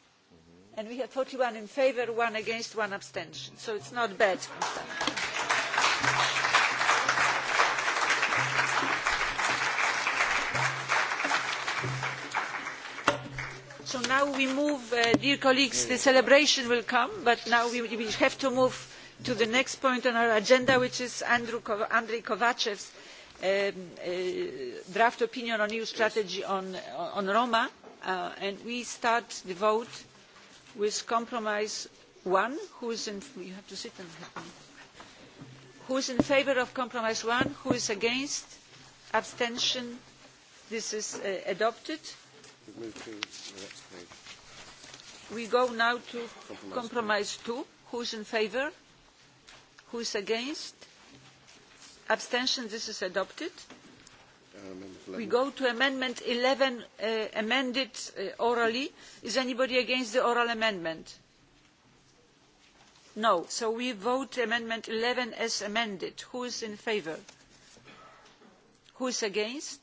mm-hmm. and we have 41 in favor one against one abstention so it's not bad Constance. So now we move, uh, dear colleagues, the celebration will come, but now we, we have to move to the next point on our agenda, which is Andrew, Andrei Kovachev's um, uh, draft opinion on EU strategy on, on Roma. Uh, and we start the vote with compromise one. Who is in, you have to sit and help me. Who is in favour of compromise one? Who is against? Abstention? This is uh, adopted. Uh, We move to the next page. We go now to compromise, compromise two. two. Who's in favour? Who's against? Abstention. This is adopted. Uh, we go to amendment 11, uh, amended uh, orally. Is anybody against the oral amendment? No. So we vote amendment 11 as amended. Who is in favour? Who is against?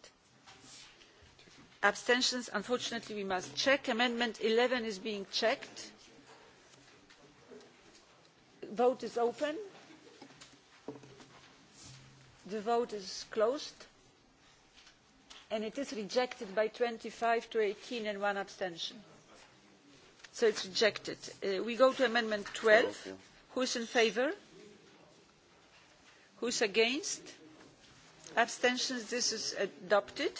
abstentions unfortunately we must check amendment eleven is being checked vote is open the vote is closed and it is rejected by twenty five to eighteen and one abstention so it's rejected uh, we go to amendment twelve who is in favor who is against abstentions this is adopted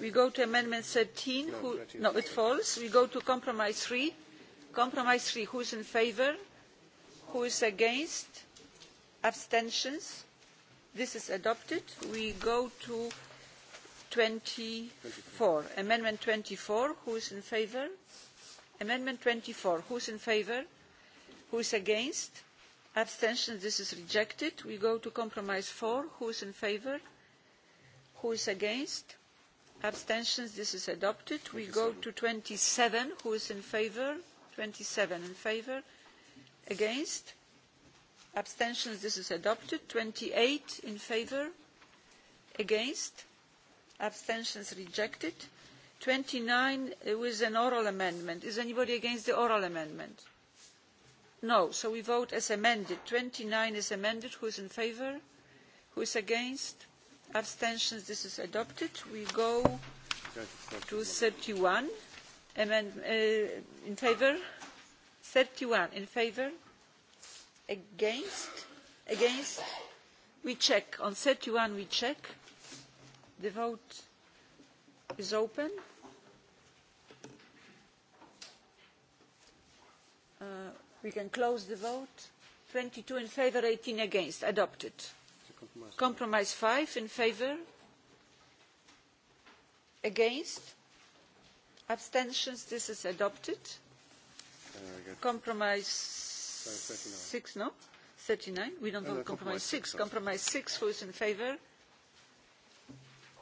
we go to amendment thirteen who no it falls we go to compromise three compromise three who is in favour who is against abstentions this is adopted we go to twenty four amendment twenty four who is in favour amendment twenty four who is in favour who is against abstentions this is rejected we go to compromise four who is in favour who is against abstentions this is adopted we go to 27 who is in favor 27 in favor against abstentions this is adopted 28 in favor against abstentions rejected 29 with an oral amendment is anybody against the oral amendment no so we vote as amended 29 is amended who is in favor who is against abstentions this is adopted we go to 31 amend uh, in favor 31 in favor against against we check on 31 we check the vote is open uh, we can close the vote 22 in favor 18 against adopted Compromise 5 in favor? Against? Abstentions? This is adopted. Uh, compromise 6, no? 39? We don't vote compromise 6. Compromise 6, who is in favor?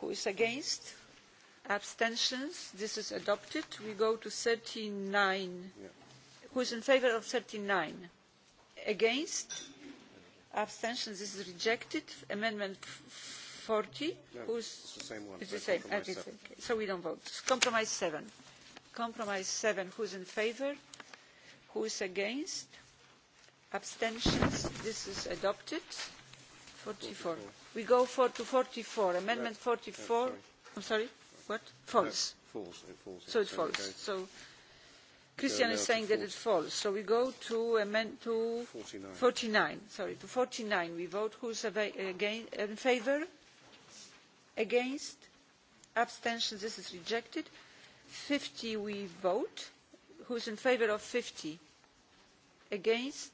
Who is against? Abstentions? This is adopted. We go to 39. Yeah. Who is in favor of 39? Against? abstentions this is rejected amendment 40 no, who's it's the same one it's the same okay, okay. so we don't vote compromise 7 compromise 7 who's in favor who is against abstentions this is adopted 44 we go for to 44 amendment 44 no, sorry. i'm sorry what false no, false it falls so it falls so Christian is saying that it falls. So we go to amend to 49. 49. Sorry, to 49. We vote who's again in favour, against, abstentions. This is rejected. 50 we vote. Who's in favour of 50? Against,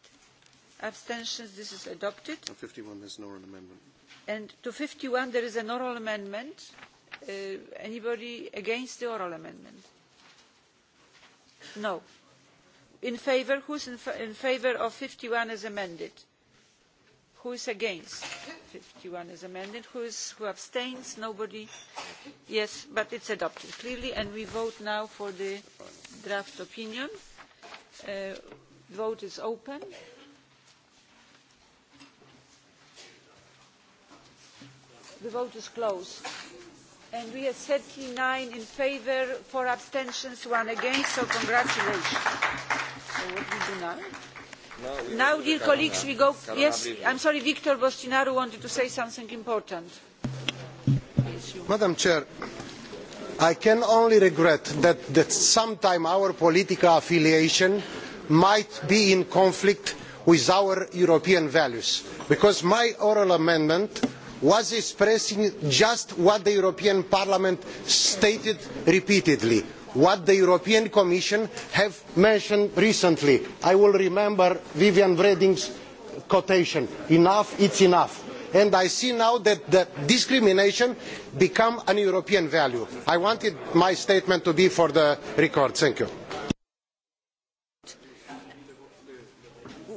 abstentions. This is adopted. On 51, there's an oral amendment. And to 51, there is an oral amendment. Uh, anybody against the oral amendment? Uh, no in favour who is in, in favour of fifty one as amended who is against fifty one as amended who is who abstains nobody yes but it's adopted clearly and we vote now for the draft opinion uh, vote is open the vote is closed and we have 39 in favor, 4 abstentions, 1 against, so congratulations. So what do we do now? No, now, dear Carolina, colleagues, we go... Carolina yes, Brivne. I'm sorry, Victor Bostinaru wanted to say something important. Yes, you... Madam Chair, I can only regret that, that sometime our political affiliation might be in conflict with our European values, because my oral amendment was expressing just what the european parliament stated repeatedly what the european commission has mentioned recently. i will remember viviane reding's quotation enough is enough' and i see now that discrimination has become a european value. i wanted my statement to be on the record. thank you.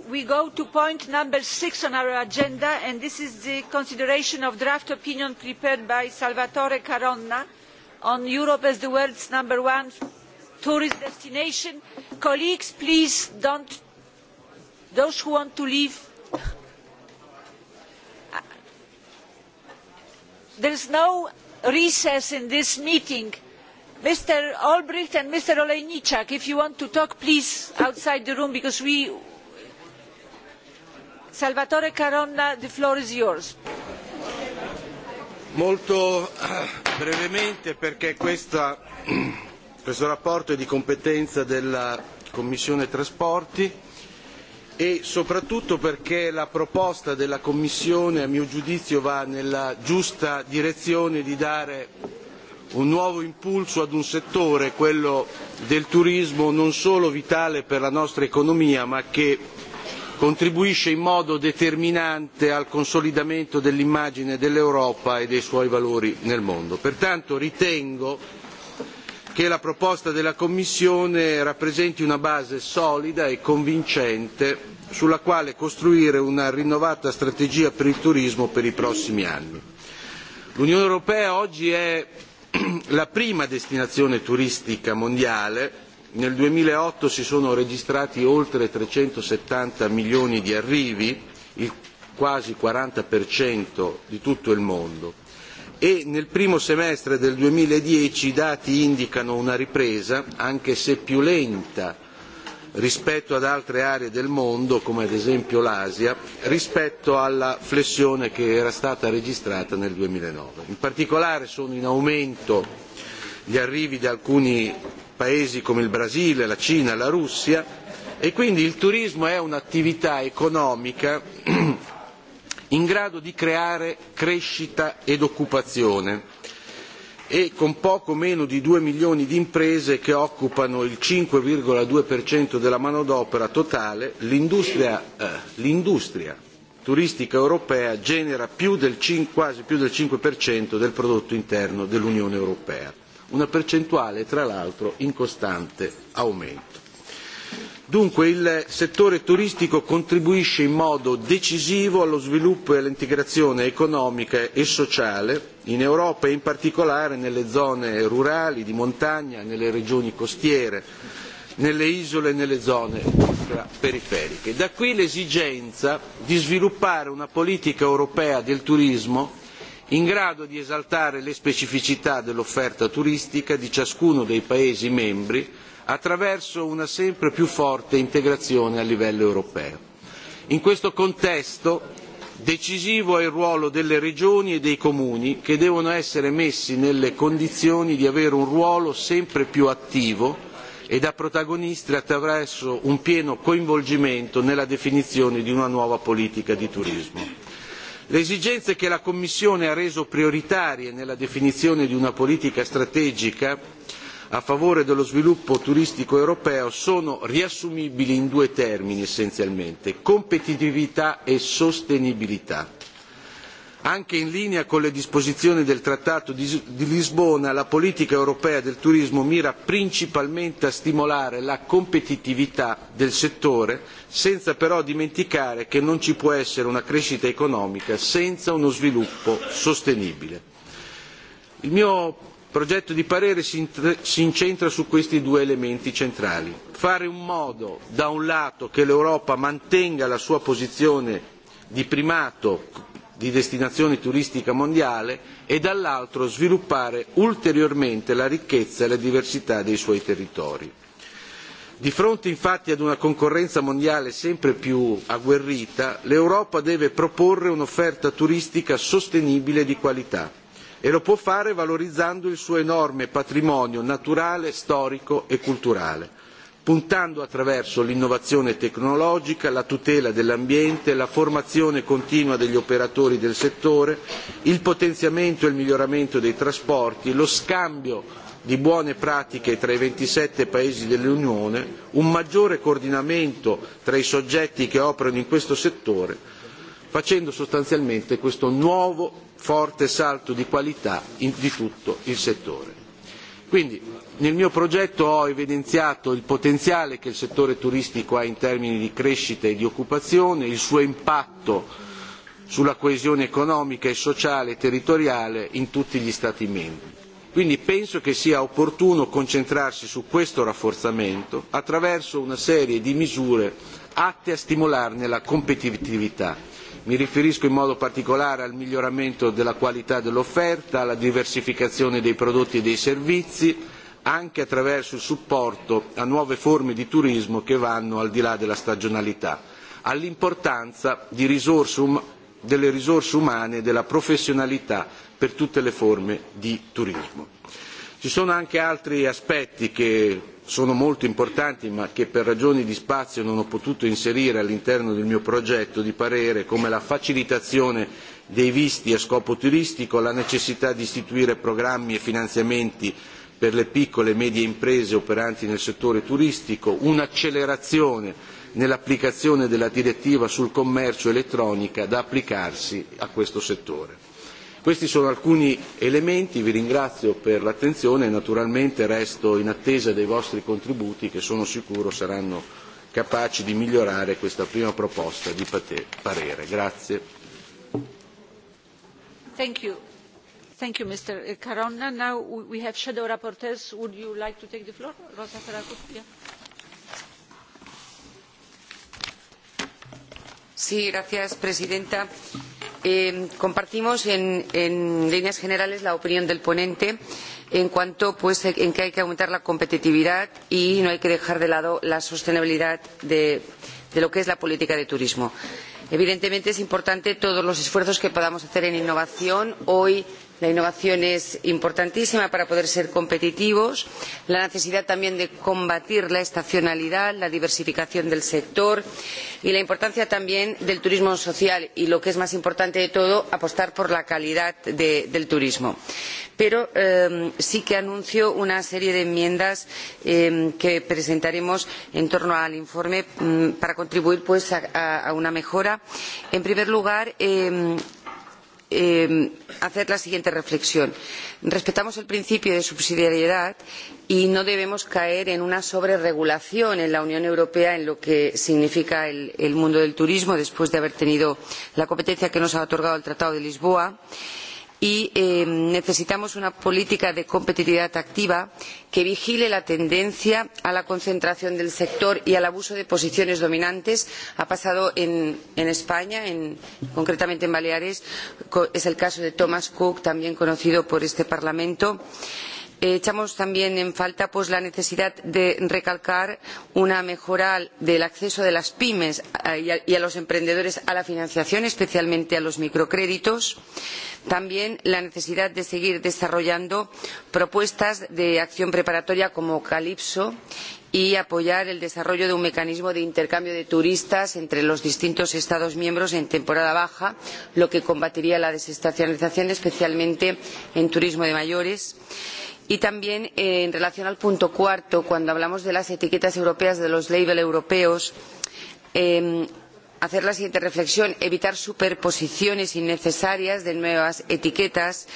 we go to point number six on our agenda and this is the consideration of draft opinion prepared by salvatore caronna on europe as the world's number one tourist destination. colleagues please don't those who want to leave there is no recess in this meeting mr olbrycht and mr olejniczak if you want to talk please outside the room because we Salvatore Caronna, the floor is yours. Molto eh, brevemente perché questa, [clears throat] questo rapporto è di competenza della Commissione Trasporti e soprattutto perché la proposta della Commissione a mio giudizio va nella giusta direzione di dare un nuovo impulso ad un settore, quello del turismo, non solo vitale per la nostra economia ma che contribuisce in modo determinante al consolidamento dell'immagine dell'Europa e dei suoi valori nel mondo. Pertanto ritengo che la proposta della Commissione rappresenti una base solida e convincente sulla quale costruire una rinnovata strategia per il turismo per i prossimi anni. L'Unione Europea oggi è [clears throat] la prima destinazione turistica mondiale nel 2008 si sono registrati oltre 370 milioni di arrivi, il quasi 40% di tutto il mondo e nel primo semestre del 2010 i dati indicano una ripresa, anche se più lenta rispetto ad altre aree del mondo, come ad esempio l'Asia, rispetto alla flessione che era stata registrata nel 2009. In particolare sono in aumento gli arrivi da alcuni paesi come il Brasile, la Cina, la Russia e quindi il turismo è un'attività economica [clears throat] in grado di creare crescita ed occupazione e con poco meno di due milioni di imprese che occupano il cinque due della manodopera totale l'industria, eh, l'industria turistica europea genera più del, quasi più del 5% del prodotto interno dell'Unione Europea una percentuale tra l'altro in costante aumento. Dunque il settore turistico contribuisce in modo decisivo allo sviluppo e all'integrazione economica e sociale in Europa e in particolare nelle zone rurali, di montagna, nelle regioni costiere, nelle isole e nelle zone ultraperiferiche. Da qui l'esigenza di sviluppare una politica europea del turismo in grado di esaltare le specificità dell'offerta turistica di ciascuno dei Paesi membri attraverso una sempre più forte integrazione a livello europeo. In questo contesto decisivo è il ruolo delle regioni e dei comuni che devono essere messi nelle condizioni di avere un ruolo sempre più attivo e da protagonisti attraverso un pieno coinvolgimento nella definizione di una nuova politica di turismo le esigenze che la commissione ha reso prioritarie nella definizione di una politica strategica a favore dello sviluppo turistico europeo sono riassumibili in due termini essenzialmente competitività e sostenibilità anche in linea con le disposizioni del trattato di lisbona la politica europea del turismo mira principalmente a stimolare la competitività del settore senza però dimenticare che non ci può essere una crescita economica senza uno sviluppo sostenibile. il mio progetto di parere si incentra su questi due elementi centrali fare in modo da un lato che l'europa mantenga la sua posizione di primato di destinazione turistica mondiale e dall'altro sviluppare ulteriormente la ricchezza e la diversità dei suoi territori. Di fronte infatti ad una concorrenza mondiale sempre più agguerrita, l'Europa deve proporre un'offerta turistica sostenibile e di qualità e lo può fare valorizzando il suo enorme patrimonio naturale, storico e culturale puntando attraverso l'innovazione tecnologica, la tutela dell'ambiente, la formazione continua degli operatori del settore, il potenziamento e il miglioramento dei trasporti, lo scambio di buone pratiche tra i 27 Paesi dell'Unione, un maggiore coordinamento tra i soggetti che operano in questo settore, facendo sostanzialmente questo nuovo forte salto di qualità di tutto il settore. Quindi nel mio progetto ho evidenziato il potenziale che il settore turistico ha in termini di crescita e di occupazione il suo impatto sulla coesione economica e sociale e territoriale in tutti gli stati membri. quindi penso che sia opportuno concentrarsi su questo rafforzamento attraverso una serie di misure atte a stimolarne la competitività mi riferisco in modo particolare al miglioramento della qualità dell'offerta alla diversificazione dei prodotti e dei servizi anche attraverso il supporto a nuove forme di turismo che vanno al di là della stagionalità, all'importanza di risorse um- delle risorse umane e della professionalità per tutte le forme di turismo. Ci sono anche altri aspetti che sono molto importanti ma che per ragioni di spazio non ho potuto inserire all'interno del mio progetto di parere come la facilitazione dei visti a scopo turistico, la necessità di istituire programmi e finanziamenti per le piccole e medie imprese operanti nel settore turistico, un'accelerazione nell'applicazione della direttiva sul commercio elettronica da applicarsi a questo settore. Questi sono alcuni elementi, vi ringrazio per l'attenzione e naturalmente resto in attesa dei vostri contributi che sono sicuro saranno capaci di migliorare questa prima proposta di parere. Grazie. Thank you thank you mr caronna. now we have shadow rapporteurs. would you like to take the floor? rosa ferragut. Yeah. señora sí, presidenta eh, compartimos en, en líneas generales la opinión del ponente en cuanto pues, a que hay que aumentar la competitividad y no hay que dejar de lado la sostenibilidad de, de lo que es la política de turismo. evidentemente son importantes todos los esfuerzos que podamos hacer en innovación. hoy La innovación es importantísima para poder ser competitivos, la necesidad también de combatir la estacionalidad, la diversificación del sector y la importancia también del turismo social y, lo que es más importante de todo, apostar por la calidad de, del turismo. Pero eh, sí que anuncio una serie de enmiendas eh, que presentaremos en torno al informe mm, para contribuir pues, a, a una mejora. En primer lugar, eh, eh, hacer la siguiente reflexión. Respetamos el principio de subsidiariedad y no debemos caer en una sobreregulación en la Unión Europea en lo que significa el, el mundo del turismo después de haber tenido la competencia que nos ha otorgado el Tratado de Lisboa. Eh, y eh, necesitamos una política de competitividad activa que vigile la tendencia a la concentración del sector y al abuso de posiciones dominantes. Ha pasado en, en España, en, concretamente en Baleares, es el caso de Thomas Cook, también conocido por este Parlamento. Eh, Eh, echamos también en falta pues, la necesidad de recalcar una mejora del acceso de las pymes eh, y a, y a los emprendedores a la financiación, especialmente a los microcréditos. También la necesidad de seguir desarrollando propuestas de acción preparatoria como Calypso y apoyar el desarrollo de un mecanismo de intercambio de turistas entre los distintos Estados miembros en temporada baja, lo que combatiría la desestacionalización, especialmente en turismo de mayores. Eh, Y también eh, en relación al punto cuarto, cuando hablamos de las etiquetas europeas, de los labels europeos, eh, hacer la siguiente reflexión evitar superposiciones innecesarias de nuevas etiquetas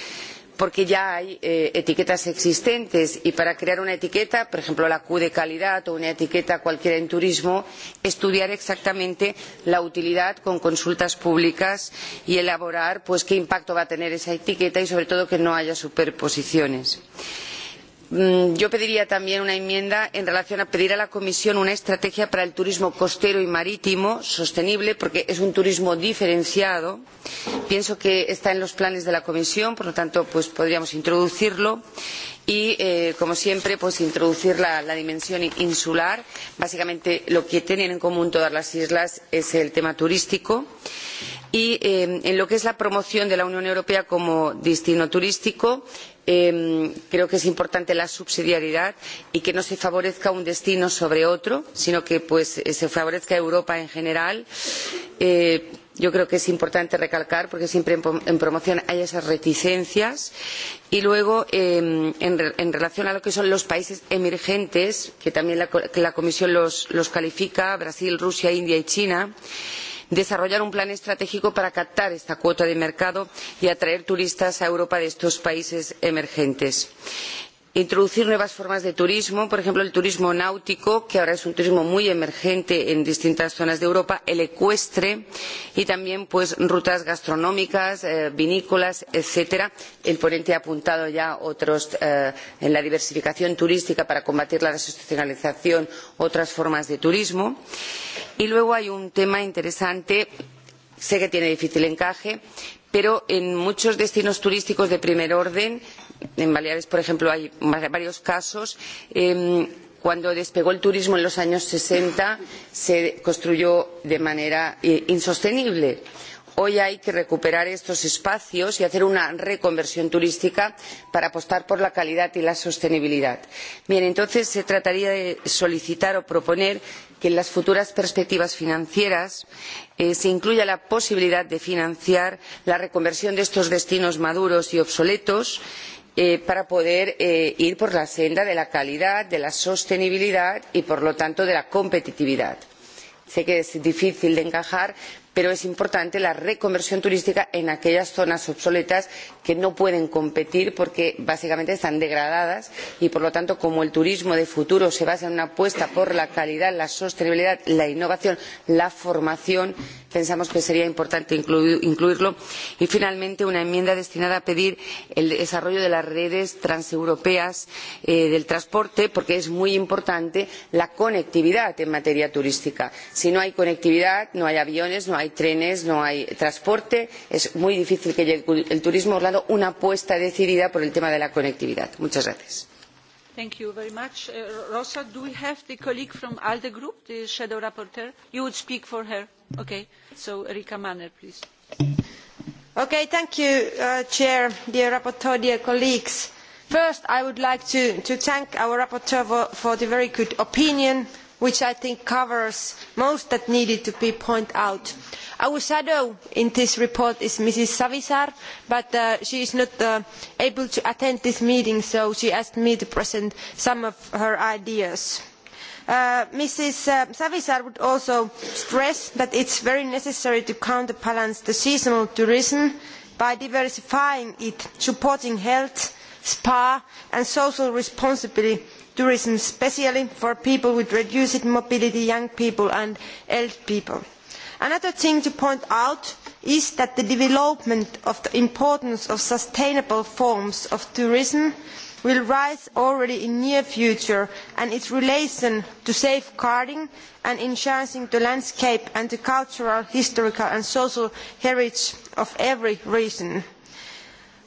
porque ya hay eh, etiquetas existentes y para crear una etiqueta, por ejemplo la Q de calidad o una etiqueta cualquiera en turismo, estudiar exactamente la utilidad con consultas públicas y elaborar pues, qué impacto va a tener esa etiqueta y sobre todo que no haya superposiciones. Eh, Mm, yo pediría también una enmienda en relación con pedir a la comisión una estrategia para el turismo costero y marítimo sostenible porque es un turismo diferenciado pienso que está en los planes de la comisión por lo tanto pues podríamos introducirlo y y, eh, como siempre, pues introducir la, la dimensión insular. Básicamente, lo que tienen en común todas las islas es el tema turístico. Y eh, en lo que es la promoción de la Unión Europea como destino turístico, eh, creo que es importante la subsidiariedad y que no se favorezca un destino sobre otro, sino que pues, eh, se favorezca a Europa en general. Eh, yo creo que es importante recalcar porque siempre en, en promoción hay esas reticencias. Y luego, eh, en, en relación a lo que son los países emergentes, que también la, la Comisión los, los califica, Brasil, Rusia, India y China, desarrollar un plan estratégico para captar esta cuota de mercado y atraer turistas a Europa de estos países emergentes introducir nuevas formas de turismo, por ejemplo, el turismo náutico, que ahora es un turismo muy emergente en distintas zonas de Europa, el ecuestre y también pues, rutas gastronómicas, eh, vinícolas, etc. El ponente ha apuntado ya otros eh, en la diversificación turística para combatir la desinstitucionalización, otras formas de turismo. Y luego hay un tema interesante, sé que tiene difícil encaje, pero en muchos destinos turísticos de primer orden en Baleares, por ejemplo, hay varios casos. Eh, cuando despegó el turismo en los años 60, se construyó de manera eh, insostenible. Hoy hay que recuperar estos espacios y hacer una reconversión turística para apostar por la calidad y la sostenibilidad. Bien, entonces se trataría de solicitar o proponer que en las futuras perspectivas financieras eh, se incluya la posibilidad de financiar la reconversión de estos destinos maduros y obsoletos y eh, para poder eh, ir por la senda de la calidad, de la sostenibilidad y, por lo tanto, de la competitividad. Sé que es difícil de encajar, pero es importante la reconversión turística en aquellas zonas obsoletas que no pueden competir porque básicamente están degradadas y por lo tanto como el turismo de futuro se basa en una apuesta por la calidad la sostenibilidad la innovación la formación pensamos que sería importante incluirlo y finalmente una enmienda destinada a pedir el desarrollo de las redes transeuropeas eh, del transporte porque es muy importante la conectividad en materia turística si no hay conectividad no hay aviones no hay trenes, no hay transporte, es muy difícil que llegue el, el turismo a Orlando, una apuesta decidida por el tema de la conectividad. Muchas gracias. Thank you very much. Uh, Rosa, do we have the colleague from ALDE Group, the shadow rapporteur? You would speak for her. Okay, so Rika Manner, please. Okay, thank you, uh, Chair, dear Rapporteur, dear colleagues. First, I would like to, to thank our Rapporteur for, for the very good opinion uh, which I think covers most that needed to be pointed out. Our shadow in this report is Mrs. Savisaar, but uh, she is not uh, able to attend this meeting, so she asked me to present some of her ideas. Uh, Mrs. Uh, Savisaar would also stress that it's very necessary to counterbalance the seasonal tourism by diversifying it, supporting health, spa and social responsibility tourism especially for people with reduced mobility young people and old people. another thing to point out is that the development of the importance of sustainable forms of tourism will rise already in the near future and its relation to safeguarding and enhancing the landscape and the cultural historical and social heritage of every region.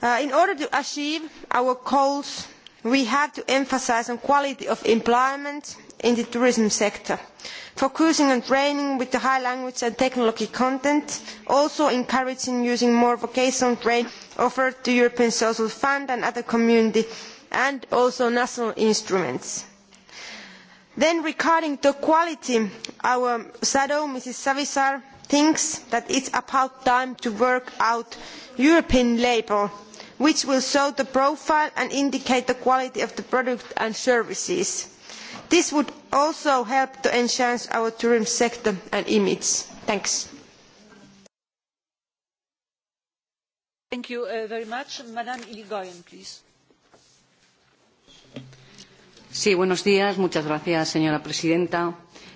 Uh, in order to achieve our goals we have to emphasise on quality of employment in the tourism sector focusing on training with the high language and technology content also encouraging using more vocational training offered to european social fund and other community and also national instruments. then regarding the quality our shadow mrs savisaar thinks that it is about time to work out a european label which will show the profile and indicate the quality of the products and services. this would also help to enhance our tourism sector and image. thanks. Thank you uh, very much. Madame Irigoyen, please. Sí, buenos días. Muchas gracias, señora presidenta.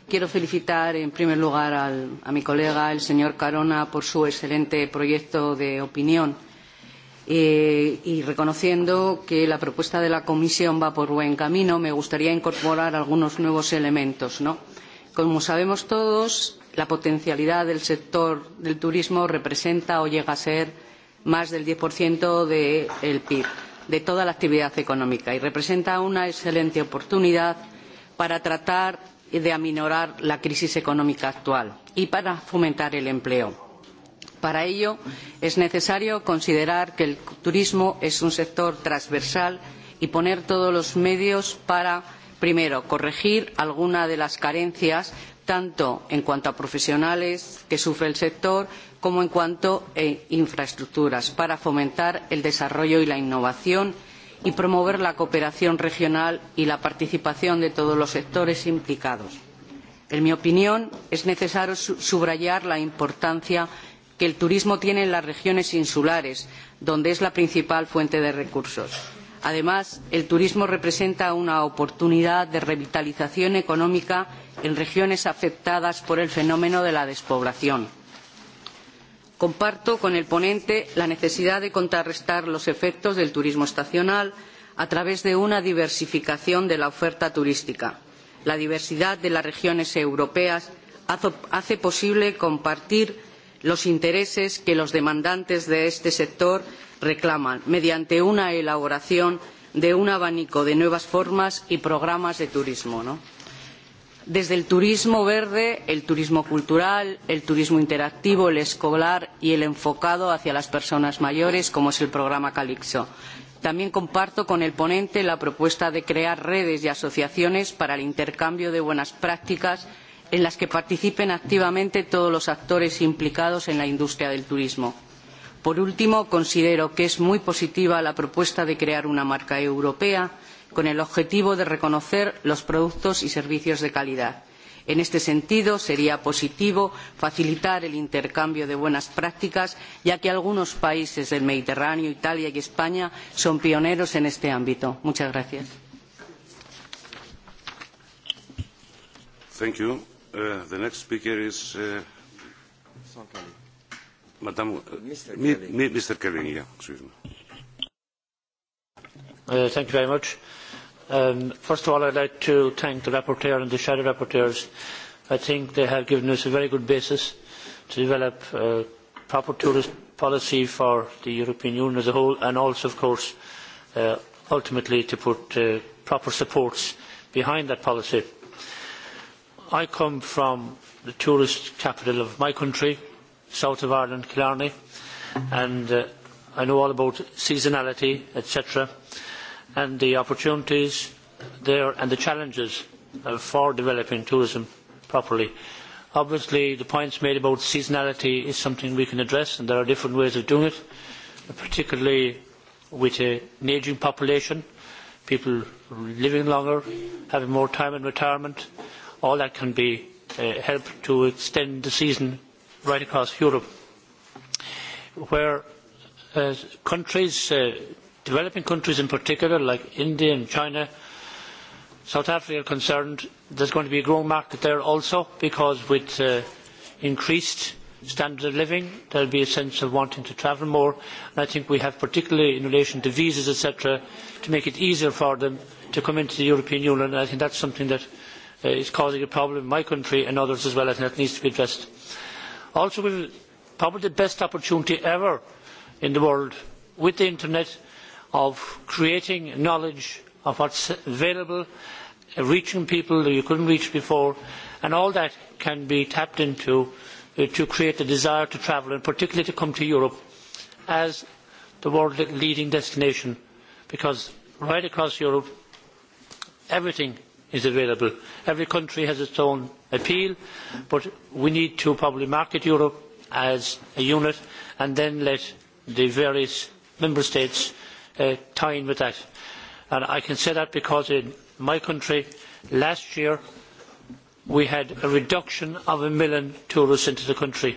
Quiero felicitar, en primer lugar, al, a mi colega, el señor Carona, por su excelente proyecto de opinión eh, y reconociendo que la propuesta de la Comisión va por buen camino, me gustaría incorporar algunos nuevos elementos. ¿no? Como sabemos todos, la potencialidad del sector del turismo representa o llega a ser más del 10% del de PIB, de toda la actividad económica, y representa una excelente oportunidad para tratar de aminorar la crisis económica actual y para fomentar el empleo Para ello, es necesario considerar que el turismo es un sector transversal y poner todos los medios para, primero, corregir alguna de las carencias, tanto en cuanto a profesionales que sufre el sector como en cuanto a infraestructuras, para fomentar el desarrollo y la innovación y promover la cooperación regional y la participación de todos los sectores implicados. En mi opinión, es necesario subrayar la importancia de que el turismo tiene en las regiones insulares, donde es la principal fuente de recursos. Además, el turismo representa una oportunidad de revitalización económica en regiones afectadas por el fenómeno de la despoblación. Comparto con el ponente la necesidad de contrarrestar los efectos del turismo estacional a través de una diversificación de la oferta turística. La diversidad de las regiones europeas hace posible compartir los intereses que los demandantes de este sector reclaman mediante una elaboración de un abanico de nuevas formas y programas de turismo. ¿no? Desde el turismo verde, el turismo cultural, el turismo interactivo, el escolar y el enfocado hacia las personas mayores, como es el programa Calixo. También comparto con el ponente la propuesta de crear redes y asociaciones para el intercambio de buenas prácticas en las que participen activamente todos los actores implicados en la industria del turismo. Por último, considero que es muy positiva la propuesta de crear una marca europea con el objetivo de reconocer los productos y servicios de calidad. En este sentido, sería positivo facilitar el intercambio de buenas prácticas, ya que algunos países del Mediterráneo, Italia y España son pioneros en este ámbito. Muchas gracias. Thank you. Uh, the next speaker is uh, Madame, uh, Mr. Kelly. Me, me, Mr. Kelly, yeah, excuse me. Uh, thank you very much. Um, first of all, I'd like to thank the rapporteur and the shadow rapporteurs. I think they have given us a very good basis to develop a uh, proper tourist policy for the European Union as a whole and also, of course, uh, ultimately to put uh, proper supports behind that policy. I come from the tourist capital of my country, south of Ireland, Killarney, and uh, I know all about seasonality, etc., and the opportunities there and the challenges uh, for developing tourism properly. Obviously, the points made about seasonality is something we can address, and there are different ways of doing it, particularly with a, an ageing population, people living longer, having more time in retirement, uh, all that can be uh, helped to extend the season right across Europe. Where uh, countries, uh, developing countries in particular, like India and China, South Africa are concerned, there's going to be a growing market there also because with uh, increased standard of living there will be a sense of wanting to travel more and i think we have particularly in relation to visas etc to make it easier for them to come into the european union and i think that is something that uh, is causing a problem in my country and others as well and that needs to be addressed. Also we have probably the best opportunity ever in the world with the internet of creating knowledge of what is available uh, reaching people that you could not reach before and all that can be tapped into uh, to create the desire to travel and particularly to come to europe as the world's leading destination because right across europe everything is available. Every country has its own appeal, but we need to probably market Europe as a unit and then let the various member states uh, tie in with that. And I can say that because in my country last year we had a reduction of a million tourists into the country.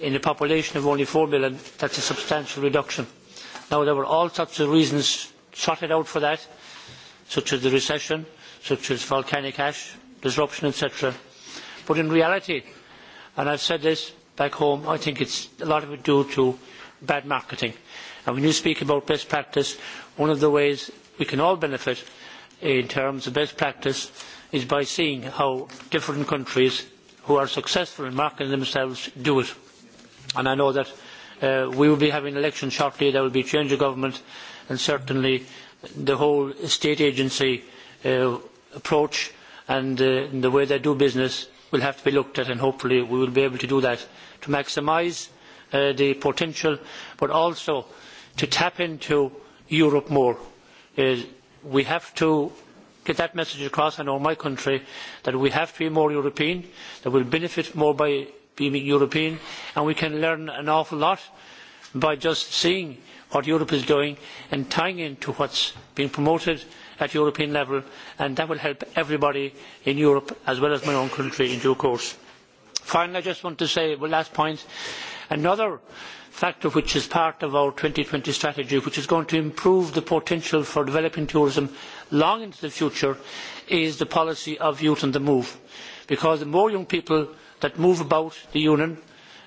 In a population of only 4 million, that's a substantial reduction. Now there were all sorts of reasons sorted out for that, such as the recession, uh, such as volcanic ash disruption etc. but in reality and i have said this back home i think a lot of it is due to bad marketing and when you speak about best practice one of the ways we can all benefit in terms of best practice is by seeing how different countries who are successful in marketing themselves do it. And i know that uh, we will be having elections shortly there will be a change of government and certainly the whole state agency uh, approach and uh, in the way they do business will have to be looked at and hopefully we will be able to do that to maximise uh, the potential but also to tap into Europe more. Uh, we have to get that message across in my country that we have to be more European, that we will benefit more by being European and we can learn an awful lot by just seeing what Europe is doing and tying into what's being promoted at European level and that will help everybody in Europe as well as my own country in due course. Finally, I just want to say, well, last point, another factor which is part of our 2020 strategy, which is going to improve the potential for developing tourism long into the future, is the policy of youth on the move. Because the more young people that move about the union,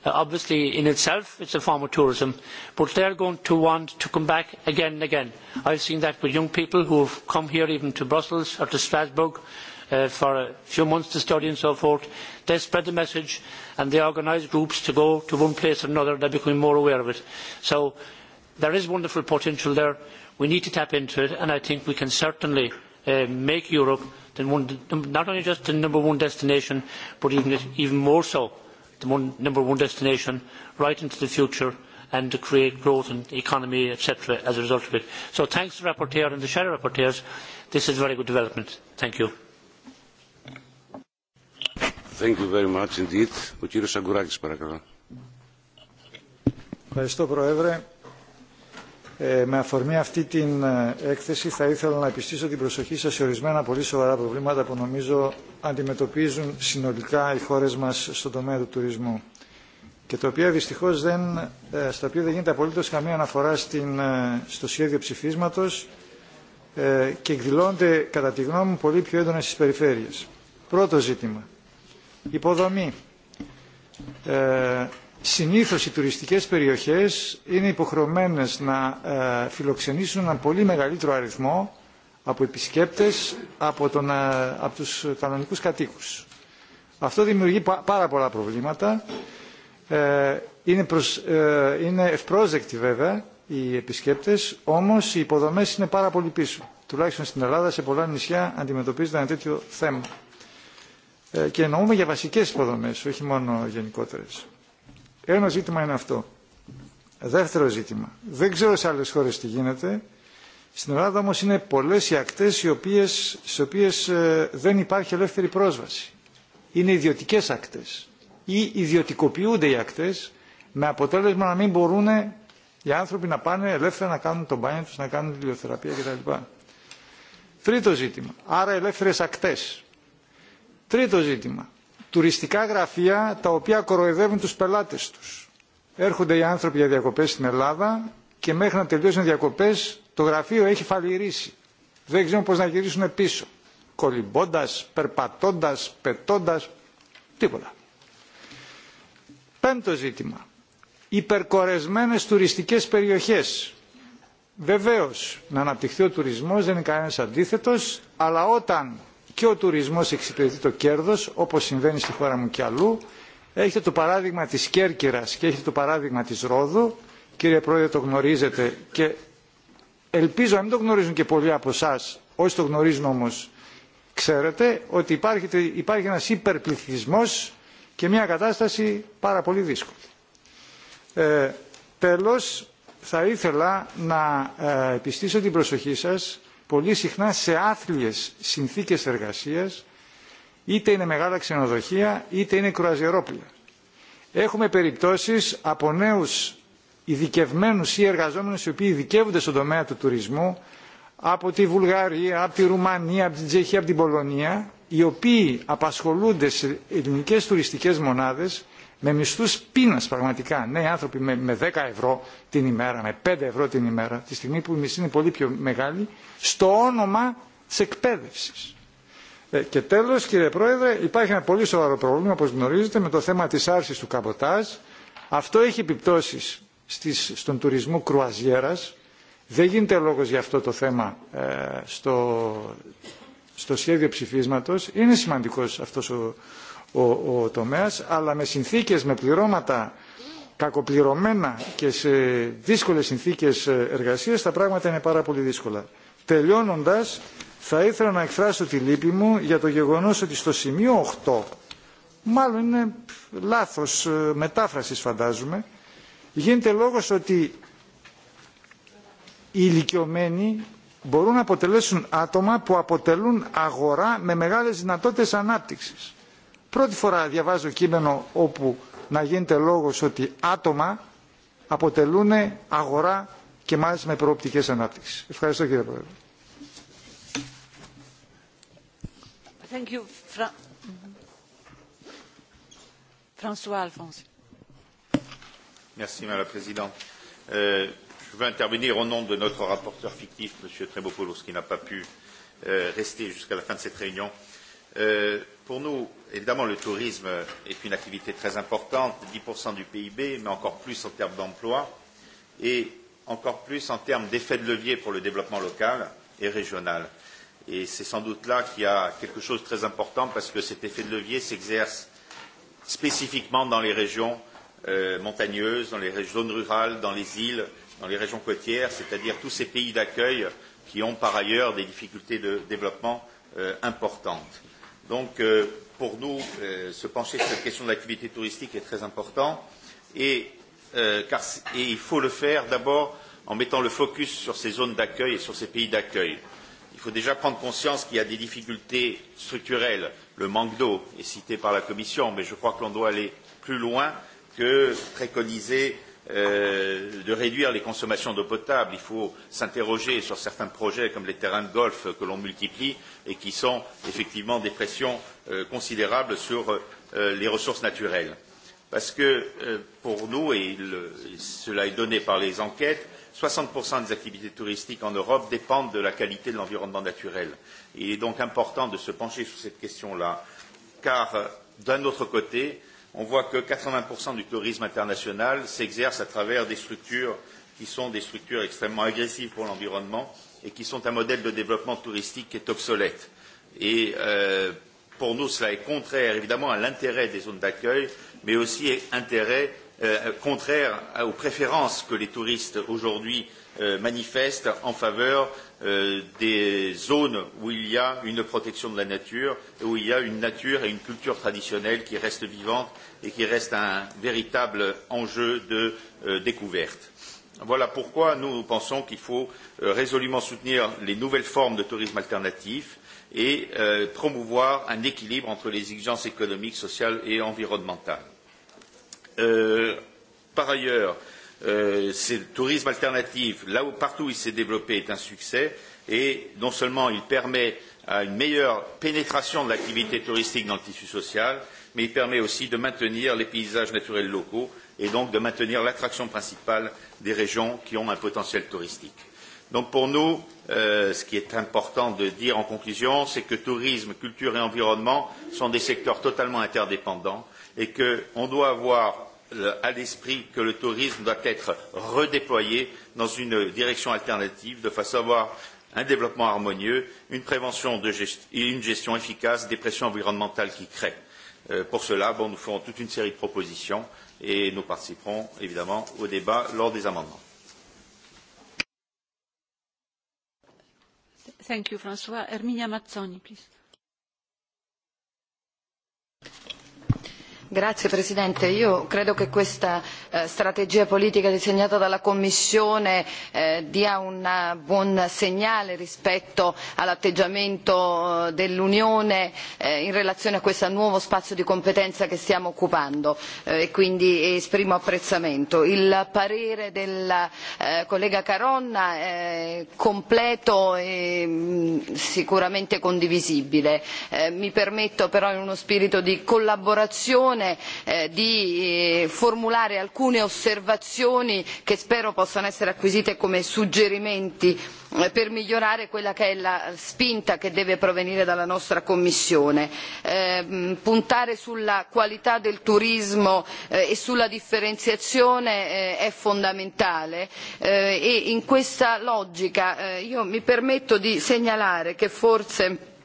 Uh, obviously in itself it's a form of tourism but they are going to want to come back again and again. i have seen that with young people who have come here even to brussels or to strasbourg uh, for a few months to study and so forth. they spread the message and they organise groups to go to one place or another. they become more aware of it. so there is wonderful potential there. we need to tap into it and i think we can certainly uh, make europe one, not only just the number one destination but even, even more so the one, number one destination right into the future and to create growth and economy, etc., as a result of it. So thanks to the rapporteur and the shadow rapporteurs. This is a very good development. Thank you. Thank you very much indeed. Ο κύριος Αγκουράκης, παρακαλώ. Ευχαριστώ, Πρόεδρε Ε, με αφορμή αυτή την έκθεση θα ήθελα να επιστήσω την προσοχή σας σε ορισμένα πολύ σοβαρά προβλήματα που νομίζω αντιμετωπίζουν συνολικά οι χώρες μας στον τομέα του τουρισμού και τα οποία δυστυχώς δεν, στα οποία δεν γίνεται απολύτως καμία αναφορά στην, στο σχέδιο ψηφίσματος ε, και εκδηλώνονται κατά τη γνώμη μου πολύ πιο έντονα στις περιφέρειες. Πρώτο ζήτημα. Υποδομή. Ε, συνήθως οι τουριστικές περιοχές είναι υποχρεωμένες να ε, φιλοξενήσουν έναν πολύ μεγαλύτερο αριθμό από επισκέπτες από, τον, ε, από τους κανονικούς κατοίκους. Αυτό δημιουργεί πάρα πολλά προβλήματα. Ε, είναι, προς, ε, είναι ευπρόσδεκτοι βέβαια οι επισκέπτες, όμως οι υποδομές είναι πάρα πολύ πίσω. Τουλάχιστον στην Ελλάδα σε πολλά νησιά αντιμετωπίζεται ένα τέτοιο θέμα. Ε, και εννοούμε για βασικές υποδομές, όχι μόνο γενικότερες. Ένα ζήτημα είναι αυτό. Δεύτερο ζήτημα. Δεν ξέρω σε άλλες χώρες τι γίνεται. Στην Ελλάδα όμως είναι πολλές οι ακτές οι οποίες, στις οποίες δεν υπάρχει ελεύθερη πρόσβαση. Είναι ιδιωτικές ακτές ή ιδιωτικοποιούνται οι ακτές με αποτέλεσμα να μην μπορούν οι άνθρωποι να πάνε ελεύθερα να κάνουν τον μπάνιο τους, να κάνουν τηλεοθεραπεία κτλ. Τρίτο ζήτημα. Άρα ελεύθερες ακτές. Τρίτο ζήτημα τουριστικά γραφεία τα οποία κοροϊδεύουν τους πελάτες τους. Έρχονται οι άνθρωποι για διακοπές στην Ελλάδα και μέχρι να τελειώσουν οι διακοπές το γραφείο έχει φαλυρίσει. Δεν ξέρουν πώς να γυρίσουν πίσω. Κολυμπώντας, περπατώντας, πετώντας, τίποτα. Πέμπτο ζήτημα. Υπερκορεσμένες τουριστικές περιοχές. Βεβαίως, να αναπτυχθεί ο τουρισμός δεν είναι κανένας αντίθετος, αλλά όταν και ο τουρισμός εξυπηρετεί το κέρδος, όπως συμβαίνει στη χώρα μου και αλλού. Έχετε το παράδειγμα της Κέρκυρας και έχετε το παράδειγμα της Ρόδου. Κύριε Πρόεδρε, το γνωρίζετε και ελπίζω να μην το γνωρίζουν και πολλοί από εσά. Όσοι το γνωρίζουν όμως, ξέρετε ότι υπάρχει, υπάρχει ένας υπερπληθυσμός και μια κατάσταση πάρα πολύ δύσκολη. Ε, τέλος, θα ήθελα να ε, επιστήσω την προσοχή σας πολύ συχνά σε άθλιες συνθήκες εργασίας, είτε είναι μεγάλα ξενοδοχεία, είτε είναι κρουαζιερόπλια. Έχουμε περιπτώσεις από νέους ειδικευμένους ή εργαζόμενους οι οποίοι ειδικεύονται στον τομέα του τουρισμού από τη Βουλγαρία, από τη Ρουμανία, από την Τσεχία, από την Πολωνία, οι οποίοι απασχολούνται σε ελληνικές τουριστικές μονάδες με μισθούς πείνας πραγματικά. Νέοι άνθρωποι με, με 10 ευρώ την ημέρα, με 5 ευρώ την ημέρα, τη στιγμή που η μισθή είναι πολύ πιο μεγάλη, στο όνομα της εκπαίδευσης. Ε, και τέλος, κύριε Πρόεδρε, υπάρχει ένα πολύ σοβαρό πρόβλημα, όπως γνωρίζετε, με το θέμα της άρσης του καμποτάζ. Αυτό έχει επιπτώσεις στις, στον τουρισμό κρουαζιέρας. Δεν γίνεται λόγος για αυτό το θέμα ε, στο, στο σχέδιο ψηφίσματος. Είναι σημαντικός αυτός ο, ο, ο τομέας, αλλά με συνθήκες, με πληρώματα κακοπληρωμένα και σε δύσκολες συνθήκες εργασίας τα πράγματα είναι πάρα πολύ δύσκολα. Τελειώνοντας, θα ήθελα να εκφράσω τη λύπη μου για το γεγονός ότι στο σημείο 8, μάλλον είναι λάθος μετάφρασης φαντάζομαι, γίνεται λόγος ότι οι ηλικιωμένοι μπορούν να αποτελέσουν άτομα που αποτελούν αγορά με μεγάλες δυνατότητες ανάπτυξης Πρώτη φορά διαβάζω κείμενο όπου να γίνεται λόγος ότι άτομα αποτελούν αγορά και μάλιστα με προοπτικές ανάπτυξης. Ευχαριστώ κύριε Πρόεδρε. Thank you, Fra mhm. François Alphonse. Merci Madame la Présidente. Euh, je veux intervenir au nom de notre rapporteur fictif, M. Tremopoulos, qui n'a pas pu euh, rester jusqu'à la fin de cette réunion. Euh, pour nous, évidemment, le tourisme est une activité très importante, 10% du PIB, mais encore plus en termes d'emploi et encore plus en termes d'effet de levier pour le développement local et régional. Et c'est sans doute là qu'il y a quelque chose de très important parce que cet effet de levier s'exerce spécifiquement dans les régions euh, montagneuses, dans les zones rurales, dans les îles, dans les régions côtières, c'est-à-dire tous ces pays d'accueil qui ont par ailleurs des difficultés de développement euh, importantes. Euh, Donc, euh, pour nous, euh, se pencher sur cette question de l'activité touristique est très important, et, euh, car, et il faut le faire d'abord en mettant le focus sur ces zones d'accueil et sur ces pays d'accueil. Il faut déjà prendre conscience qu'il y a des difficultés structurelles. Le manque d'eau est cité par la Commission, mais je crois que l'on doit aller plus loin que préconiser euh, de réduire les consommations d'eau potable. Il faut s'interroger sur certains projets comme les terrains de golf que l'on multiplie et qui sont effectivement des pressions euh, considérables sur euh, les ressources naturelles. Parce que euh, pour nous, et, le, et cela est donné par les enquêtes, 60% des activités touristiques en Europe dépendent de la qualité de l'environnement naturel. Il est donc important de se pencher sur cette question-là, car euh, d'un autre côté, on voit que 80% du tourisme international s'exerce à travers des structures qui sont des structures extrêmement agressives pour l'environnement et qui sont un modèle de développement touristique qui est obsolète. Et euh, pour nous, cela est contraire évidemment à l'intérêt des zones d'accueil, mais aussi intérêt, euh, contraire aux préférences que les touristes aujourd'hui euh, manifestent en faveur euh, euh, des zones où il y a une protection de la nature, où il y a une nature et une culture traditionnelle qui restent vivantes et qui restent un véritable enjeu de euh, découverte. Voilà pourquoi nous pensons qu'il faut euh, résolument soutenir les nouvelles formes de tourisme alternatif et euh, promouvoir un équilibre entre les exigences économiques, sociales et environnementales. Euh, par ailleurs, euh, Euh, le tourisme alternatif, là où partout où il s'est développé, est un succès et non seulement il permet à une meilleure pénétration de l'activité touristique dans le tissu social, mais il permet aussi de maintenir les paysages naturels locaux et donc de maintenir l'attraction principale des régions qui ont un potentiel touristique. Donc pour nous, euh, ce qui est important de dire en conclusion, c'est que tourisme, culture et environnement sont des secteurs totalement interdépendants et qu'on doit avoir à l'esprit que le tourisme doit être redéployé dans une direction alternative de façon à avoir un développement harmonieux, une prévention de gest et une gestion efficace des pressions environnementales qui créent. Euh, pour cela, bon, nous ferons toute une série de propositions et nous participerons évidemment au débat lors des amendements. Thank you, François. Erminia Mazzoni, please. Grazie Presidente, io credo che questa eh, strategia politica disegnata dalla Commissione eh, dia un eh, buon segnale rispetto all'atteggiamento eh, dell'Unione eh, in relazione a questo nuovo spazio di competenza che stiamo occupando eh, e quindi esprimo apprezzamento. Il parere del eh, collega Caronna è eh, completo e mh, mm, sicuramente condivisibile. Eh, mi permetto però in uno spirito di collaborazione l'occasione eh, di eh, formulare alcune osservazioni che spero possano essere acquisite come suggerimenti eh, per migliorare quella che è la spinta che deve provenire dalla nostra commissione eh, puntare sulla qualità del turismo eh, e sulla differenziazione eh, è fondamentale eh, e in questa logica eh, io mi permetto di segnalare che forse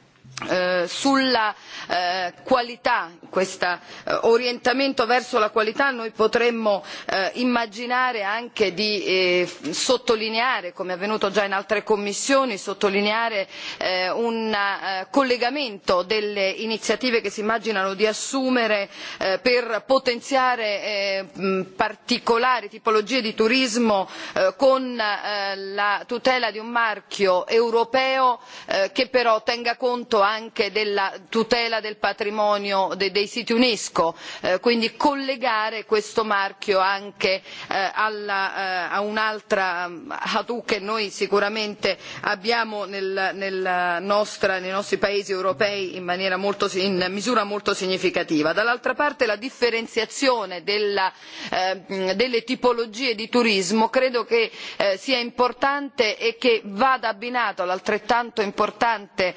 Eh, sulla eh, qualità questo eh, orientamento verso la qualità noi potremmo eh, immaginare anche di eh, sottolineare come è avvenuto già in altre commissioni sottolineare eh, un collegamento delle iniziative che si immaginano di assumere per potenziare particolari tipologie di turismo con la tutela di un marchio europeo che però tenga conto anche della tutela del patrimonio dei siti unesco eh, quindi collegare questo marchio anche eh, eh, a un'altra hatu che noi sicuramente abbiamo nei nostri paesi europei in misura molto significativa. dall'altra parte la differenziazione delle tipologie di turismo credo che sia importante e che vada abbinata all'altrettanto importante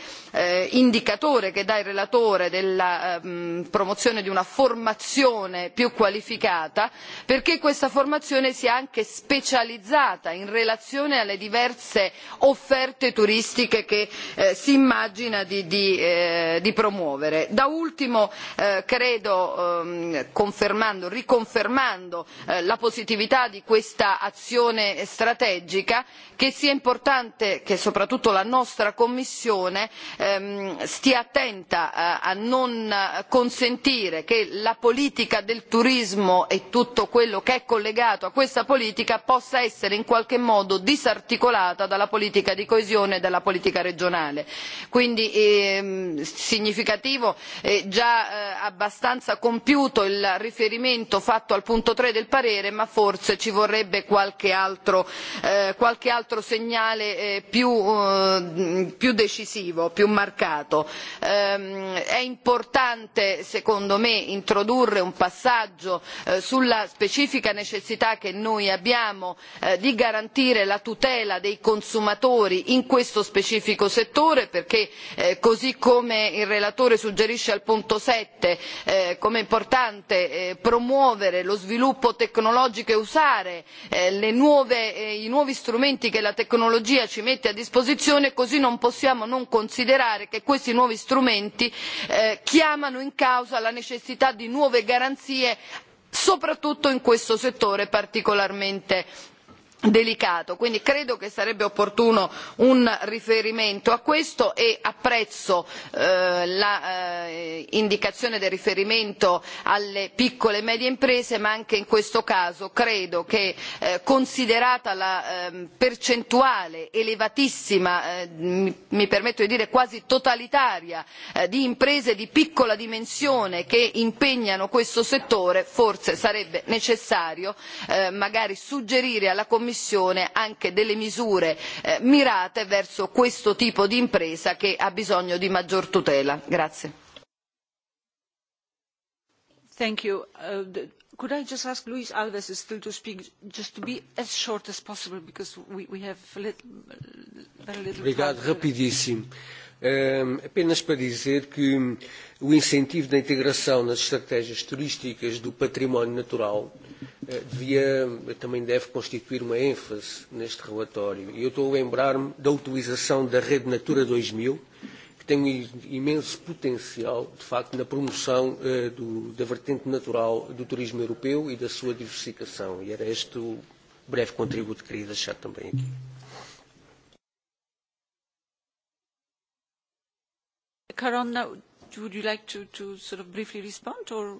indicatore che dà il relatore della ehm, promozione di una formazione più qualificata perché questa formazione sia anche specializzata in relazione alle diverse offerte turistiche che eh, si immagina eh, di promuovere. da ultimo eh, credo ehm, riconfermando la positività di questa azione strategica che sia importante che soprattutto la nostra commissione ehm, Ehm, stia attenta eh, a non eh, consentire che la politica del turismo e tutto quello che è collegato a questa politica possa essere in qualche modo disarticolata dalla politica di coesione e dalla politica regionale. quindi è ehm, significativo e già eh, abbastanza compiuto il riferimento fatto al punto tre del parere ma forse ci vorrebbe qualche altro segnale più decisivo più marcato mercato. Ehm, è importante secondo me introdurre un passaggio eh, sulla specifica necessità che noi abbiamo eh, di garantire la tutela dei consumatori in questo specifico settore perché eh, così come il relatore suggerisce al punto sette come è importante promuovere lo sviluppo tecnologico e usare i nuovi strumenti che la tecnologia ci mette a disposizione così non possiamo non considerare questi nuovi strumenti eh, chiamano in causa la necessità di nuove garanzie soprattutto in questo settore particolarmente delicato quindi credo che sarebbe opportuno un riferimento a questo e apprezzo eh, l'indicazione eh, del riferimento alle piccole e medie imprese ma anche in questo caso credo che eh, considerata la ehm, percentuale elevatissima mi permetto di dire quasi totalitaria di imprese di piccola dimensione che impegnano questo settore forse sarebbe necessario magari suggerire alla commissione commissione anche delle misure eh, mirate verso questo tipo di impresa che ha bisogno di maggior tutela. Grazie. Thank you. Uh, could i just ask luis alves is still to speak just to be as short as possible because we, we have little, very little Obrigado, time. rapidíssimo. Um, apenas para dizer que o incentivo da integração nas estratégias turísticas do património natural uh, devia, também deve constituir uma ênfase neste relatório. E eu estou a lembrar-me da utilização da Rede Natura 2000, que tem um imenso potencial, de facto, na promoção eh, do, da vertente natural do turismo europeu e da sua diversificação. E era este o breve contributo que queria deixar também aqui. Karonna, would you like to, to sort of briefly respond or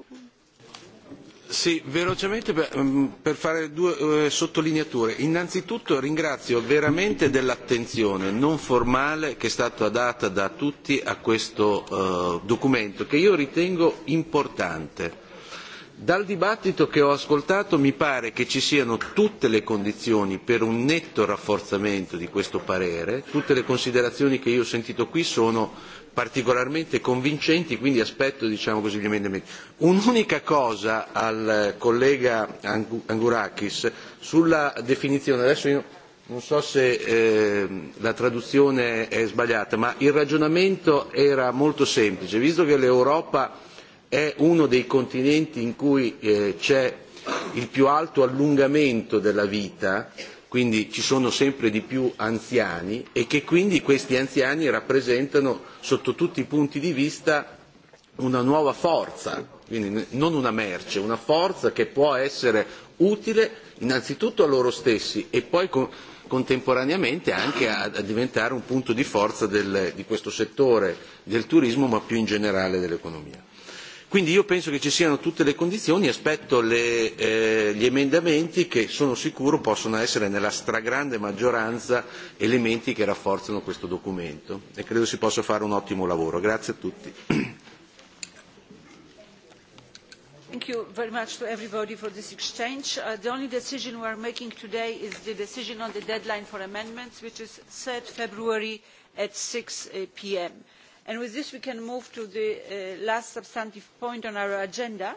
Sì, velocemente per, mm, per fare due eh, sottolineature. Innanzitutto ringrazio veramente dell'attenzione non formale che è stata data da tutti a questo eh, documento, che io ritengo importante Dal dibattito che ho ascoltato mi pare che ci siano tutte le condizioni per un netto rafforzamento di questo parere, tutte le considerazioni che io ho sentito qui sono particolarmente convincenti, quindi aspetto diciamo così, gli emendamenti. Un'unica cosa al collega Angurakis sulla definizione, adesso io non so se eh, la traduzione è sbagliata, ma il ragionamento era molto semplice, visto che l'Europa è uno dei continenti in cui eh, c'è il più alto allungamento della vita, quindi ci sono sempre di più anziani e che quindi questi anziani rappresentano sotto tutti i punti di vista una nuova forza, quindi non una merce, una forza che può essere utile innanzitutto a loro stessi e poi con, contemporaneamente anche a, a diventare un punto di forza del, di questo settore del turismo ma più in generale dell'economia. Quindi io penso che ci siano tutte le condizioni, aspetto le, eh, gli emendamenti che sono sicuro possono essere nella stragrande maggioranza elementi che rafforzano questo documento e credo si possa fare un ottimo lavoro. Grazie a tutti. Thank you very much to everybody for this exchange. Uh, the only decision we are making today is the decision on the deadline for amendments, which is 3rd February at 6 uh, p.m. And with this we can move to the uh, last substantive point on our agenda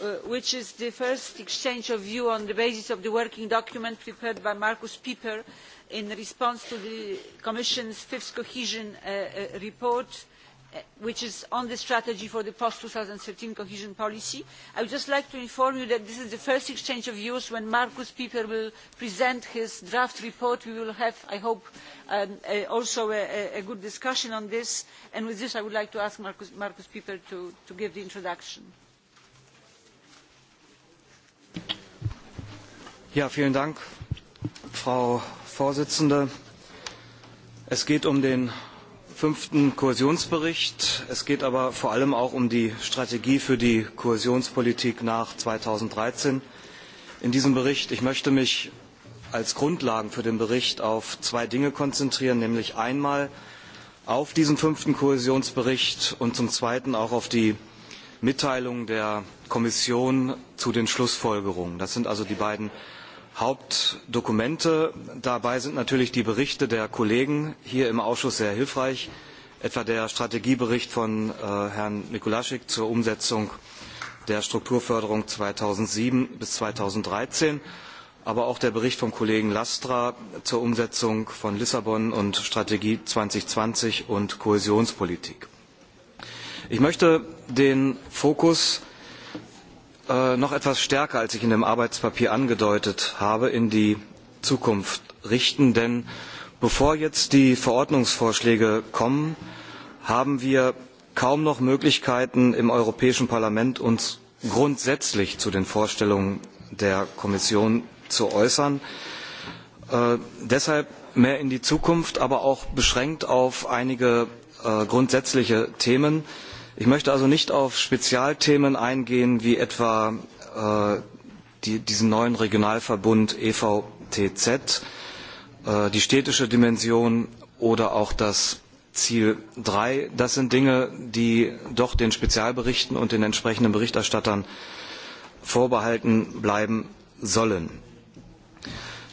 uh, which is the first exchange of views on the basis of the working document prepared by markus pieper in response to the commission's fifth cohesion uh, uh report which is on the strategy for the post two thousand and thirteen cohesion policy. i would just like to inform you that this is the first exchange of views. when markus pieper will present his draft report we will have i hope um, uh, also a, a good discussion on this and with this i would like to ask markus, markus pieper to, to give the introduction. Ja, vielen Dank, Frau Vorsitzende. Es geht um den fünften Kohäsionsbericht. Es geht aber vor allem auch um die Strategie für die Kohäsionspolitik nach 2013. In diesem Bericht, ich möchte mich als Grundlagen für den Bericht auf zwei Dinge konzentrieren, nämlich einmal auf diesen fünften Kohäsionsbericht und zum Zweiten auch auf die Mitteilung der Kommission zu den Schlussfolgerungen. Das sind also die beiden Hauptdokumente. Dabei sind natürlich die Berichte der Kollegen hier im Ausschuss sehr hilfreich, etwa der Strategiebericht von äh, Herrn Mikulaschik zur Umsetzung der Strukturförderung 2007 bis 2013, aber auch der Bericht vom Kollegen Lastra zur Umsetzung von Lissabon und Strategie 2020 und Kohäsionspolitik. Ich möchte den Fokus äh, äh, noch etwas stärker, als ich in dem Arbeitspapier angedeutet habe, in die Zukunft richten. Denn bevor jetzt die Verordnungsvorschläge kommen, haben wir kaum noch Möglichkeiten, im Europäischen Parlament uns grundsätzlich zu den Vorstellungen der Kommission zu äußern. Äh, deshalb mehr in die Zukunft, aber auch beschränkt auf einige äh, grundsätzliche Themen. Äh, Ich möchte also nicht auf Spezialthemen eingehen, wie etwa äh, die, diesen neuen Regionalverbund EVTZ, äh, die städtische Dimension oder auch das Ziel 3. Das sind Dinge, die doch den Spezialberichten und den entsprechenden Berichterstattern vorbehalten bleiben sollen.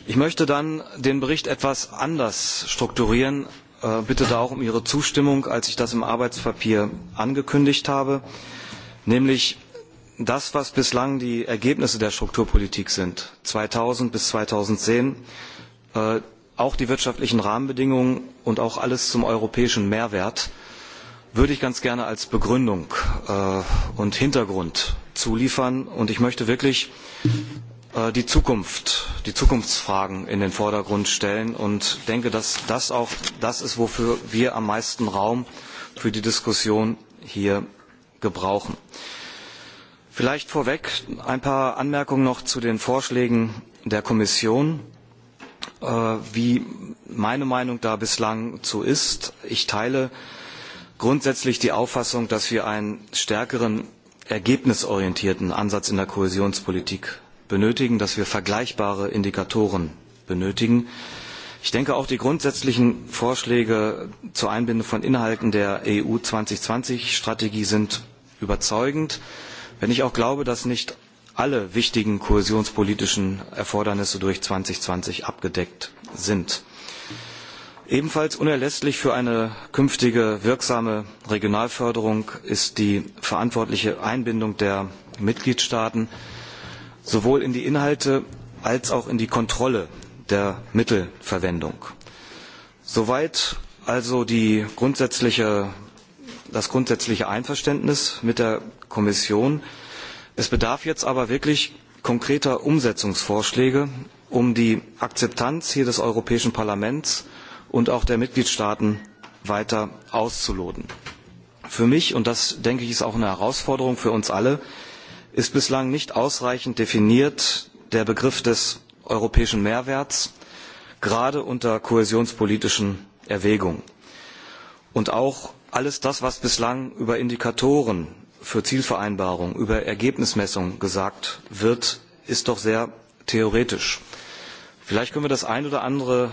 Ich möchte dann den Bericht etwas anders strukturieren äh, bitte da auch um Ihre Zustimmung, als ich das im Arbeitspapier angekündigt habe, nämlich das, was bislang die Ergebnisse der Strukturpolitik sind, 2000 bis 2010, äh, auch die wirtschaftlichen Rahmenbedingungen und auch alles zum europäischen Mehrwert, würde ich ganz gerne als Begründung äh, und Hintergrund zuliefern. Und ich möchte wirklich Äh, die Zukunft, die Zukunftsfragen in den Vordergrund stellen und denke, dass das auch das ist, wofür wir am meisten Raum für die Diskussion hier gebrauchen. Vielleicht vorweg ein paar Anmerkungen noch zu den Vorschlägen der Kommission, äh, wie meine Meinung da bislang zu ist. Ich teile grundsätzlich die Auffassung, dass wir einen stärkeren ergebnisorientierten Ansatz in der Kohäsionspolitik benötigen, dass wir vergleichbare Indikatoren benötigen. Ich denke auch die grundsätzlichen Vorschläge zur Einbindung von Inhalten der EU 2020-Strategie sind überzeugend, wenn ich auch glaube, dass nicht alle wichtigen kohäsionspolitischen Erfordernisse durch 2020 abgedeckt sind. Ebenfalls unerlässlich für eine künftige wirksame Regionalförderung ist die verantwortliche Einbindung der Mitgliedstaaten sowohl in die Inhalte als auch in die Kontrolle der Mittelverwendung. Soweit also die grundsätzliche, das grundsätzliche Einverständnis mit der Kommission. Es bedarf jetzt aber wirklich konkreter Umsetzungsvorschläge, um die Akzeptanz hier des Europäischen Parlaments und auch der Mitgliedstaaten weiter auszuloten. Für mich, und das denke ich ist auch eine Herausforderung für uns alle, ist bislang nicht ausreichend definiert der Begriff des europäischen Mehrwerts, gerade unter kohäsionspolitischen Erwägungen. Und auch alles das, was bislang über Indikatoren für Zielvereinbarungen, über Ergebnismessungen gesagt wird, ist doch sehr theoretisch. Vielleicht können wir das ein oder andere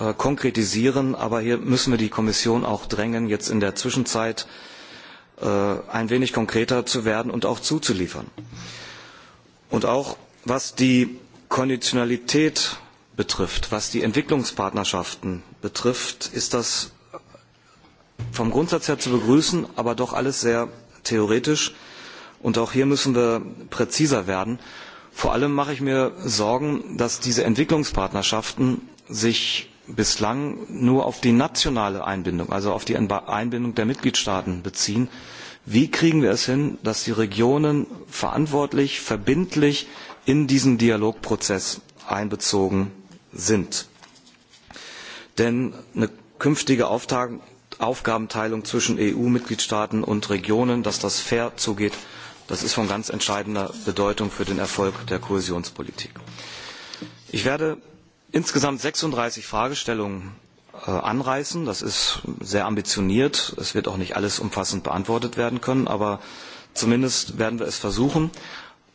äh, konkretisieren, aber hier müssen wir die Kommission auch drängen, jetzt in der Zwischenzeit äh, äh, ein wenig konkreter zu werden und auch zuzuliefern. Und auch was die Konditionalität betrifft, was die Entwicklungspartnerschaften betrifft, ist das vom Grundsatz her zu begrüßen, aber doch alles sehr theoretisch. Und auch hier müssen wir präziser werden. Vor allem mache ich mir Sorgen, dass diese Entwicklungspartnerschaften sich bislang nur auf die nationale Einbindung, also auf die Einbindung der Mitgliedstaaten beziehen. Wie kriegen wir es hin, dass die Regionen verantwortlich, verbindlich in diesen Dialogprozess einbezogen sind? Denn eine künftige Aufteilung Aufgabenteilung zwischen EU-Mitgliedstaaten und Regionen, dass das fair zugeht, das ist von ganz entscheidender Bedeutung für den Erfolg der Kohäsionspolitik. Ich werde insgesamt 36 Fragestellungen äh, anreißen. Das ist sehr ambitioniert. Es wird auch nicht alles umfassend beantwortet werden können, aber zumindest werden wir es versuchen.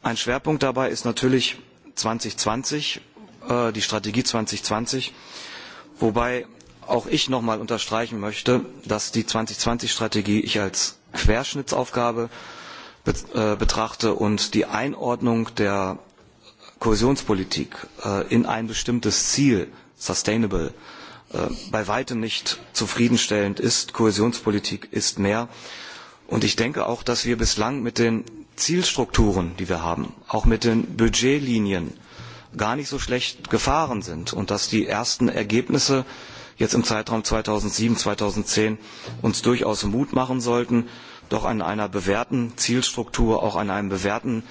Ein Schwerpunkt dabei ist natürlich 2020, äh, die Strategie 2020, wobei auch ich nochmal unterstreichen möchte, dass die 2020-Strategie ich als Querschnittsaufgabe äh, betrachte und die Einordnung der Kohäsionspolitik äh, in ein bestimmtes Ziel, sustainable, äh, bei weitem nicht zufriedenstellend ist. Kohäsionspolitik ist mehr. Und ich denke auch, dass wir bislang mit den Zielstrukturen, die wir haben, auch mit den Budgetlinien gar nicht so schlecht gefahren sind und dass die ersten Ergebnisse jetzt im Zeitraum 2007, 2010 uns durchaus Mut machen sollten, doch an einer bewährten Zielstruktur, auch an einem bewährten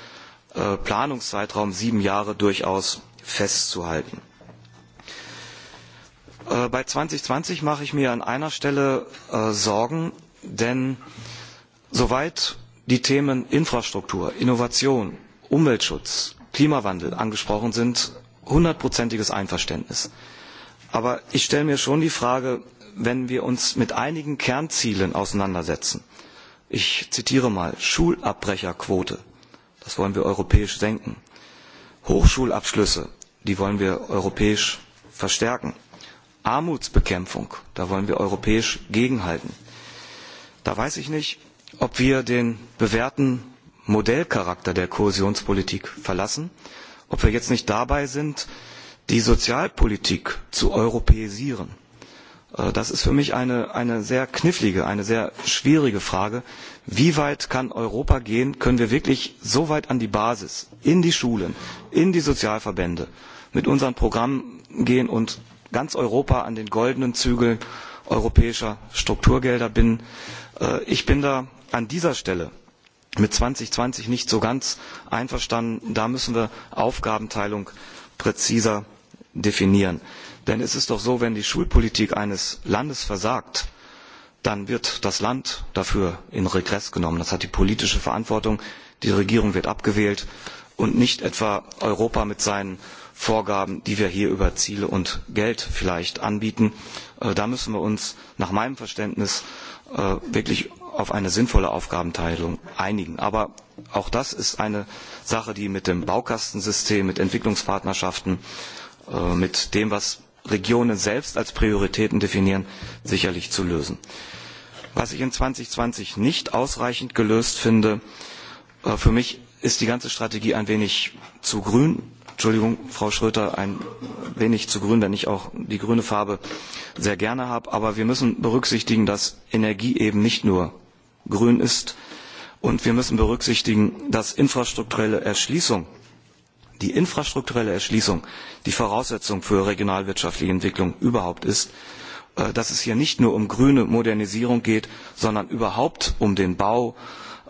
äh, Planungszeitraum sieben Jahre durchaus festzuhalten. Äh, bei 2020 mache ich mir an einer Stelle äh, Sorgen, denn soweit die Themen Infrastruktur, Innovation, Umweltschutz, Klimawandel angesprochen sind, hundertprozentiges Einverständnis. Aber ich stelle mir schon die Frage, wenn wir uns mit einigen Kernzielen auseinandersetzen, ich zitiere mal Schulabbrecherquote, Das wollen wir europäisch senken. Hochschulabschlüsse, die wollen wir europäisch verstärken. Armutsbekämpfung, da wollen wir europäisch gegenhalten. Da weiß ich nicht, ob wir den bewährten Modellcharakter der Kohäsionspolitik verlassen, ob wir jetzt nicht dabei sind, die Sozialpolitik zu europäisieren. Äh, das ist für mich eine, eine sehr knifflige, eine sehr schwierige Frage. Wie weit kann Europa gehen? Können wir wirklich so weit an die Basis, in die Schulen, in die Sozialverbände mit unseren Programmen gehen und ganz Europa an den goldenen Zügel europäischer Strukturgelder binden? Äh, ich bin da an dieser Stelle mit 2020 nicht so ganz einverstanden. Da müssen wir Aufgabenteilung präziser definieren. Denn es ist doch so, wenn die Schulpolitik eines Landes versagt, dann wird das Land dafür in Regress genommen. Das hat die politische Verantwortung. Die Regierung wird abgewählt und nicht etwa Europa mit seinen Vorgaben, die wir hier über Ziele und Geld vielleicht anbieten. Äh, da müssen wir uns nach meinem Verständnis äh, wirklich auf eine sinnvolle Aufgabenteilung einigen. Aber auch das ist eine Sache, die mit dem Baukastensystem, mit Entwicklungspartnerschaften, äh, mit dem, was Regionen selbst als Prioritäten definieren, sicherlich zu lösen. Was ich in 2020 nicht ausreichend gelöst finde, äh, für mich ist die ganze Strategie ein wenig zu grün. Entschuldigung, Frau Schröter, ein wenig zu grün, wenn ich auch die grüne Farbe sehr gerne habe. Aber wir müssen berücksichtigen, dass Energie eben nicht nur grün ist. Und wir müssen berücksichtigen, dass infrastrukturelle Erschließung die infrastrukturelle Erschließung die Voraussetzung für regionalwirtschaftliche Entwicklung überhaupt ist, äh, dass es hier nicht nur um grüne Modernisierung geht, sondern überhaupt um den Bau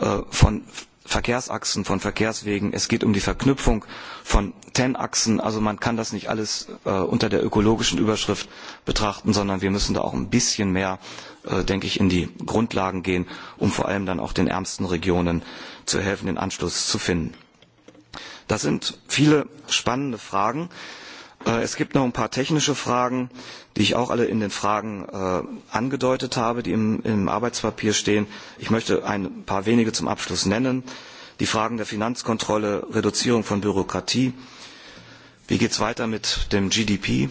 äh, von Verkehrsachsen, von Verkehrswegen. Es geht um die Verknüpfung von TEN-Achsen. Also man kann das nicht alles äh, unter der ökologischen Überschrift betrachten, sondern wir müssen da auch ein bisschen mehr, äh, denke ich, in die Grundlagen gehen, um vor allem dann auch den ärmsten Regionen zu helfen, den Anschluss zu finden. Das sind viele spannende Fragen. Äh, es gibt noch ein paar technische Fragen, die ich auch alle in den Fragen äh, angedeutet habe, die im, im Arbeitspapier stehen. Ich möchte ein paar wenige zum Abschluss nennen. Die Fragen der Finanzkontrolle, Reduzierung von Bürokratie. Wie geht es weiter mit dem GDP?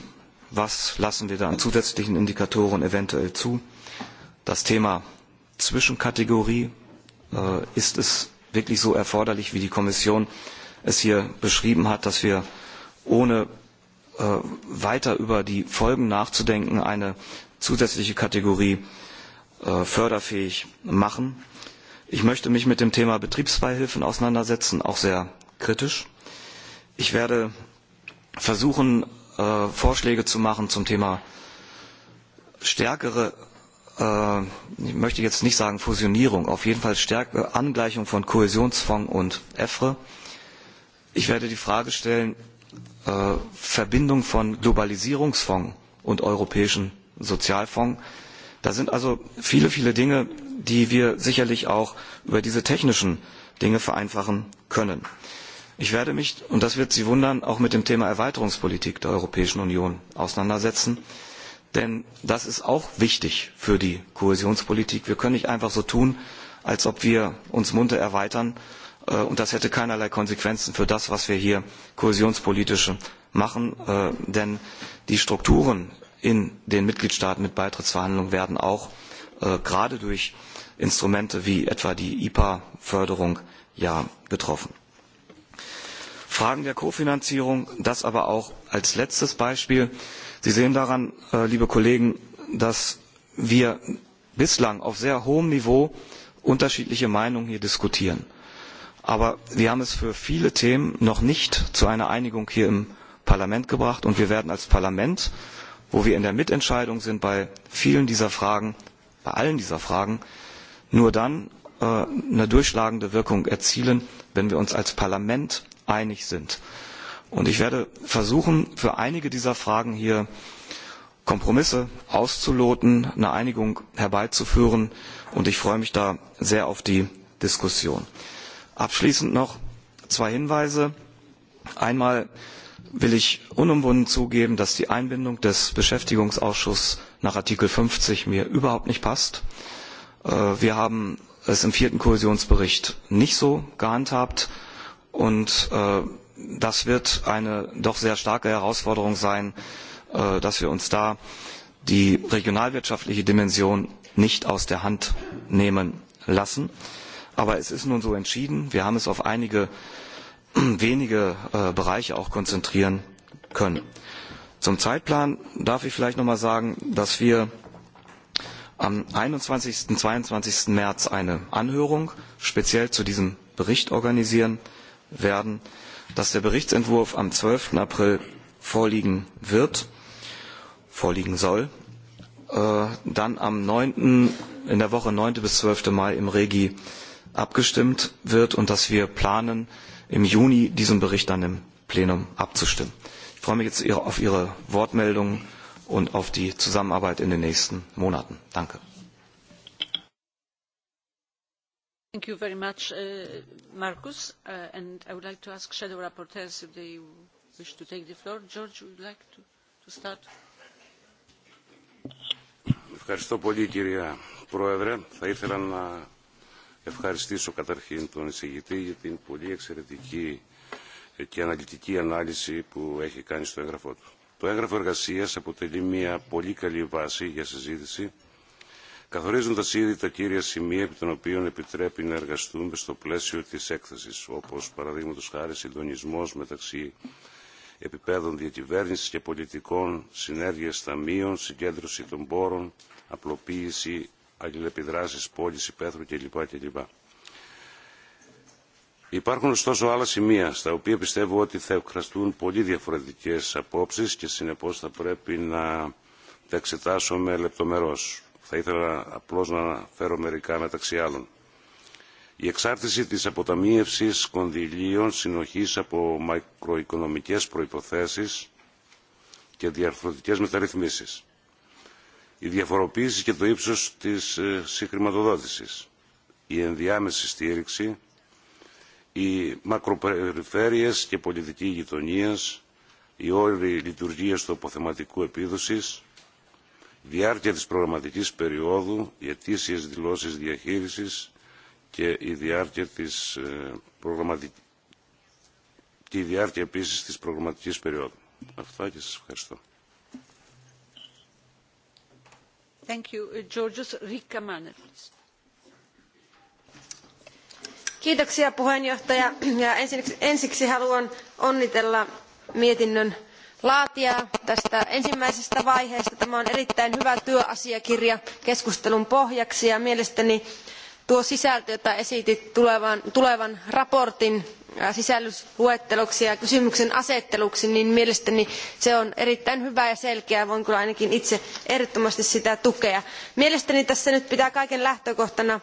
Was lassen wir da an zusätzlichen Indikatoren eventuell zu? Das Thema Zwischenkategorie. Äh, ist es wirklich so erforderlich, wie die Kommission äh, es hier beschrieben hat, dass wir ohne äh, weiter über die Folgen nachzudenken eine zusätzliche Kategorie äh, förderfähig machen. Ich möchte mich mit dem Thema Betriebsbeihilfen auseinandersetzen, auch sehr kritisch. Ich werde versuchen, äh, Vorschläge zu machen zum Thema stärkere, äh, ich möchte jetzt nicht sagen Fusionierung, auf jeden Fall stärkere Angleichung von Kohäsionsfonds und EFRE. Äh, Ich werde die Frage stellen, äh, Verbindung von Globalisierungsfonds und europäischen Sozialfonds. Da sind also viele, viele Dinge, die wir sicherlich auch über diese technischen Dinge vereinfachen können. Ich werde mich, und das wird Sie wundern, auch mit dem Thema Erweiterungspolitik der Europäischen Union auseinandersetzen. Denn das ist auch wichtig für die Kohäsionspolitik. Wir können nicht einfach so tun, als ob wir uns munter erweitern äh, und das hätte keinerlei Konsequenzen für das, was wir hier kohäsionspolitisch machen, äh, denn die Strukturen in den Mitgliedstaaten mit Beitrittsverhandlungen werden auch äh, gerade durch Instrumente wie etwa die IPA-Förderung ja getroffen. Fragen der Kofinanzierung, das aber auch als letztes Beispiel. Sie sehen daran, äh, liebe Kollegen, dass wir bislang auf sehr hohem Niveau unterschiedliche Meinungen hier diskutieren. Aber wir haben es für viele Themen noch nicht zu einer Einigung hier im Parlament gebracht. Und wir werden als Parlament, wo wir in der Mitentscheidung sind bei vielen dieser Fragen, bei allen dieser Fragen, nur dann äh, eine durchschlagende Wirkung erzielen, wenn wir uns als Parlament einig sind. Und ich werde versuchen, für einige dieser Fragen hier Kompromisse auszuloten, eine Einigung herbeizuführen. Und ich freue mich da sehr auf die Diskussion. Abschließend noch zwei Hinweise. Einmal will ich unumwunden zugeben, dass die Einbindung des Beschäftigungsausschusses nach Artikel 50 mir überhaupt nicht passt. Äh, wir haben es im vierten Kohäsionsbericht nicht so gehandhabt und äh, das wird eine doch sehr starke Herausforderung sein, äh, dass wir uns da die regionalwirtschaftliche Dimension nicht aus der Hand nehmen lassen. Äh, Aber es ist nun so entschieden. Wir haben es auf einige [clears throat] wenige äh, Bereiche auch konzentrieren können. Zum Zeitplan darf ich vielleicht noch mal sagen, dass wir am 21. und 22. März eine Anhörung speziell zu diesem Bericht organisieren werden, dass der Berichtsentwurf am 12. April vorliegen wird, vorliegen soll, äh, dann am 9. in der Woche 9. bis 12. Mai im Regi äh, abgestimmt wird und dass wir planen, im Juni diesem Bericht dann im Plenum abzustimmen. Ich freue mich jetzt auf Ihre Wortmeldungen und auf die Zusammenarbeit in den nächsten Monaten. Danke. Thank you very much, uh, Marcus. Uh, and I would like to ask shadow rapporteurs if they wish to take the floor. George, would you like to, to start? Ευχαριστώ πολύ, κυρία Πρόεδρε. Θα ήθελα να ευχαριστήσω καταρχήν τον εισηγητή για την πολύ εξαιρετική και αναλυτική ανάλυση που έχει κάνει στο έγγραφό του. Το έγγραφο εργασίας αποτελεί μια πολύ καλή βάση για συζήτηση, καθορίζοντας ήδη τα κύρια σημεία επί των οποίων επιτρέπει να εργαστούμε στο πλαίσιο της έκθεσης, όπως παραδείγματος χάρη συντονισμός μεταξύ επιπέδων διακυβέρνησης και πολιτικών, συνέργειες ταμείων, συγκέντρωση των πόρων, απλοποίηση αλληλεπιδράσεις πόλης, υπαίθρου κλπ. κλπ. Υπάρχουν ωστόσο άλλα σημεία στα οποία πιστεύω ότι θα εκφραστούν πολύ διαφορετικές απόψεις και συνεπώς θα πρέπει να τα εξετάσουμε λεπτομερώς. Θα ήθελα απλώς να φέρω μερικά μεταξύ άλλων. Η εξάρτηση της αποταμίευσης κονδυλίων συνοχής από μακροοικονομικές προϋποθέσεις και διαρθρωτικές μεταρρυθμίσεις η διαφοροποίηση και το ύψος της συγχρηματοδότησης, η ενδιάμεση στήριξη, οι μακροπεριφέρειες και πολιτική γειτονίας, οι όροι λειτουργίας του αποθεματικού επίδοσης, η διάρκεια της προγραμματικής περίοδου, οι αιτήσιες δηλώσεις διαχείρισης και η διάρκεια της προγραμματικής και η διάρκεια επίσης της προγραμματικής περίοδου. Αυτά και σας ευχαριστώ. arvoisa uh, puhemies [clears throat] ensiksi haluan onnitella mietinnön laatijaa tästä ensimmäisestä vaiheesta. tämä on erittäin hyvä työasiakirja keskustelun pohjaksi ja mielestäni tuo sisältö jota esitit tulevan mietinnön sisällysluetteloksi ja kysymyksen asetteluksi, niin mielestäni se on erittäin hyvä ja selkeä. Voin kyllä ainakin itse ehdottomasti sitä tukea. Mielestäni tässä nyt pitää kaiken lähtökohtana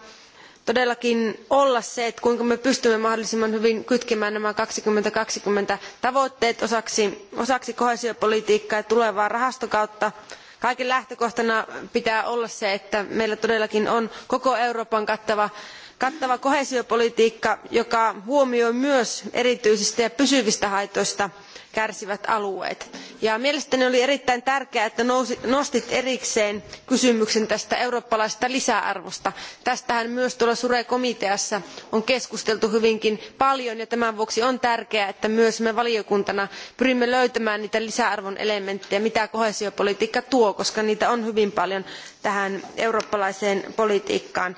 todellakin olla se, että kuinka me pystymme mahdollisimman hyvin kytkemään nämä 2020 tavoitteet osaksi, osaksi kohesiopolitiikkaa ja tulevaa rahastokautta kaiken lähtökohtana pitää olla se että meillä todellakin on koko euroopan kattava kattava koheesiopolitiikka joka huomioi myös erityisistä ja pysyvistä haitoista kärsivät alueet. Ja mielestäni oli erittäin tärkeää että nostit erikseen kysymyksen tästä eurooppalaisesta lisäarvosta. tästähän myös tuolla sure komiteassa on keskusteltu hyvinkin paljon ja tämän vuoksi on tärkeää että myös me valiokuntana pyrimme löytämään niitä lisäarvon elementtejä mitä koheesiopolitiikka tuo koska niitä on hyvin paljon tähän eurooppalaiseen politiikkaan.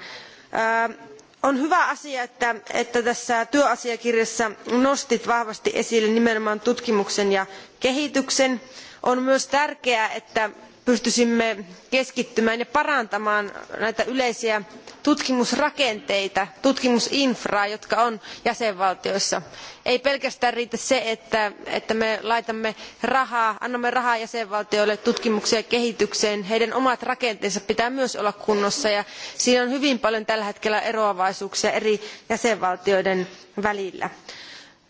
Öö, on hyvä asia että, että tässä työasiakirjassa nostit vahvasti esille nimenomaan tutkimuksen ja kehityksen. on myös tärkeää että pystyisimme keskittymään ja parantamaan näitä yleisiä tutkimusrakenteita tutkimusinfraa joka on jäsenvaltioissa. ei pelkästään riitä se että, että me laitamme rahaa annamme rahaa jäsenvaltioille tutkimukseen ja kehitykseen heidän omien rakenteensa pitää myös olla kunnossa ja siinä on hyvin paljon tällä hetkellä eroavaisuuksia eri jäsenvaltioiden välillä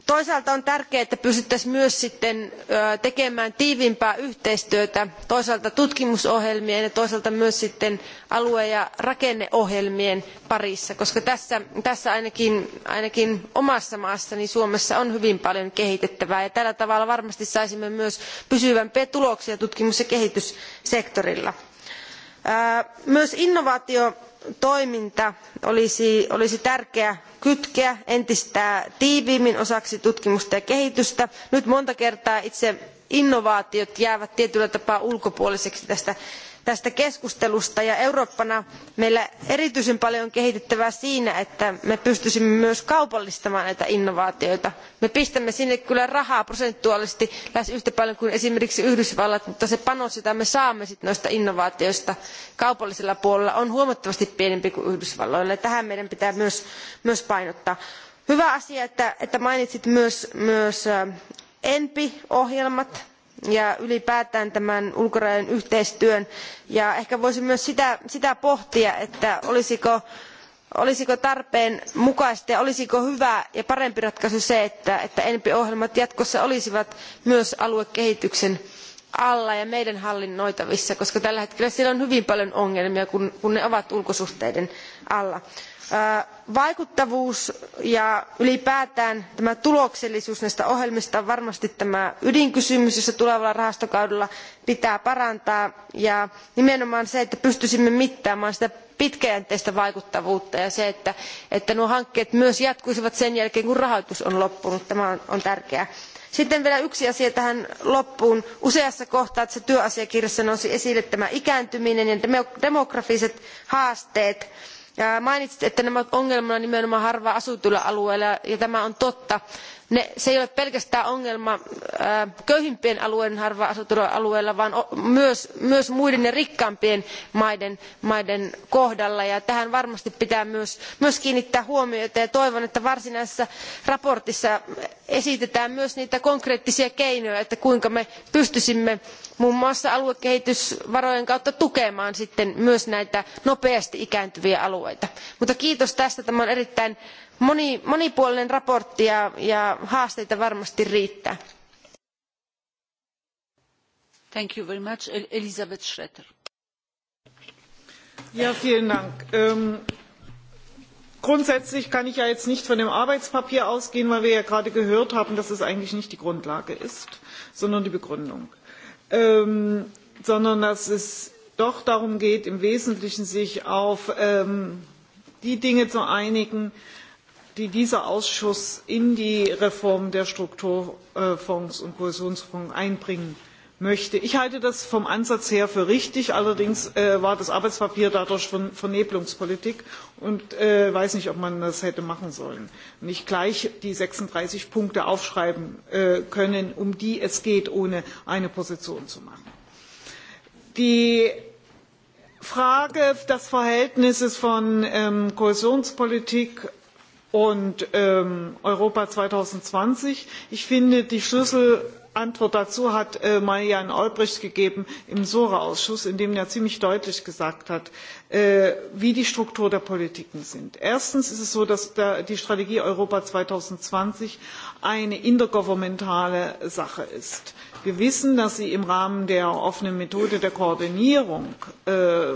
toisaalta on tärkeää että pystyttäisiin myös sitten tekemään tiiviimpää yhteistyötä toisaalta tutkimusohjelmien ja toisaalta myös sitten alue ja rakenneohjelmien parissa koska tässä, tässä ainakin, ainakin omassa maassani suomessa on hyvin paljon kehitettävää ja tällä tavalla varmasti saisimme myös pysyvämpiä tuloksia tutkimus ja kehityssektorilla. myös innovaatio toiminta olisi, olisi tärkeää kytkeä entistä tiiviimmin osaksi tutkimusta ja kehitystä. nyt monta kertaa itse innovaatiot jäävät tietyllä tapaa ulkopuoliseksi tästä tästä keskustelusta ja eurooppana meillä erityisen paljon on kehitettävää siinä että me pystyisimme myös kaupallistamaan näitä innovaatioita. me pistämme sinne kyllä rahaa prosentuaalisesti lähes yhtä paljon kuin esimerkiksi yhdysvallat mutta se panos jota me saamme noista innovaatioista kaupallisella puolella on huomattavasti pienempi kuin yhdysvalloilla ja tähän meidän pitää myös, myös painottaa. hyvä asia että, että mainitsit myös, myös enpi ohjelmat ja ylipäätään tämän ulkorajojen yhteistyön ja ehkä voisi myös sitä, sitä pohtia että olisiko olisiko tarpeen mukaista ja olisiko hyvä ja parempi ratkaisu se että, että enempi ohjelmat jatkossa olisivat myös aluekehityksen alla ja meidän hallinnoitavissa koska tällä hetkellä siellä on hyvin paljon ongelmia kun, kun ne ovat ulkosuhteiden alla vaikuttavuus ja ylipäätään tämä tuloksellisuus näistä ohjelmista on varmasti tämä ydinkysymys jossa tulevalla rahastokaudella pitää parantaa ja nimenomaan se että pystyisimme mittaamaan sitä pitkäjänteistä vaikuttavuutta ja se että, että nuo hankkeet myös jatkuisivat sen jälkeen kun rahoitus on loppunut tämä on, on tärkeää. sitten vielä yksi asia tähän loppuun useassa kohtaa tässä työasiakirjassa nousi esille tämä ikääntyminen ja demografiset haasteet mainitsitte että nämä ongelmat ovat nimenomaan harvaan asutuilla alueilla ja tämä on totta ne, se ei ole pelkästään ongelma äh, köyhimpien alueiden harvaan asutuilla alueilla vaan myös, myös muiden ja rikkaampien maiden, maiden kohdalla ja tähän varmasti pitää myös, myös kiinnittää huomiota ja toivon että varsinaisessa mietinnössä esitetään myös niitä konkreettisia keinoja että kuinka me pystyisimme muun muassa aluekehitysvarojen kautta tukemaan sitten myös näitä nopeasti ikääntyviä alueita. mutta kiitos tästä tämä on erittäin Moni, monipuolinen raportti ja, ja haasteita varmasti riittää. Thank you very much. Elisabeth Schroeder. Ja, vielen Dank. Ähm, grundsätzlich kann ich ja jetzt nicht von dem Arbeitspapier ausgehen, weil wir ja gerade gehört haben, dass es eigentlich nicht die Grundlage ist, sondern die Begründung. Ähm, sondern dass es doch darum geht, im Wesentlichen sich auf ähm, die Dinge zu einigen, äh, die dieser Ausschuss in die Reform der Strukturfonds und Kohäsionsfonds einbringen möchte. Ich halte das vom Ansatz her für richtig, allerdings äh, war das Arbeitspapier dadurch von Vernebelungspolitik und äh, weiß nicht, ob man das hätte machen sollen. Nicht gleich die 36 Punkte aufschreiben äh, können, um die es geht, ohne eine Position zu machen. Die Frage des Verhältnisses von ähm, Kohäsionspolitik und ähm, Europa 2020. Ich finde, die Schlüsselantwort dazu hat äh, Marianne Olbricht gegeben im SORA-Ausschuss, in dem er ziemlich deutlich gesagt hat, äh, wie die Struktur der Politiken sind. Erstens ist es so, dass der, die Strategie Europa 2020 eine intergouvernementale Sache ist. Wir wissen, dass sie im Rahmen der offenen Methode der Koordinierung äh,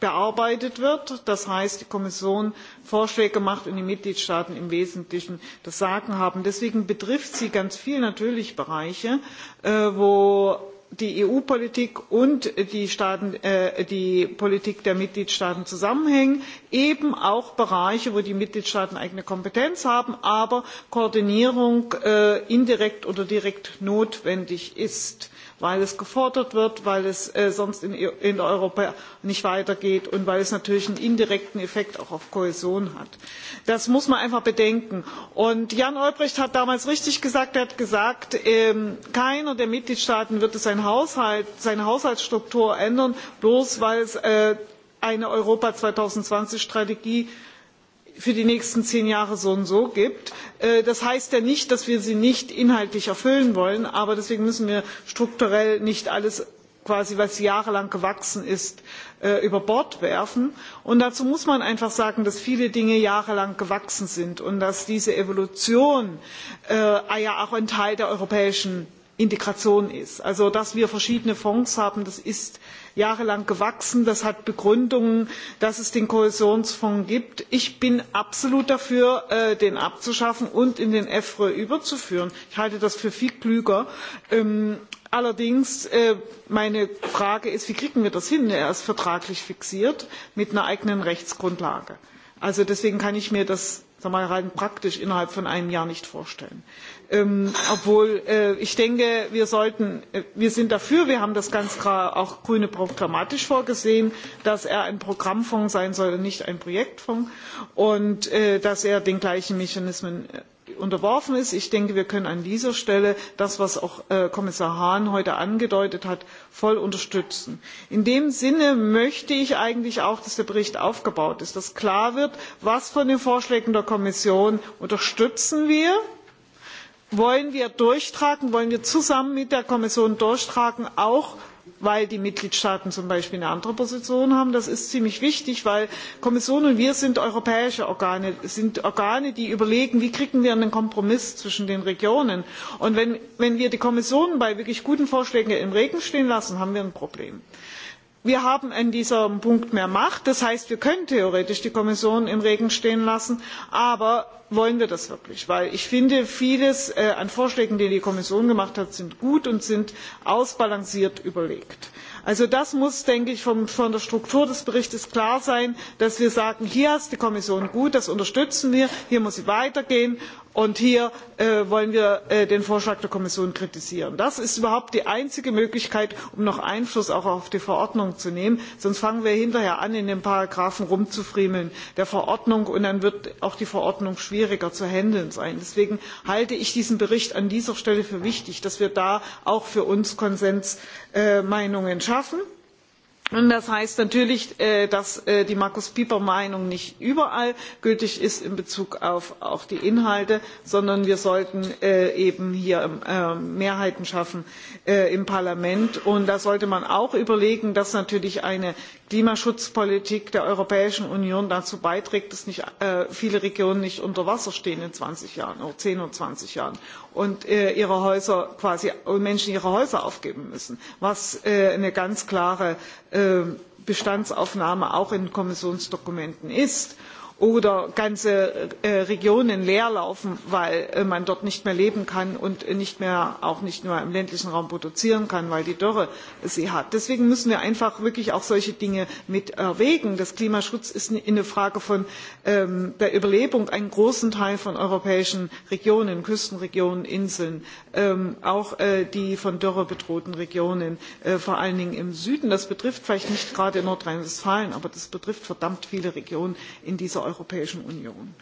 bearbeitet wird. Das heißt, die Kommission Vorschläge macht und die Mitgliedstaaten im Wesentlichen das Sagen haben. Deswegen betrifft sie ganz viel natürlich Bereiche, äh, wo die eu politik und die, Staaten, äh, die politik der mitgliedstaaten zusammenhängen eben auch bereiche wo die mitgliedstaaten eigene kompetenz haben aber koordinierung äh, indirekt oder direkt notwendig ist weil es gefordert wird weil es äh, sonst in, in europa nicht weitergeht und weil es natürlich einen indirekten effekt auch auf kohäsion hat. das muss man einfach bedenken. Und jan olbrycht hat damals richtig gesagt er hat gesagt ähm, keiner der mitgliedstaaten wird seinen haushalt seine haushaltsstruktur ändern bloß weil es äh, eine europa zweitausendzwanzig strategie für die nächsten zehn Jahre so und so gibt. Äh, das heißt ja nicht, dass wir sie nicht inhaltlich erfüllen wollen, aber deswegen müssen wir strukturell nicht alles quasi, was jahrelang gewachsen ist, äh, über Bord werfen. Und dazu muss man einfach sagen, dass viele Dinge jahrelang gewachsen sind und dass diese Evolution äh, ja auch ein Teil der europäischen Integration ist. Also, dass wir verschiedene Fonds haben, das ist jahrelang gewachsen. das hat begründungen dass es den kohäsionsfonds gibt. ich bin absolut dafür äh, den abzuschaffen und in den efre überzuführen. ich halte das für viel klüger. Ähm, allerdings äh, meine frage ist wie kriegen wir das hin? er ist vertraglich fixiert mit einer eigenen rechtsgrundlage. also deswegen kann ich mir das rein praktisch innerhalb von einem jahr nicht vorstellen ähm, obwohl äh, ich denke, wir sollten, äh, wir sind dafür, wir haben das ganz klar auch grüne programmatisch vorgesehen, dass er ein Programmfonds sein soll und nicht ein Projektfonds und äh, dass er den gleichen Mechanismen äh, unterworfen ist. Ich denke, wir können an dieser Stelle das, was auch äh, Kommissar Hahn heute angedeutet hat, voll unterstützen. In dem Sinne möchte ich eigentlich auch, dass der Bericht aufgebaut ist, dass klar wird, was von den Vorschlägen der Kommission unterstützen wir, wollen wir durchtragen wollen wir zusammen mit der kommission durchtragen auch weil die mitgliedstaaten zum beispiel eine andere position haben. das ist ziemlich wichtig denn die kommission und wir sind europäische organe sind organe die überlegen wie kriegen wir einen kompromiss zwischen den regionen? und wenn wir die kommission bei wirklich guten vorschlägen im regen stehen lassen haben wir ein problem wir haben an diesem punkt mehr macht das heißt wir können theoretisch die kommission im regen stehen lassen aber wollen wir das wirklich? denn ich finde vieles äh, an vorschlägen die die kommission gemacht hat ist gut und ausbalanciert überlegt also das muss denke ich vom, von der struktur des berichts klar sein dass wir sagen hier ist die kommission gut das unterstützen wir hier muss sie weitergehen und hier äh, wollen wir äh, den vorschlag der kommission kritisieren. das ist überhaupt die einzige möglichkeit um noch einfluss auch auf die verordnung zu nehmen sonst fangen wir hinterher an in den paragraphen rumzufriemeln der verordnung und dann wird auch die verordnung schwieriger zu handeln sein. deswegen halte ich diesen bericht an dieser stelle für wichtig dass wir da auch für uns konsensmeinungen schaffen. Und das heißt natürlich, äh, dass äh, die Markus Pieper Meinung nicht überall gültig ist in Bezug auf auch die Inhalte, sondern wir sollten äh, eben hier ähm, Mehrheiten schaffen im Parlament. Und da sollte man auch überlegen, dass natürlich eine klimaschutzpolitik der europäischen union dazu beiträgt dass nicht, äh, viele regionen nicht unter wasser stehen in zwanzig jahren oder zehn oder zwanzig jahren und äh, ihre häuser quasi menschen ihre häuser aufgeben müssen was äh, eine ganz klare äh, bestandsaufnahme auch in kommissionsdokumenten ist oder ganze äh, regionen leerlaufen weil äh, man dort nicht mehr leben kann und nicht mehr, auch nicht nur im ländlichen raum produzieren kann weil die dürre sie hat. deswegen müssen wir einfach wirklich auch solche dinge mit erwägen. der klimaschutz ist eine frage von, ähm, der überlebung eines großen teils von europäischen regionen küstenregionen inseln ähm, auch äh, die von dürre bedrohten regionen äh, vor allen dingen im süden. das betrifft vielleicht nicht gerade nordrhein westfalen aber das betrifft verdammt viele regionen in dieser Europäischen Union.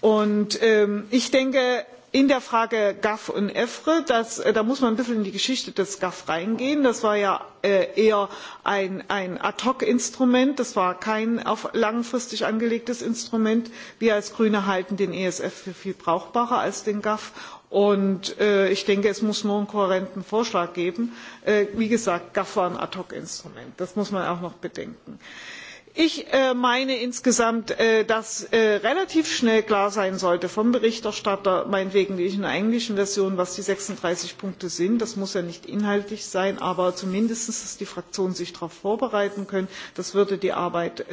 Und ähm, ich denke, in der Frage GAF und EFRE, das, äh, da muss man ein bisschen in die Geschichte des GAF reingehen. Das war ja äh, eher ein, ein Ad-hoc-Instrument. Das war kein auf langfristig angelegtes Instrument. Wir als Grüne halten den ESF für viel brauchbarer als den GAF. Und äh, ich denke, es muss nur einen kohärenten Vorschlag geben. Äh, wie gesagt, GAF war ein Ad-hoc-Instrument. Das muss man auch noch bedenken. Äh, ich äh, meine insgesamt äh, dass äh, relativ schnell klar sein sollte vom berichterstatter meinetwegen in der englischen version was die sechsunddreißig punkte sind das muss ja nicht inhaltlich sein aber zumindest dass die fraktionen sich darauf vorbereiten können das würde die arbeit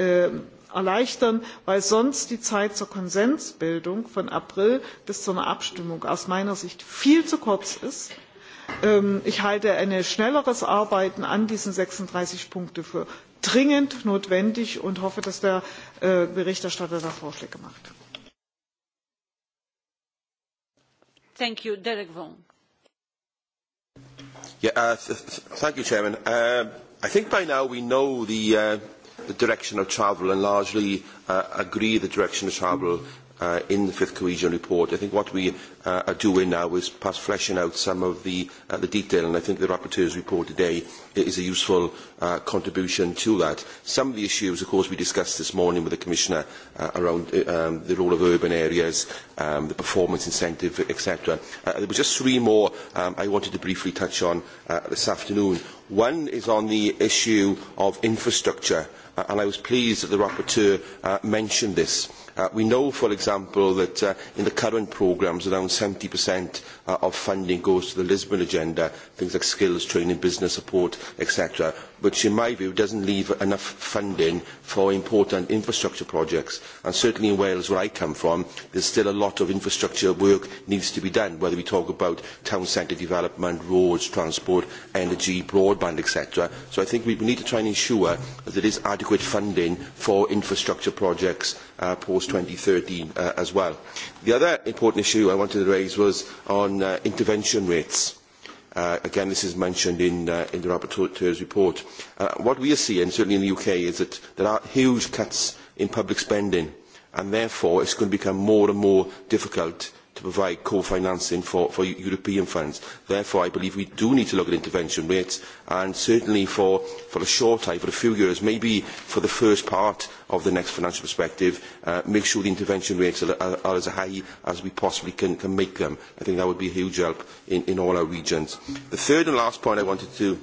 erleichtern weil sonst die zeit zur konsensbildung von april bis zur abstimmung aus meiner sicht viel zu kurz ist ähm, ich halte ein schnelleres arbeiten an diesen sechsunddreißig punkten dringend notwendig und hoffe, dass der äh, Berichterstatter da Vorschläge macht. Thank you, Derek Vaughan. Yeah, uh, th th thank you, Chairman. Uh, I think by now we know the, uh, the direction of travel and largely uh, agree the direction of travel uh, in the fifth cohesion report. I think what we uh, are doing now is perhaps fleshing out some of the, uh, the detail, and I think the rapporteur's report today is a useful uh, contribution to that. Some of the issues, of course, we discussed this morning with the Commissioner uh, around uh, um, the role of urban areas, um, the performance incentive, etc. Uh, there were just three more um, I wanted to briefly touch on uh, this afternoon. One is on the issue of infrastructure, uh, and I was pleased that the rapporteur uh, mentioned this Uh, we know, for example, that uh, in the current programmes, around 70% uh, of funding goes to the Lisbon agenda, things like skills, training, business support, etc which in my view does not leave enough funding for important infrastructure projects. And certainly in Wales, where I come from, there is still a lot of infrastructure work needs to be done, whether we talk about town centre development, roads, transport, energy, broadband, etc. So I think we need to try and ensure that there is adequate funding for infrastructure projects uh, post-2013 uh, as well. The other important issue I wanted to raise was on uh, intervention rates Uh, again, this is mentioned in, uh, in the rapporteur's report. Uh, what we are seeing, certainly in the UK, is that there are huge cuts in public spending, and therefore it's going to become more and more difficult to provide co-financing for, for European funds. Therefore, I believe we do need to look at intervention rates, and certainly for, for a short time, for a few years, maybe for the first part of the next financial perspective, uh, make sure the intervention rates are, are, are as high as we possibly can, can make them. I think that would be a huge help in, in all our regions. The third and last point I wanted to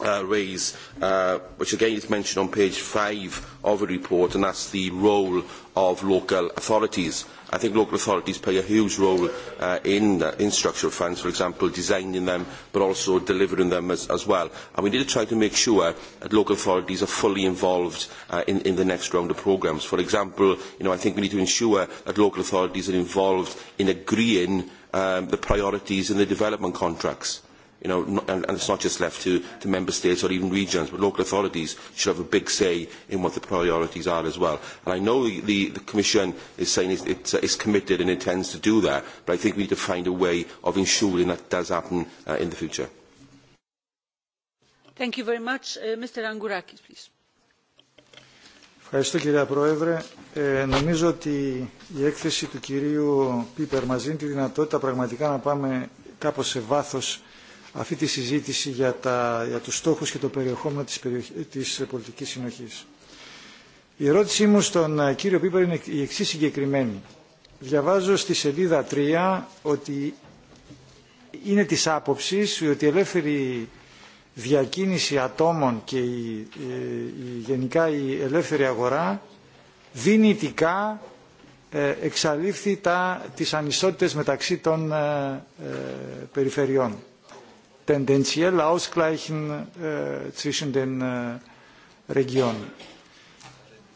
uh, raise, uh, which again is mentioned on page 5 of the report, and that's the role of local authorities. I think local authorities play a huge role uh, in, uh, in structural funds, for example, designing them, but also delivering them as, as well. And we need to try to make sure that local authorities are fully involved uh, in, in the next round of programmes. For example, you know, I think we need to ensure that local authorities are involved in agreeing um, the priorities in the development contracts You know, and, and it's not just left to, to member states or even regions, but local authorities should have a big say in what the priorities are as well. And I know the, the, the Commission is saying it's, it's, uh, it's committed and intends to do that, but I think we need to find a way of ensuring that does happen uh, in the future. Thank you very much. Uh, Mr. Angourakis, please. Ευχαριστώ κυρία Πρόεδρε. Ε, νομίζω ότι η έκθεση του κυρίου Πίπερ μας δίνει τη δυνατότητα πραγματικά να πάμε κάπως σε βάθος αυτή τη συζήτηση για, τα, για τους στόχους και το περιεχόμενο της, περιοχ... της πολιτικής συνοχής. Η ερώτησή μου στον κύριο Πίπερ είναι η εξή συγκεκριμένη. Διαβάζω στη σελίδα 3 ότι είναι της άποψης ότι η ελεύθερη διακίνηση ατόμων και η, η, γενικά η ελεύθερη αγορά δυνητικά ε, εξαλείφθη τα, τις ανισότητες μεταξύ των ε, ε, περιφερειών tendenziell ausgleichen äh, zwischen den äh, Regionen.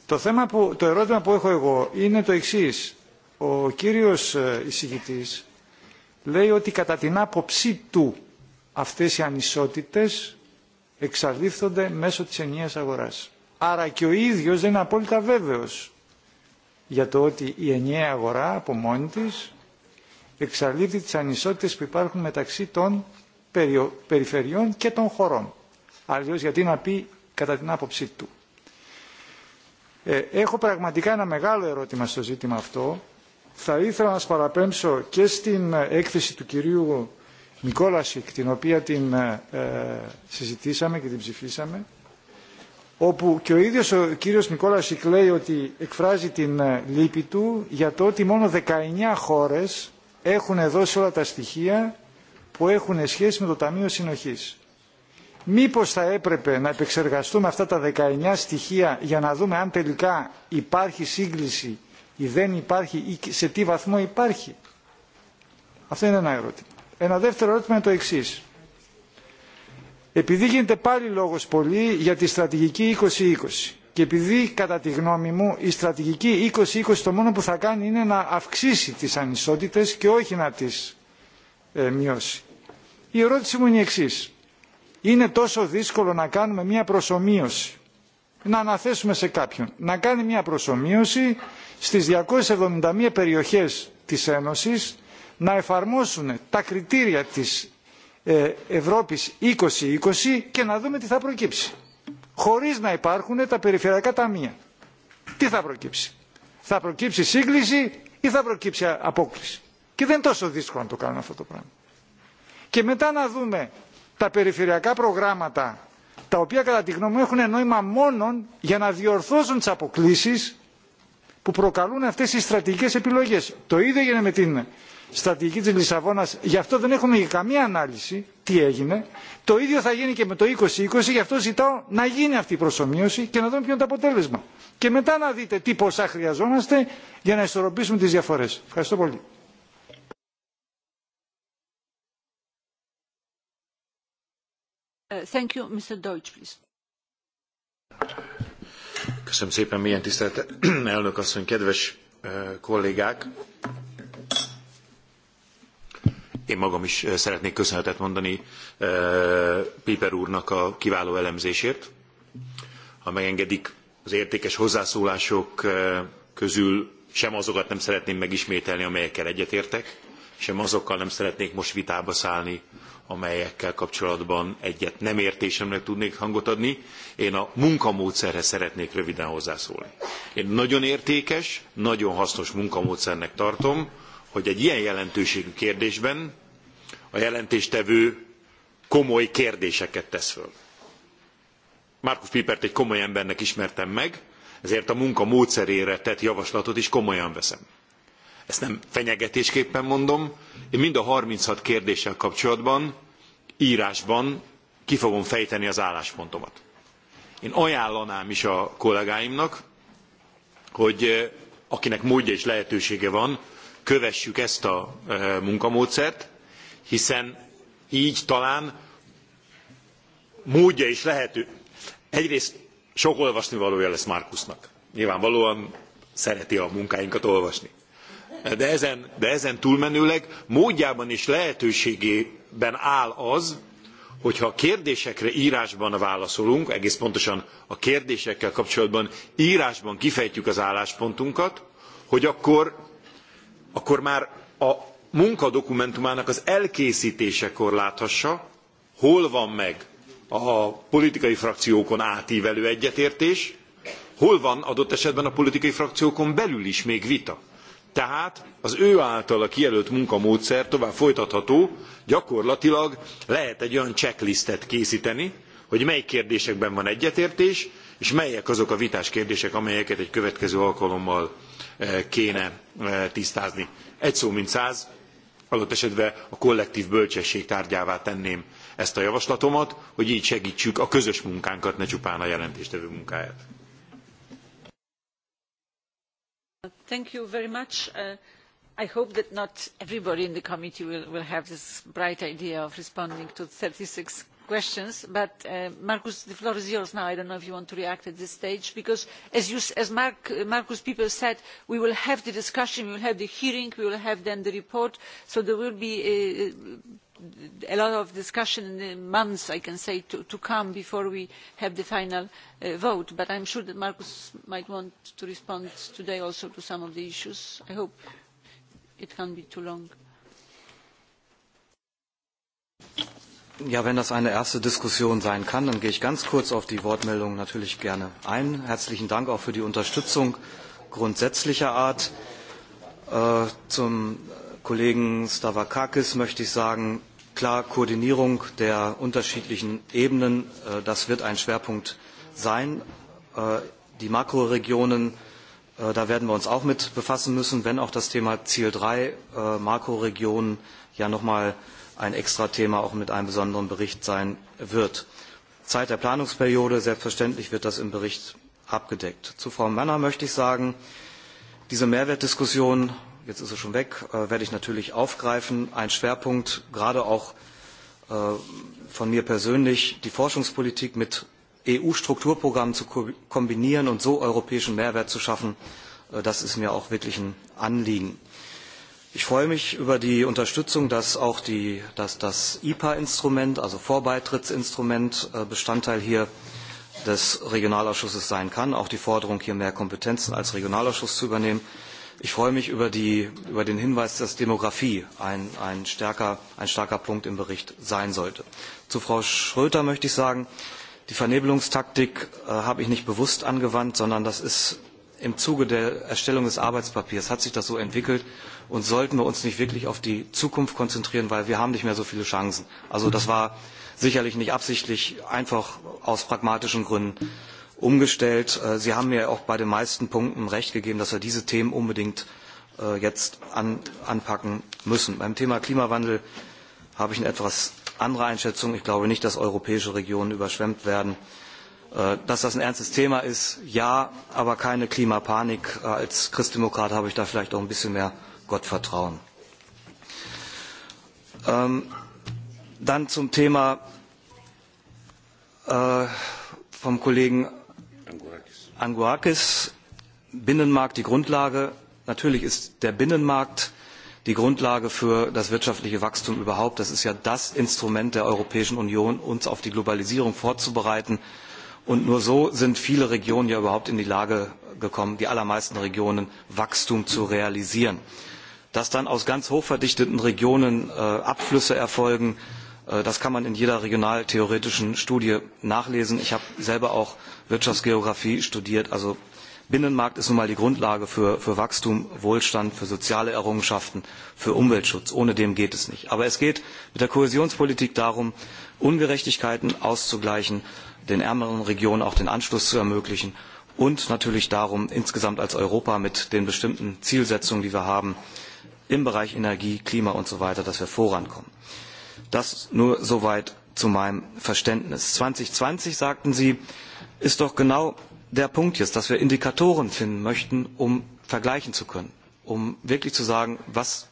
Το, θέμα που, το ερώτημα που έχω εγώ είναι το εξής. Ο κύριος εισηγητής λέει ότι κατά την άποψή του αυτές οι ανισότητες εξαρτήφθονται μέσω της ενιαίας αγοράς. Άρα και ο ίδιος δεν είναι απόλυτα βέβαιος για το ότι η ενιαία αγορά από μόνη της εξαλείπτει τις ανισότητες που υπάρχουν μεταξύ των περιφερειών και των χωρών. Αλλιώς γιατί να πει κατά την άποψή του. Ε, έχω πραγματικά ένα μεγάλο ερώτημα στο ζήτημα αυτό. Θα ήθελα να σας παραπέμψω και στην έκθεση του κυρίου Μικόλασικ, την οποία την ε, συζητήσαμε και την ψηφίσαμε, όπου και ο ίδιος ο κύριος Μικόλασικ λέει ότι εκφράζει την λύπη του για το ότι μόνο 19 χώρες έχουν δώσει όλα τα στοιχεία που έχουν σχέση με το Ταμείο Συνοχής. Μήπως θα έπρεπε να επεξεργαστούμε αυτά τα 19 στοιχεία για να δούμε αν τελικά υπάρχει σύγκληση ή δεν υπάρχει ή σε τι βαθμό υπάρχει. Αυτό είναι ένα ερώτημα. Ένα δεύτερο ερώτημα είναι το εξής. Επειδή γίνεται πάλι λόγος πολύ για τη στρατηγική 2020 και επειδή κατά τη γνώμη μου η στρατηγική 2020 το μόνο που θα κάνει είναι να αυξήσει τις ανισότητες και όχι να τις μειώσει. Η ερώτηση μου είναι η εξής. Είναι τόσο δύσκολο να κάνουμε μια προσωμείωση, να αναθέσουμε σε κάποιον, να κάνει μια προσωμείωση στις 271 περιοχές της Ένωσης, να εφαρμόσουν τα κριτήρια της ε, Ευρώπης 2020 και να δούμε τι θα προκύψει. Χωρίς να υπάρχουν τα περιφερειακά ταμεία. Τι θα προκύψει. Θα προκύψει σύγκληση ή θα προκύψει απόκληση. Και δεν είναι τόσο δύσκολο να το κάνουν αυτό το πράγμα. Και μετά να δούμε τα περιφερειακά προγράμματα, τα οποία κατά τη γνώμη μου έχουν νόημα μόνον για να διορθώσουν τις αποκλήσεις που προκαλούν αυτές οι στρατηγικές επιλογές. Το ίδιο έγινε με την στρατηγική της Λισαβόνας, γι' αυτό δεν έχουμε και καμία ανάλυση τι έγινε. Το ίδιο θα γίνει και με το 2020, γι' αυτό ζητάω να γίνει αυτή η προσωμείωση και να δούμε ποιο είναι το αποτέλεσμα. Και μετά να δείτε τι ποσά χρειαζόμαστε για να ισορροπήσουμε τις διαφορές. Ευχαριστώ πολύ. Uh, thank you, Mr. Deutsch, please. Köszönöm szépen, milyen tisztelt [clears throat] elnök asszony, kedves uh, kollégák! Én magam is uh, szeretnék köszönetet mondani Piper úrnak a kiváló elemzésért. Ha megengedik, az értékes hozzászólások közül sem azokat nem szeretném megismételni, amelyekkel egyetértek, sem azokkal nem szeretnék most vitába szállni, amelyekkel kapcsolatban egyet nem értésemnek tudnék hangot adni. Én a munkamódszerhez szeretnék röviden hozzászólni. Én nagyon értékes, nagyon hasznos munkamódszernek tartom, hogy egy ilyen jelentőségű kérdésben a jelentéstevő komoly kérdéseket tesz föl. Markus Pipert egy komoly embernek ismertem meg, ezért a munka módszerére tett javaslatot is komolyan veszem ezt nem fenyegetésképpen mondom, én mind a 36 kérdéssel kapcsolatban írásban ki fogom fejteni az álláspontomat. Én ajánlanám is a kollégáimnak, hogy eh, akinek módja és lehetősége van, kövessük ezt a eh, munkamódszert, hiszen így talán módja is lehető. Egyrészt sok olvasnivalója lesz Márkusznak. Nyilvánvalóan szereti a munkáinkat olvasni de ezen, de ezen túlmenőleg módjában is lehetőségében áll az, hogyha a kérdésekre írásban válaszolunk, egész pontosan a kérdésekkel kapcsolatban írásban kifejtjük az álláspontunkat, hogy akkor, akkor már a munkadokumentumának az elkészítésekor láthassa, hol van meg a politikai frakciókon átívelő egyetértés, hol van adott esetben a politikai frakciókon belül is még vita tehát az ő általa kijelölt munkamódszer tovább folytatható gyakorlatilag lehet egy olyan checklistet készteni hogy mely kérdésekben van egyetértés és melyek azok a vitás kérdések amelyeket egy következő alkalommal eh, kéne eh, tisztázni. egy szó mint száz adott esetben a kollektv bölcsesség tárgyává tenném ezt a javaslatomat hogy gy segtsük a közös munkánkat ne csupán a jelentéstevő munkáját. Thank you very much. Uh, I hope that not everybody in the committee will, will have this bright idea of responding to 36 questions, but uh, Marcus, the floor is yours now. I don't know if you want to react at this stage, because as, you, as Mark, Marcus Pieper said, we will have the discussion, we will have the hearing, we will have then the report, so there will be uh, a lot of discussion in the months, I can say, to, to come before we have the final uh, vote. But I'm sure that Marcus might want to respond today also to some of the issues. I hope it can't be too long. Ja, wenn das eine erste Diskussion sein kann, dann gehe ich ganz kurz auf die Wortmeldungen natürlich gerne ein. Herzlichen Dank auch für die Unterstützung grundsätzlicher Art. Äh, zum Kollegen Stavakakis möchte ich sagen, Klar, Koordinierung der unterschiedlichen Ebenen, äh, das wird ein Schwerpunkt sein. Äh, die Makroregionen, äh, da werden wir uns auch mit befassen müssen, wenn auch das Thema Ziel 3 äh, Makroregionen ja nochmal ein extra Thema auch mit einem besonderen Bericht sein wird. Zeit der Planungsperiode, selbstverständlich wird das im Bericht abgedeckt. Zu Frau Manner möchte ich sagen, diese Mehrwertdiskussion jetzt ist es schon weg, äh, werde ich natürlich aufgreifen. Ein Schwerpunkt, gerade auch äh, von mir persönlich, die Forschungspolitik mit EU-Strukturprogrammen zu ko kombinieren und so europäischen Mehrwert zu schaffen, äh, das ist mir auch wirklich ein Anliegen. Ich freue mich über die Unterstützung, dass auch die, dass das IPA-Instrument, also Vorbeitrittsinstrument, äh, Bestandteil hier des Regionalausschusses sein kann. Auch die Forderung, hier mehr Kompetenzen als Regionalausschuss zu übernehmen. Ich freue mich über, die, über den Hinweis, dass Demografie ein, ein, stärker, ein starker Punkt im Bericht sein sollte. Zu Frau Schröter möchte ich sagen, die Vernebelungstaktik äh, habe ich nicht bewusst angewandt, sondern das ist im Zuge der Erstellung des Arbeitspapiers hat sich das so entwickelt und sollten wir uns nicht wirklich auf die Zukunft konzentrieren, weil wir haben nicht mehr so viele Chancen. Also das war sicherlich nicht absichtlich, einfach aus pragmatischen Gründen umgestellt. Äh, Sie haben mir auch bei den meisten Punkten recht gegeben, dass wir diese Themen unbedingt äh, jetzt an, anpacken müssen. Beim Thema Klimawandel habe ich eine etwas andere Einschätzung. Ich glaube nicht, dass europäische Regionen überschwemmt werden. Äh, dass das ein ernstes Thema ist, ja, aber keine Klimapanik. Als Christdemokrat habe ich da vielleicht auch ein bisschen mehr Gottvertrauen. Ähm, dann zum Thema äh, vom Kollegen Anguakis, Binnenmarkt die Grundlage. Natürlich ist der Binnenmarkt die Grundlage für das wirtschaftliche Wachstum überhaupt. Das ist ja das Instrument der Europäischen Union, uns auf die Globalisierung vorzubereiten. Und nur so sind viele Regionen ja überhaupt in die Lage gekommen, die allermeisten Regionen Wachstum zu realisieren. Dass dann aus ganz hochverdichteten Regionen äh, Abflüsse erfolgen, äh, Äh, das kann man in jeder regionaltheoretischen Studie nachlesen. Ich habe selber auch Wirtschaftsgeografie studiert. Also Binnenmarkt ist nun mal die Grundlage für, für Wachstum, Wohlstand, für soziale Errungenschaften, für Umweltschutz. Ohne dem geht es nicht. Aber es geht mit der Kohäsionspolitik darum, Ungerechtigkeiten auszugleichen, den ärmeren Regionen auch den Anschluss zu ermöglichen und natürlich darum, insgesamt als Europa mit den bestimmten Zielsetzungen, die wir haben, im Bereich Energie, Klima und so weiter, dass wir vorankommen. Das nur soweit zu meinem Verständnis. 2020, sagten Sie, ist doch genau der Punkt jetzt, dass wir Indikatoren finden möchten, um vergleichen zu können, um wirklich zu sagen, was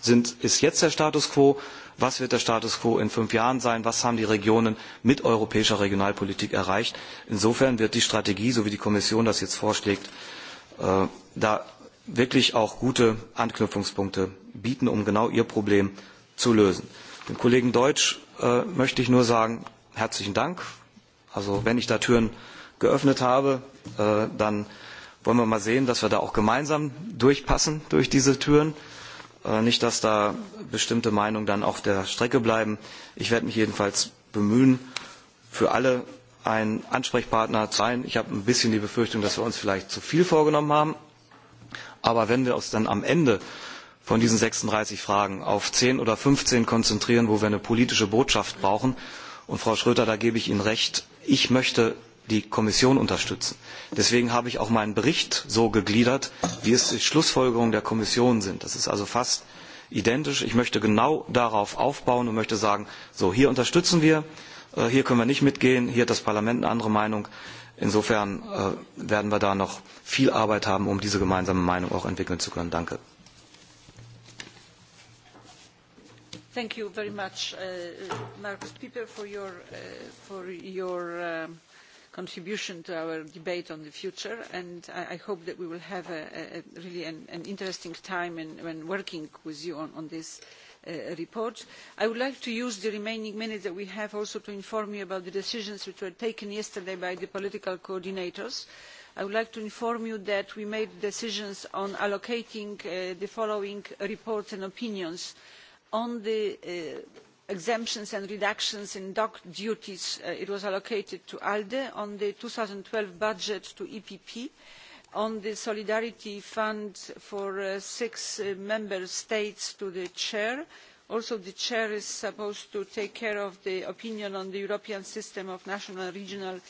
sind, ist jetzt der Status quo, was wird der Status quo in fünf Jahren sein, was haben die Regionen mit europäischer Regionalpolitik erreicht. Insofern wird die Strategie, so wie die Kommission das jetzt vorschlägt, äh, da wirklich auch gute Anknüpfungspunkte bieten, um genau Ihr Problem zu lösen. Dem Kollegen Deutsch äh, möchte ich nur sagen, herzlichen Dank. Also wenn ich da Türen geöffnet habe, äh, dann wollen wir mal sehen, dass wir da auch gemeinsam durchpassen durch diese Türen. Äh, nicht, dass da bestimmte Meinungen dann auf der Strecke bleiben. Ich werde mich jedenfalls bemühen, für alle ein Ansprechpartner zu sein. Ich habe ein bisschen die Befürchtung, dass wir uns vielleicht zu viel vorgenommen haben. Aber wenn wir uns dann am Ende von diesen 36 Fragen auf 10 oder 15 konzentrieren, wo wir eine politische Botschaft brauchen. Und Frau Schröter, da gebe ich Ihnen recht, ich möchte die Kommission unterstützen. Deswegen habe ich auch meinen Bericht so gegliedert, wie es die Schlussfolgerungen der Kommission sind. Das ist also fast identisch. Ich möchte genau darauf aufbauen und möchte sagen, so hier unterstützen wir, äh, hier können wir nicht mitgehen, hier hat das Parlament eine andere Meinung. Insofern äh, werden wir da noch viel Arbeit haben, um diese gemeinsame Meinung auch entwickeln zu können. Danke. Thank you very much, uh, uh Marcus Pieper, for your, uh, for your um, contribution to our debate on the future. And I, I hope that we will have a, a really an, an interesting time in, when working with you on, on this uh, report. I would like to use the remaining minutes that we have also to inform you about the decisions which were taken yesterday by the political coordinators. I would like to inform you that we made decisions on allocating uh, the following reports and opinions uh, on the uh, exemptions and reductions in dock duties uh, it was allocated to alde on the two thousand and twelve budget to epp on the solidarity fund for uh, six member states to the chair also the chair is supposed to take care of the opinion on the european system of national and regional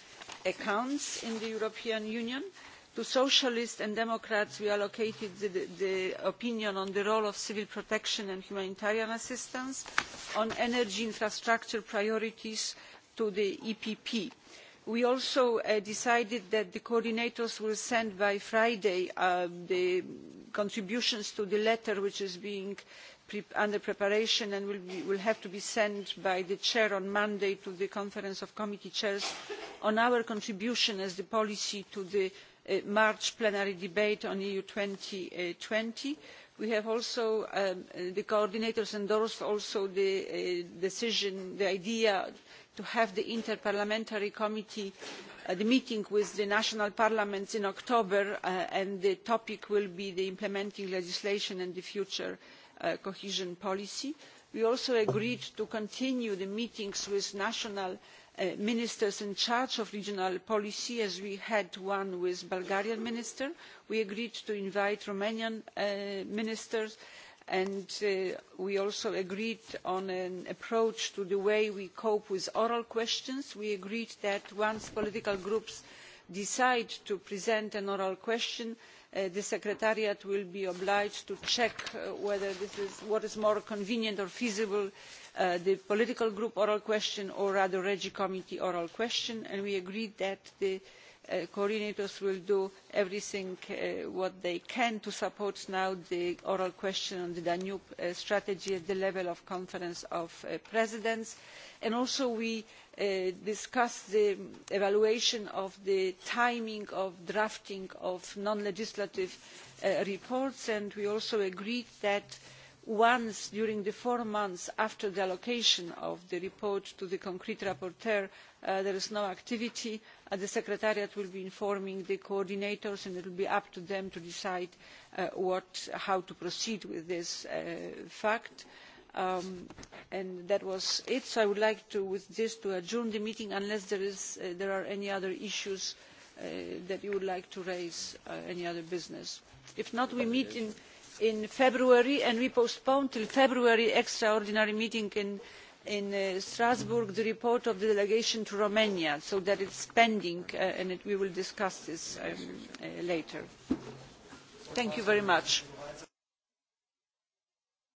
accounts in the european union and to socialists and democrats we allocated the, the opinion on the role of civil protection and humanitarian assistance on energy infrastructure priorities to the epp. we also uh, decided that the coordinators will send by friday uh, the contributions to the letter which is being pre under preparation and will, be, will have to be sent by the chair on monday to the conference of committee chairs on our contribution as the policy to the Uh, march plenary debate on eu two thousand and twenty we have also um, uh, the coordinators endorsed also the uh, decision the idea to have the interparliamentary committee uh, the meeting with the national parliaments in october uh, and the topic will be the implementing legislation and the future uh, cohesion policy. we also agreed to continue the meetings with national Uh, ministers in charge of regional policy as we had one with the bulgarian minister we agreed to invite romanian uh, ministers and uh, we also agreed on an approach to the way we cope with oral questions. we agreed that once political groups decide to present an oral question Uh, the secretariat will be obliged to check uh, whether this is what is more convenient or feasible uh, the political group oral question or rather regi committee oral question and we agreed that the uh, coordinators will do everything uh, what they can to support now the oral question on the danube uh, strategy at the level of the conference of presidents and also we also Uh, discussed the evaluation of the timing of drafting of non legislative uh, reports and we also agreed that once during the four months after the allocation of the report to the concrete rapporteur uh, there is no activity the secretariat will be informing the coordinators and it will be up to them to decide what, how to proceed with this fact. Uh, Um, and that was it. So I would like to, with this, to adjourn the meeting unless there, is, uh, there are any other issues uh, that you would like to raise, uh, any other business. If not, we meet in, in February and we postpone till February extraordinary meeting in, in uh, Strasbourg the report of the delegation to Romania so that it's pending uh, and it, we will discuss this um, uh, later. Thank you very much.